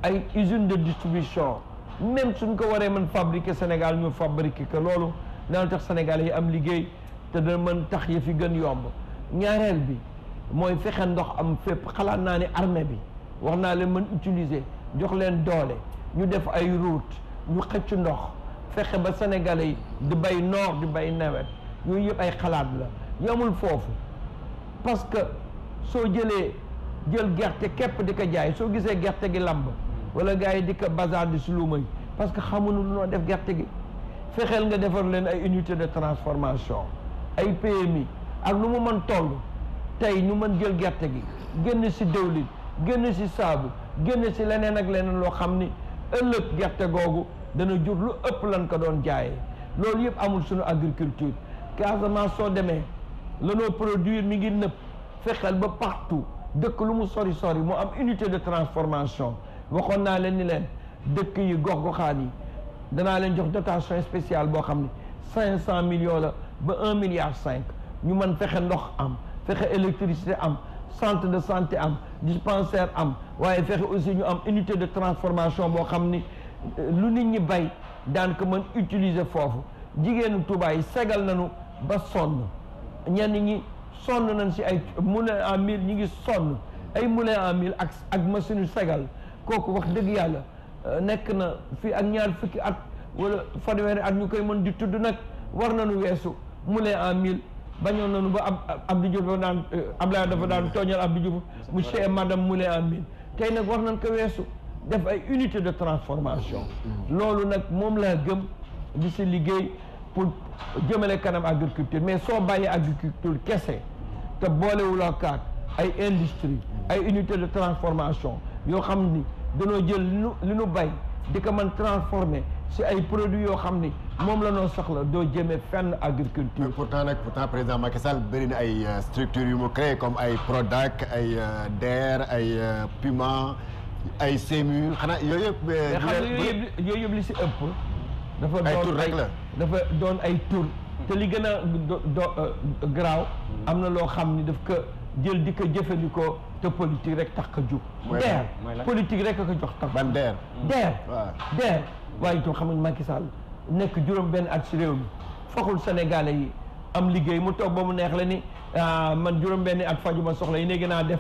ay usine de distribution même suñ ko waree mën fabriquer Sénégal ñu fabriquer que loolu dana tax Sénégal yi am liggéey te dana mën tax yi fi gën yomb ñaareel bi mooy fexe ndox am fépp xalaat naa ne armée bi wax naa leen mën utiliser jox leen doole ñu def ay route ñu xëcc ndox fexe ba sénégalais yi di bay noor di bay nawet yooyu yëpp ay xalaat la yamul foofu parce que soo jëlee jël gerte képp di ko jaay soo gisee gerte gi lamb wala gaa yi di ko bazar di suluma yi parce que xamuñu lu noo def gerte gi fexeel nga defar leen ay unité de transformation ay PMI ak nu mu man toll tey ñu mën jël gerte gi génn si dëwlin génn si saabu génn si leneen ak leneen loo xam ni ëllëg gerte googu dana jur lu ëpp lan ko doon jaaye loolu yëpp amul suñu agriculture Casamance soo demee lanoo produire mi ngi nëpp fexeel ba partout dëkk lu mu sori sori mu am unité de transformation waxoon naa leen ni leen dëkk yi gox goxaan yi danaa leen jox dotation spéciale boo xam ne cinq cent millions la ba un milliard cinq ñu man fexe ndox am fexe électricité am centre de santé am dispensaire am waaye fexe aussi ñu am unité de transformation boo xam ni euh, lu nit ñi bay daan ko mën utiliser foofu jigéenu Touba yi segal nañu ba sonn ñenn ñi sonn nañ si ay moulin à mil ñi ngi sonn ay moulin à mille ak ak machine segal kooku wax dëgg yàlla euh, nekk na fii ak ñaar fukki at wala fanweeri at ñu koy mën di tudd nag war na nañu weesu mu lee en mille bañoon nañu ba ab Abdou Diouf dafa daan euh, Abdoulaye dafa daan tooñal Abdou Diouf monsieur et madame mu lee en mille tey nag war nañ ko weesu def ay unité de transformation loolu nag moom laa gëm di si liggéey pour jëmale kanam agriculture mais soo bàyyi agriculture kese te boolewuloo kaat ay industrie ay unité de transformation yoo xam ni danoo jël li nu li nu bay di ko mën transformer si ay produits yoo xam ni moom la noo soxla doo jëmee fenn agriculture. pourtant nag pourtant président Macky Sall bëri na ay euh, structures yu mu créé comme ay Prodac ay euh, DER ay euh, Puma ay CMU xanaa yooyu yëpp. mais xam nga yooyu yëpp yooyu yëpp li si ëpp. dafa doon ay tur rek la dafa doon ay tur. te li gën a do garaaw am na loo xam ni daf ko. jël di ko jëfandikoo te politique rek tax ka jug. deer politique rek a ko jox tax. ban deer deer deer waaye itam xam nga Macky Sall nekk juróom benn at si réew mi foxul yi am liggéey mu toog ba mu neex la ni ah, man juróom benn fajo fajuma soxla yi léegi naa def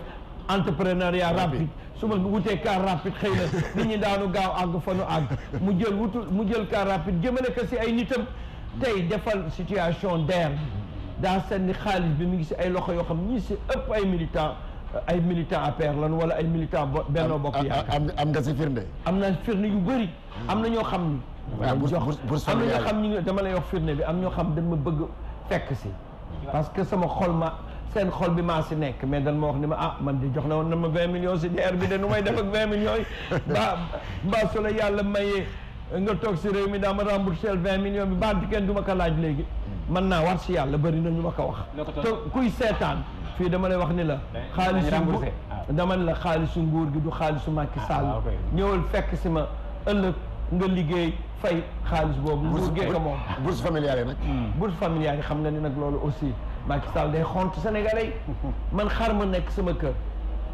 entrepreneuriat rapide su ma wutee car rapide xëy na nit ñi daanu gaaw àgg fanu àgg mu jël wutul mu jël car rapide jëmale ko si ay nitam tey defal situation deer daa seen ni xaalis bi mu ngi si ay loxo yoo xam ñii si ëpp ay militant euh, ay militant APR lan wala ay militant Benno Bokk Yaakaar am nga si firnde am naa firnde yu bëri am na ñoo xam ni jox ah, am na ñoo xam ñi dama lay wax firnde bi am ñoo xam dañ ma bëgg fekk si parce que sama xol ma seen xol bi maa si nekk mais dan ma wax ni ma ah man di jox na woon na ma vingt millions si DER bi de nu may def ak vingt millions yi mbaa mbaa su la yàlla mayee nga toog si réew mi daa ma remboursé vingt millions bi baal kenn du ma ko laaj léegi man naa war si yàlla bëri na ñu ma ko wax te kuy seetaan fii dama lay wax ni la xaalisu nguur ah. dama ne la xaalisu nguur gi du xaalisu Macky ah, Sall ah, ñëwal fekk si ma ëllëg nga liggéey fay xaalis boobu nguur gee ko moom bourse familiale yi nag hmm. bourse familiale yi xam nga ni nag loolu aussi Macky Sall day xont Sénégalais man xar ma nekk sama kër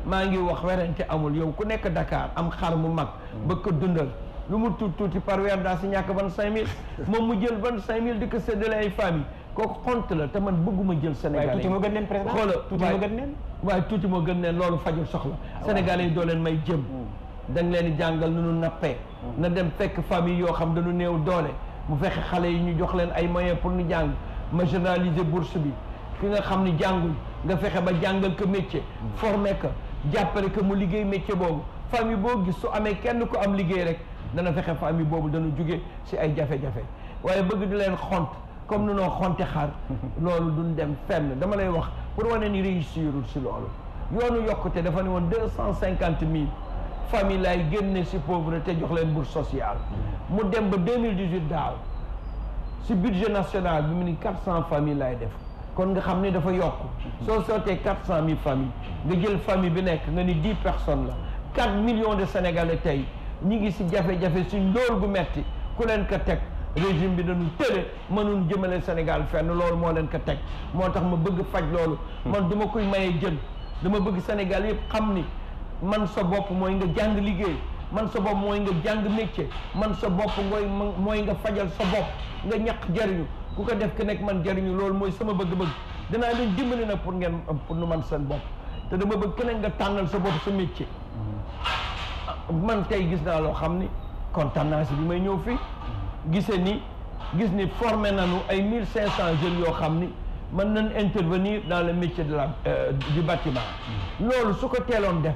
maa ngi wax werante amul yow ku nekk Dakar am xar mu mag hmm. ba ko dundal lu mu tuuti tuuti par weer daa si ñàkk ban cinq mille moom mu jël ban cinq mille di ko séddale ay famille kooku xont la te man bëgguma jël sénégalais waaye tuuti moo gën leen président xoola tuuti moo waaye tuuti moo gën leen loolu fajul soxla ah, sénégalais yi doo leen may jëm hmm. da nga leen di jàngal nu nu nappee hmm. na dem fekk famille yoo xam dañu néew doole mu fexe xale yi ñu jox leen ay moyen pour ñu jàng ma généraliser bourse bi ki nga xam ni jàngul nga fexe ba jàngal ko métier hmm. former ko jàppale ko mu liggéey métier boobu famille boo gis su amee kenn ko am liggéey rek dana fexe famille boobu dana jóge si ay jafe-jafe waaye bëgg di leen xont comme nu noo xonte xar loolu duñ dem fenn dama lay wax pour wane ni réussirul si loolu yoonu yokkute dafa ne woon deux cent cinquante mille famille lay génne si pauvreté jox leen bourse sociale mu dem ba deux mille dix-huit daaw si budget national bi mu ni quatre cent famille lay def kon nga xam ne dafa yokk soo sootee quatre cent mille famille nga jël famille bi nekk nga ni dix personnes la quatre millions de sénégalais tey ñu ngi si jafe-jafe si ndóol gu metti ku leen ko teg régime bi dañu tële mënuñ jëmale Sénégal fenn loolu moo leen ko teg moo tax ma bëgg faj loolu man duma koy maye jën dama bëgg Sénégal yëpp xam ni man sa bopp mooy nga jàng liggéey man sa bopp mooy nga jàng métier man sa bopp ngooy mooy nga fajal sa bopp nga ñaq jariñu ku ko def ki nekk man jariñu loolu mooy sama bëgg-bëgg danaa leen dimbali nag pour ngeen pour nu man seen bopp te dama bëgg keneen nga tànnal sa bopp sa métier man tey gis naa loo xam ni kontaan naa bi may ñëw fii gise ni gis ni formé nañu ay mille cinq cent jeunes yoo xam ni mën nañ intervenir dans le métier de la euh, du bâtiment mm. loolu su ko teeloon def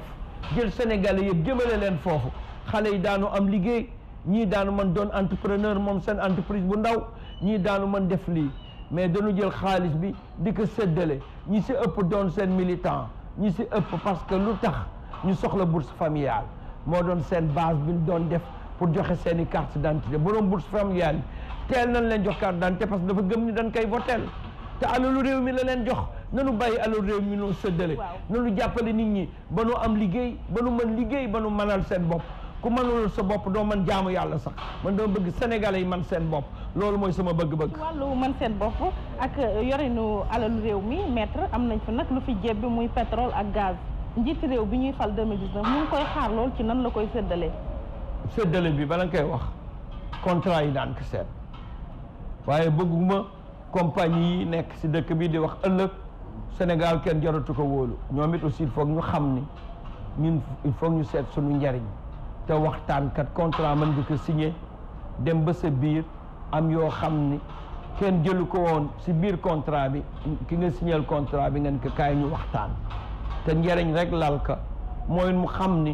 jël sénégalais yëpp jëmale leen foofu xale yi daanu am liggéey ñii daanu mën doon entrepreneur moom seen entreprise bu ndaw ñii daanu man def lii mais dañu jël xaalis bi di ko séddale ñi si ëpp doon seen militant ñi si ëpp parce que lu tax ñu soxla bourse familiale moo doon seen baas bi doon def pour joxe seen i carte d'identité borom bourse familiale teel nañ leen jox carte d'identité parce que dafa gëm ni dañ koy votel te lu réew mi la leen jox nanu bàyyi alalu réew mi noo sëddale nanu jàppale nit ñi ba nu am liggéey ba nu mën liggéey ba nu mënal seen bopp ku mënul sa bopp doo mën jaamu yàlla sax man dama bëgg sénégalais yi man seen bopp loolu mooy sama bëgg-bëgg wàllu man seen bopp ak yorinu alalu réew mi maître am nañ fi nag lu fi jébbi muy pétrole ak gaz njiiti réew bi ñuy fal 2019 mu ngi koy xaar lool ci nan la koy séddale séddale bi bala nga koy wax contrat yi daan ko seet waaye bëgguma compagnie yi nekk si dëkk bi di wax ëllëg Sénégal kenn jaratu ko wóolu ñoom it aussi foog faut ñu xam ni ñun il faut ñu seet suñu njariñ te waxtaankat kat contrat mën ki ko signé dem ba sa biir am yoo xam ni kenn jëlu ko woon si biir contrat bi ki nga signal contrat bi ngeen ko kaay ñu waxtaan te njëriñ rek lal ka mooy mu xam ni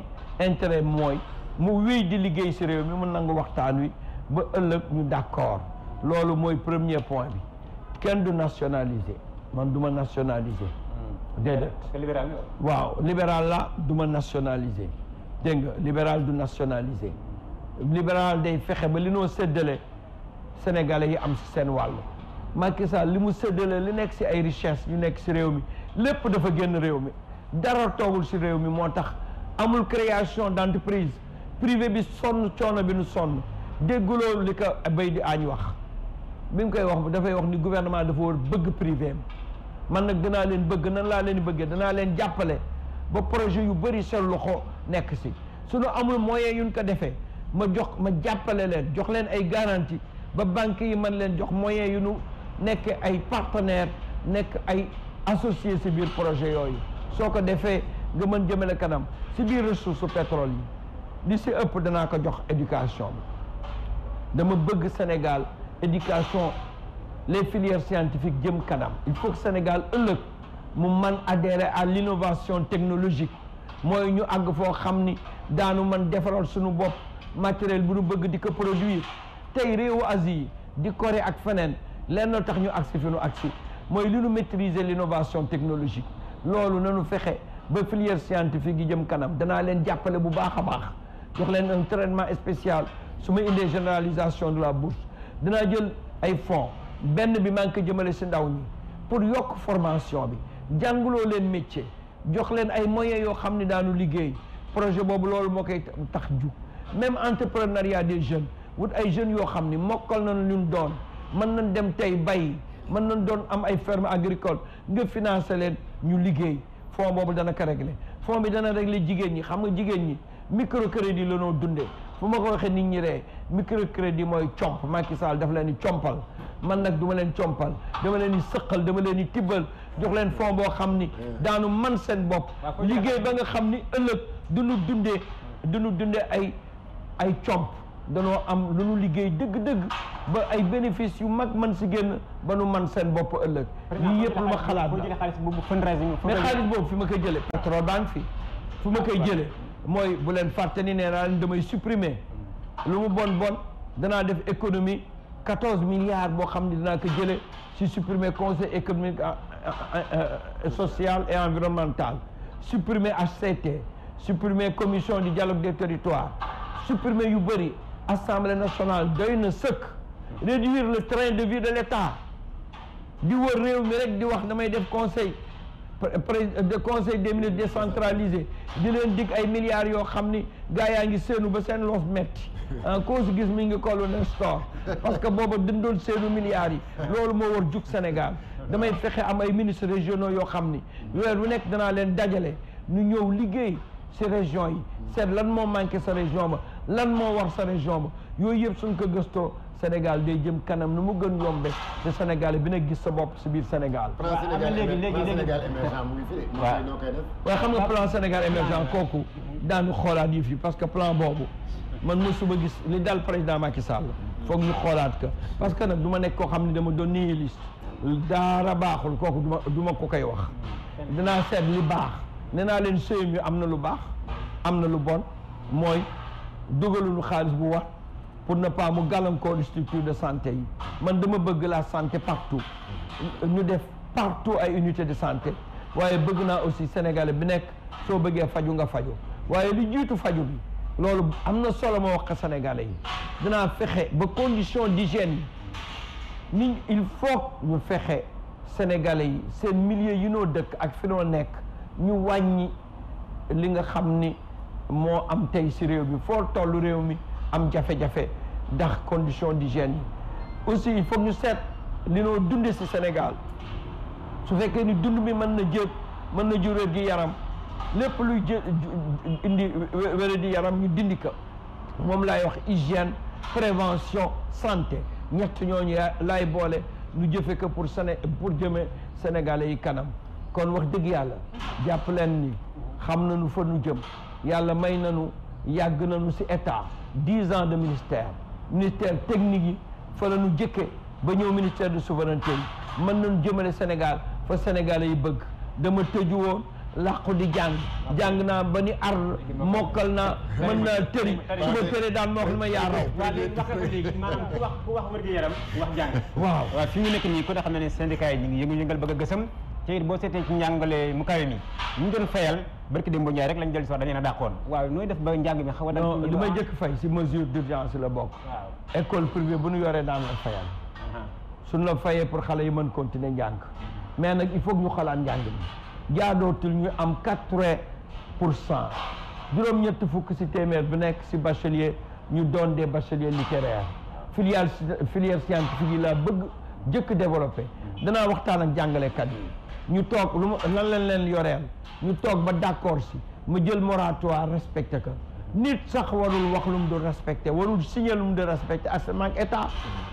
intérêt mooy mu wéy di liggéey si réew mi mu nangu waxtaan wi ba ëllëg ñu d'accord loolu mooy premier point bi kenn du nationaliser man du ma nationaliser hmm. déedéet libéral waaw libéral la du ma nationaliser dégg nga libéral du nationaliser libéral day fexe ba li noo séddale sénégalais yi am si seen wàll Macky Sall li mu séddale li nekk si ay richesse ñu nekk si réew mi lépp dafa génn réew mi dara toogul ci réew mi moo tax amul création d'entreprise privé bi sonn coono bi nu sonn dégguloo li ko bay di añ wax bi mu koy wax dafay wax ni gouvernement dafa war bëgg privé am man nag danaa leen bëgg nan laa leen bëggee danaa leen jàppale ba projet yu bëri seen loxo nekk si su suñu amul moyen yuñ ko defee ma jox ma jàppale leen jox leen ay garantie ba banque yi man leen jox moyen yu nu nekk ay partenaire nekk ay associé si biir projet yooyu soo ko defee nga man jëmale kanam si biir su pétrole yi li si ëpp danaa ko jox éducation bi dama bëgg Sénégal éducation les filières scientifiques jëm kanam il faut Sénégal ëllëg mu man adhérer à l'innovation technologique mooy ñu àgg foo xam ni daanu man defaral sunu bopp matériel bu nu bëgg di ko produire tey réewu Asie yi di Corée ak feneen lenn tax ñu agsi fi ñu agsi mooy li ñu maîtriser l'innovation technologique loolu nanu fexe ba filière scientifique yi jëm kanam danaa leen jàppale bu baax a baax jox leen un traitement spécial su ma indee généralisation de la bourse danaa jël ay fonds benn bi maa ngi ko si ndaw ñi pour yokk formation bi jàngaloo leen métier jox leen ay moyen yoo xam ni daanu liggéey projet boobu loolu moo koy tax ju même entrepreneuriat des jeunes wut ay jeunes yoo xam ni mokkal nañ luñ doon mën nañ dem tey bay mën nañ doon am ay ferme agricole nga financé leen ñu liggéey fond boobu dana ko réglé fond bi dana réglé jigéen ñi xam nga jigéen ñi microcrédit la noo dundee fu ma ko waxee nit ñi ree microcrédit mooy comp Macky Sall dafa leen di compal man nag duma leen compal dama leen di sëqal dama leen di tibbal jox leen fond boo xam ni hmm. daanu man seen bopp liggéey ba nga xam ni ëllëg du dundee du ñu dundee ay ay comp danoo am lu nu liggéey dëgg-dëgg ba ay bénéfice yu mag man si génn ba nu man seen bopp ëllëg yii yëpp lu ma xalaat la mais xaalis boobu fi ma koy jële pétrole baa ngi fi fu ma koy jële mooy bu leen fàtte ni nee naa damay supprimer lu mu bon bon danaa def économie quatorze milliards boo xam ne danaa ko jële si supprimer conseil économique ah, ah, ah, social et environnemental supprimer HCT supprimer commission du dialogue des territoires supprimer yu bëri assemblée nationale doy na sëkk réduire le train de vie de l'état di wër réew mi rek di wax may def conseil de conseil des ministres décentralisé di leen dig ay milliards yoo xam ni gars yaa ngi seenu ba seen loof metti koo si gis mi ngi kollu ne store parce que booba dundoon seenu milliards yi loolu moo war jug Sénégal damay fexe am ay ministres régionaux yoo xam ni weer wu nekk danaa leen dajale ñu ñëw liggéey si région yi seet lan moo manqué sa région ma lan moo war sa région ba yooyu yëpp suñ ko gëstoo Sénégal day jëm kanam nu mu gën yombe te Sénégal bi na gis sa bopp si biir Sénégal. léegi léegi plan Sénégal émergent mu ngi fi de. waaw xam nga plan Sénégal émergent kooku daanu xoolaat yëf yi parce que plan boobu man mosuma gis li dal président Macky Sall foog ñu xoolaat ko parce que nag du ma nekk koo xam ne dama doon nihiliste daara baaxul kooku du ma du ma ko koy wax. dinaa seet li baax nee naa leen séyum yu am na lu baax am na lu bon mooy. dugalul xaalis bu wax pour ne pas mu gàllankoor structure de santé yi man dama bëgg la santé partout ñu def partout ay unité de santé waaye bëgg naa aussi sénégalais bi nekk soo bëggee faju nga faju waaye lu jiitu faju bi loolu am na solo ma wax ko yi dinaa fexe ba condition d'hygiène yi ni il faut ñu fexe sénégalais yi seen milieu yi noo dëkk ak fi noo nekk ñu wàññi li nga xam ni moo am tey si réew bi foo tollu réew mi am jafe-jafe ndax condition d'hygiène yi aussi il ñu seet ni noo dunde si Sénégal su fekkee ni dund mi mën na jéeg mën na jur gi yaram lépp lu jë indi wér di yaram ñu dindi ko moom laay wax hygiène prévention santé ñett ñooñu lay boole ñu jëfe ko pour Séné pour jëme Sénégalais yi kanam kon wax dëgg yàlla jàpp leen ni xam nañu fa nu jëm yàlla may nanu yàgg nañu ci état dix ans de ministère ministère technique yi fa la ñu jëkke ba ñëw ministère de souveraineté yi mën nañu jëmale Sénégal fa Sénégalais yi bëgg dama tëju woon làqu di jàng jàng naa ba ni ar mokkal naa mën naa tëri su ma tëree daal mokkal ma yaa waaw fi ñu nekk nii ku ne xam ne ne syndicat yi ñu ngi yëngu-yëngal te it boo seetee ci njàngale mu kawe mi ñu doon fayal barki démb Ndiaye rek lañ jël si wax dañu ne dàqoon waaw nooy def ba njàng mi xaw a non may jëkk fay si mesure d'urgence la bokk école privée bu ñu yoree daan la fayal suñ la fayee pour xale yi mën continuer njàng mais nag il faut ñu xalaat njàng mi jaadootul ñu am quatre pour cent juróom fukk si téeméer bu nekk si bachelier ñu doon des bacheliers littéraires filière filière scientifique yi laa bëgg jëkk développé hmm. danaa waxtaan ak jàngalekat yi ñu toog lu ma lan lañ leen yoreel ñu toog ba d'accord si ma jël moratoire respecté ko nit sax warul wax lu mu du respecté warul signé lu mu du respecté asamaan ah, ak état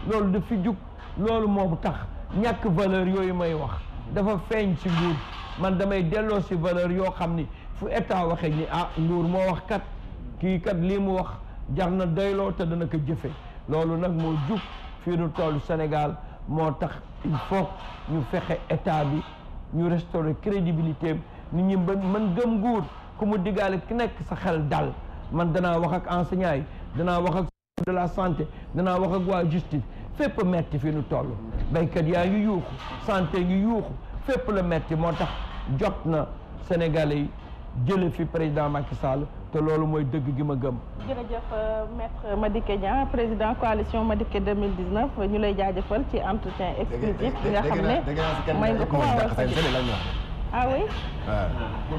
loolu daf fi jug loolu moo tax ñàkk valeur yooyu may wax dafa feeñ ci nguur man damay delloo si valeur yoo xam ni fu état waxee ni ah nguur moo wax kat kii kat lii mu wax jar na doyloo te dana ko jëfe loolu nag moo jug fii nu toll Sénégal moo tax il faut ñu fexe état bi ñu restaurer crédibilité am nit ñi mën mën gëm nguur ku mu digaale ki nekk sa xel dal man danaa wax ak enseignant yi danaa wax ak la santé danaa wax ak waa justice fépp metti fi nu toll baykat yaa ngi yuuxu santé ngi yuuxu fépp la metti moo tax jot na Sénégalais yi jële fi président Macky Sall te loolu mooy dëgg gi ma gëm. jërëjëf maître Madické Niang président coalition Madické 2019 ñu lay jaajëfal ci entretien exclusif. nga xam ne may nga ko a waawal ah oui. waaw.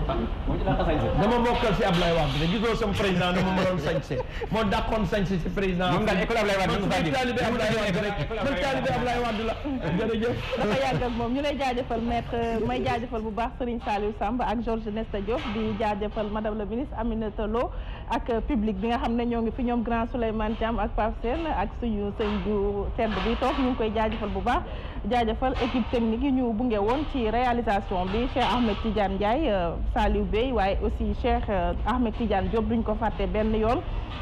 Ah. dama bokkal si Ablaye Wade de gisoo sama président dama mënoon sañse moo dàqoon sañse si président. moom daal école Ablaye Wade man taalibe Ablaye Wade rek man taalibe Ablaye Wade la jërëjëf. dafa yàgg ak moom ñu lay jaajëfal maître may jaajëfal bu baax Serigne Saliou Samb ak Georges Nesta Diop di jaajëfal madame la ministre Aminata Lo. ak public bi nga xam ne ñoo ngi fi ñoom grand Souleymane Thiam ak Pape Sène ak suñu sëñ bu tedd bi toog ñu ngi koy jaajëfal bu baax jaajafal équipe technique yi ñu bunge woon ci réalisation bi Cheikh Ahmed Tidiane Ndiaye euh, Saliou Bey waaye aussi Cheikh euh, Ahmed Tidiane Diop duñ ko fàtte benn yoon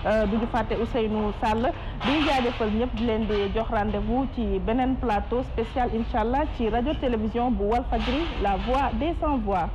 euh, duñu fàtte Ousseynou Sall duñu jaajëfal ñëpp di leen di jox rendez-vous ci beneen plateau spécial incha allah ci radio télévision bu Walfadjri la voix des cent voix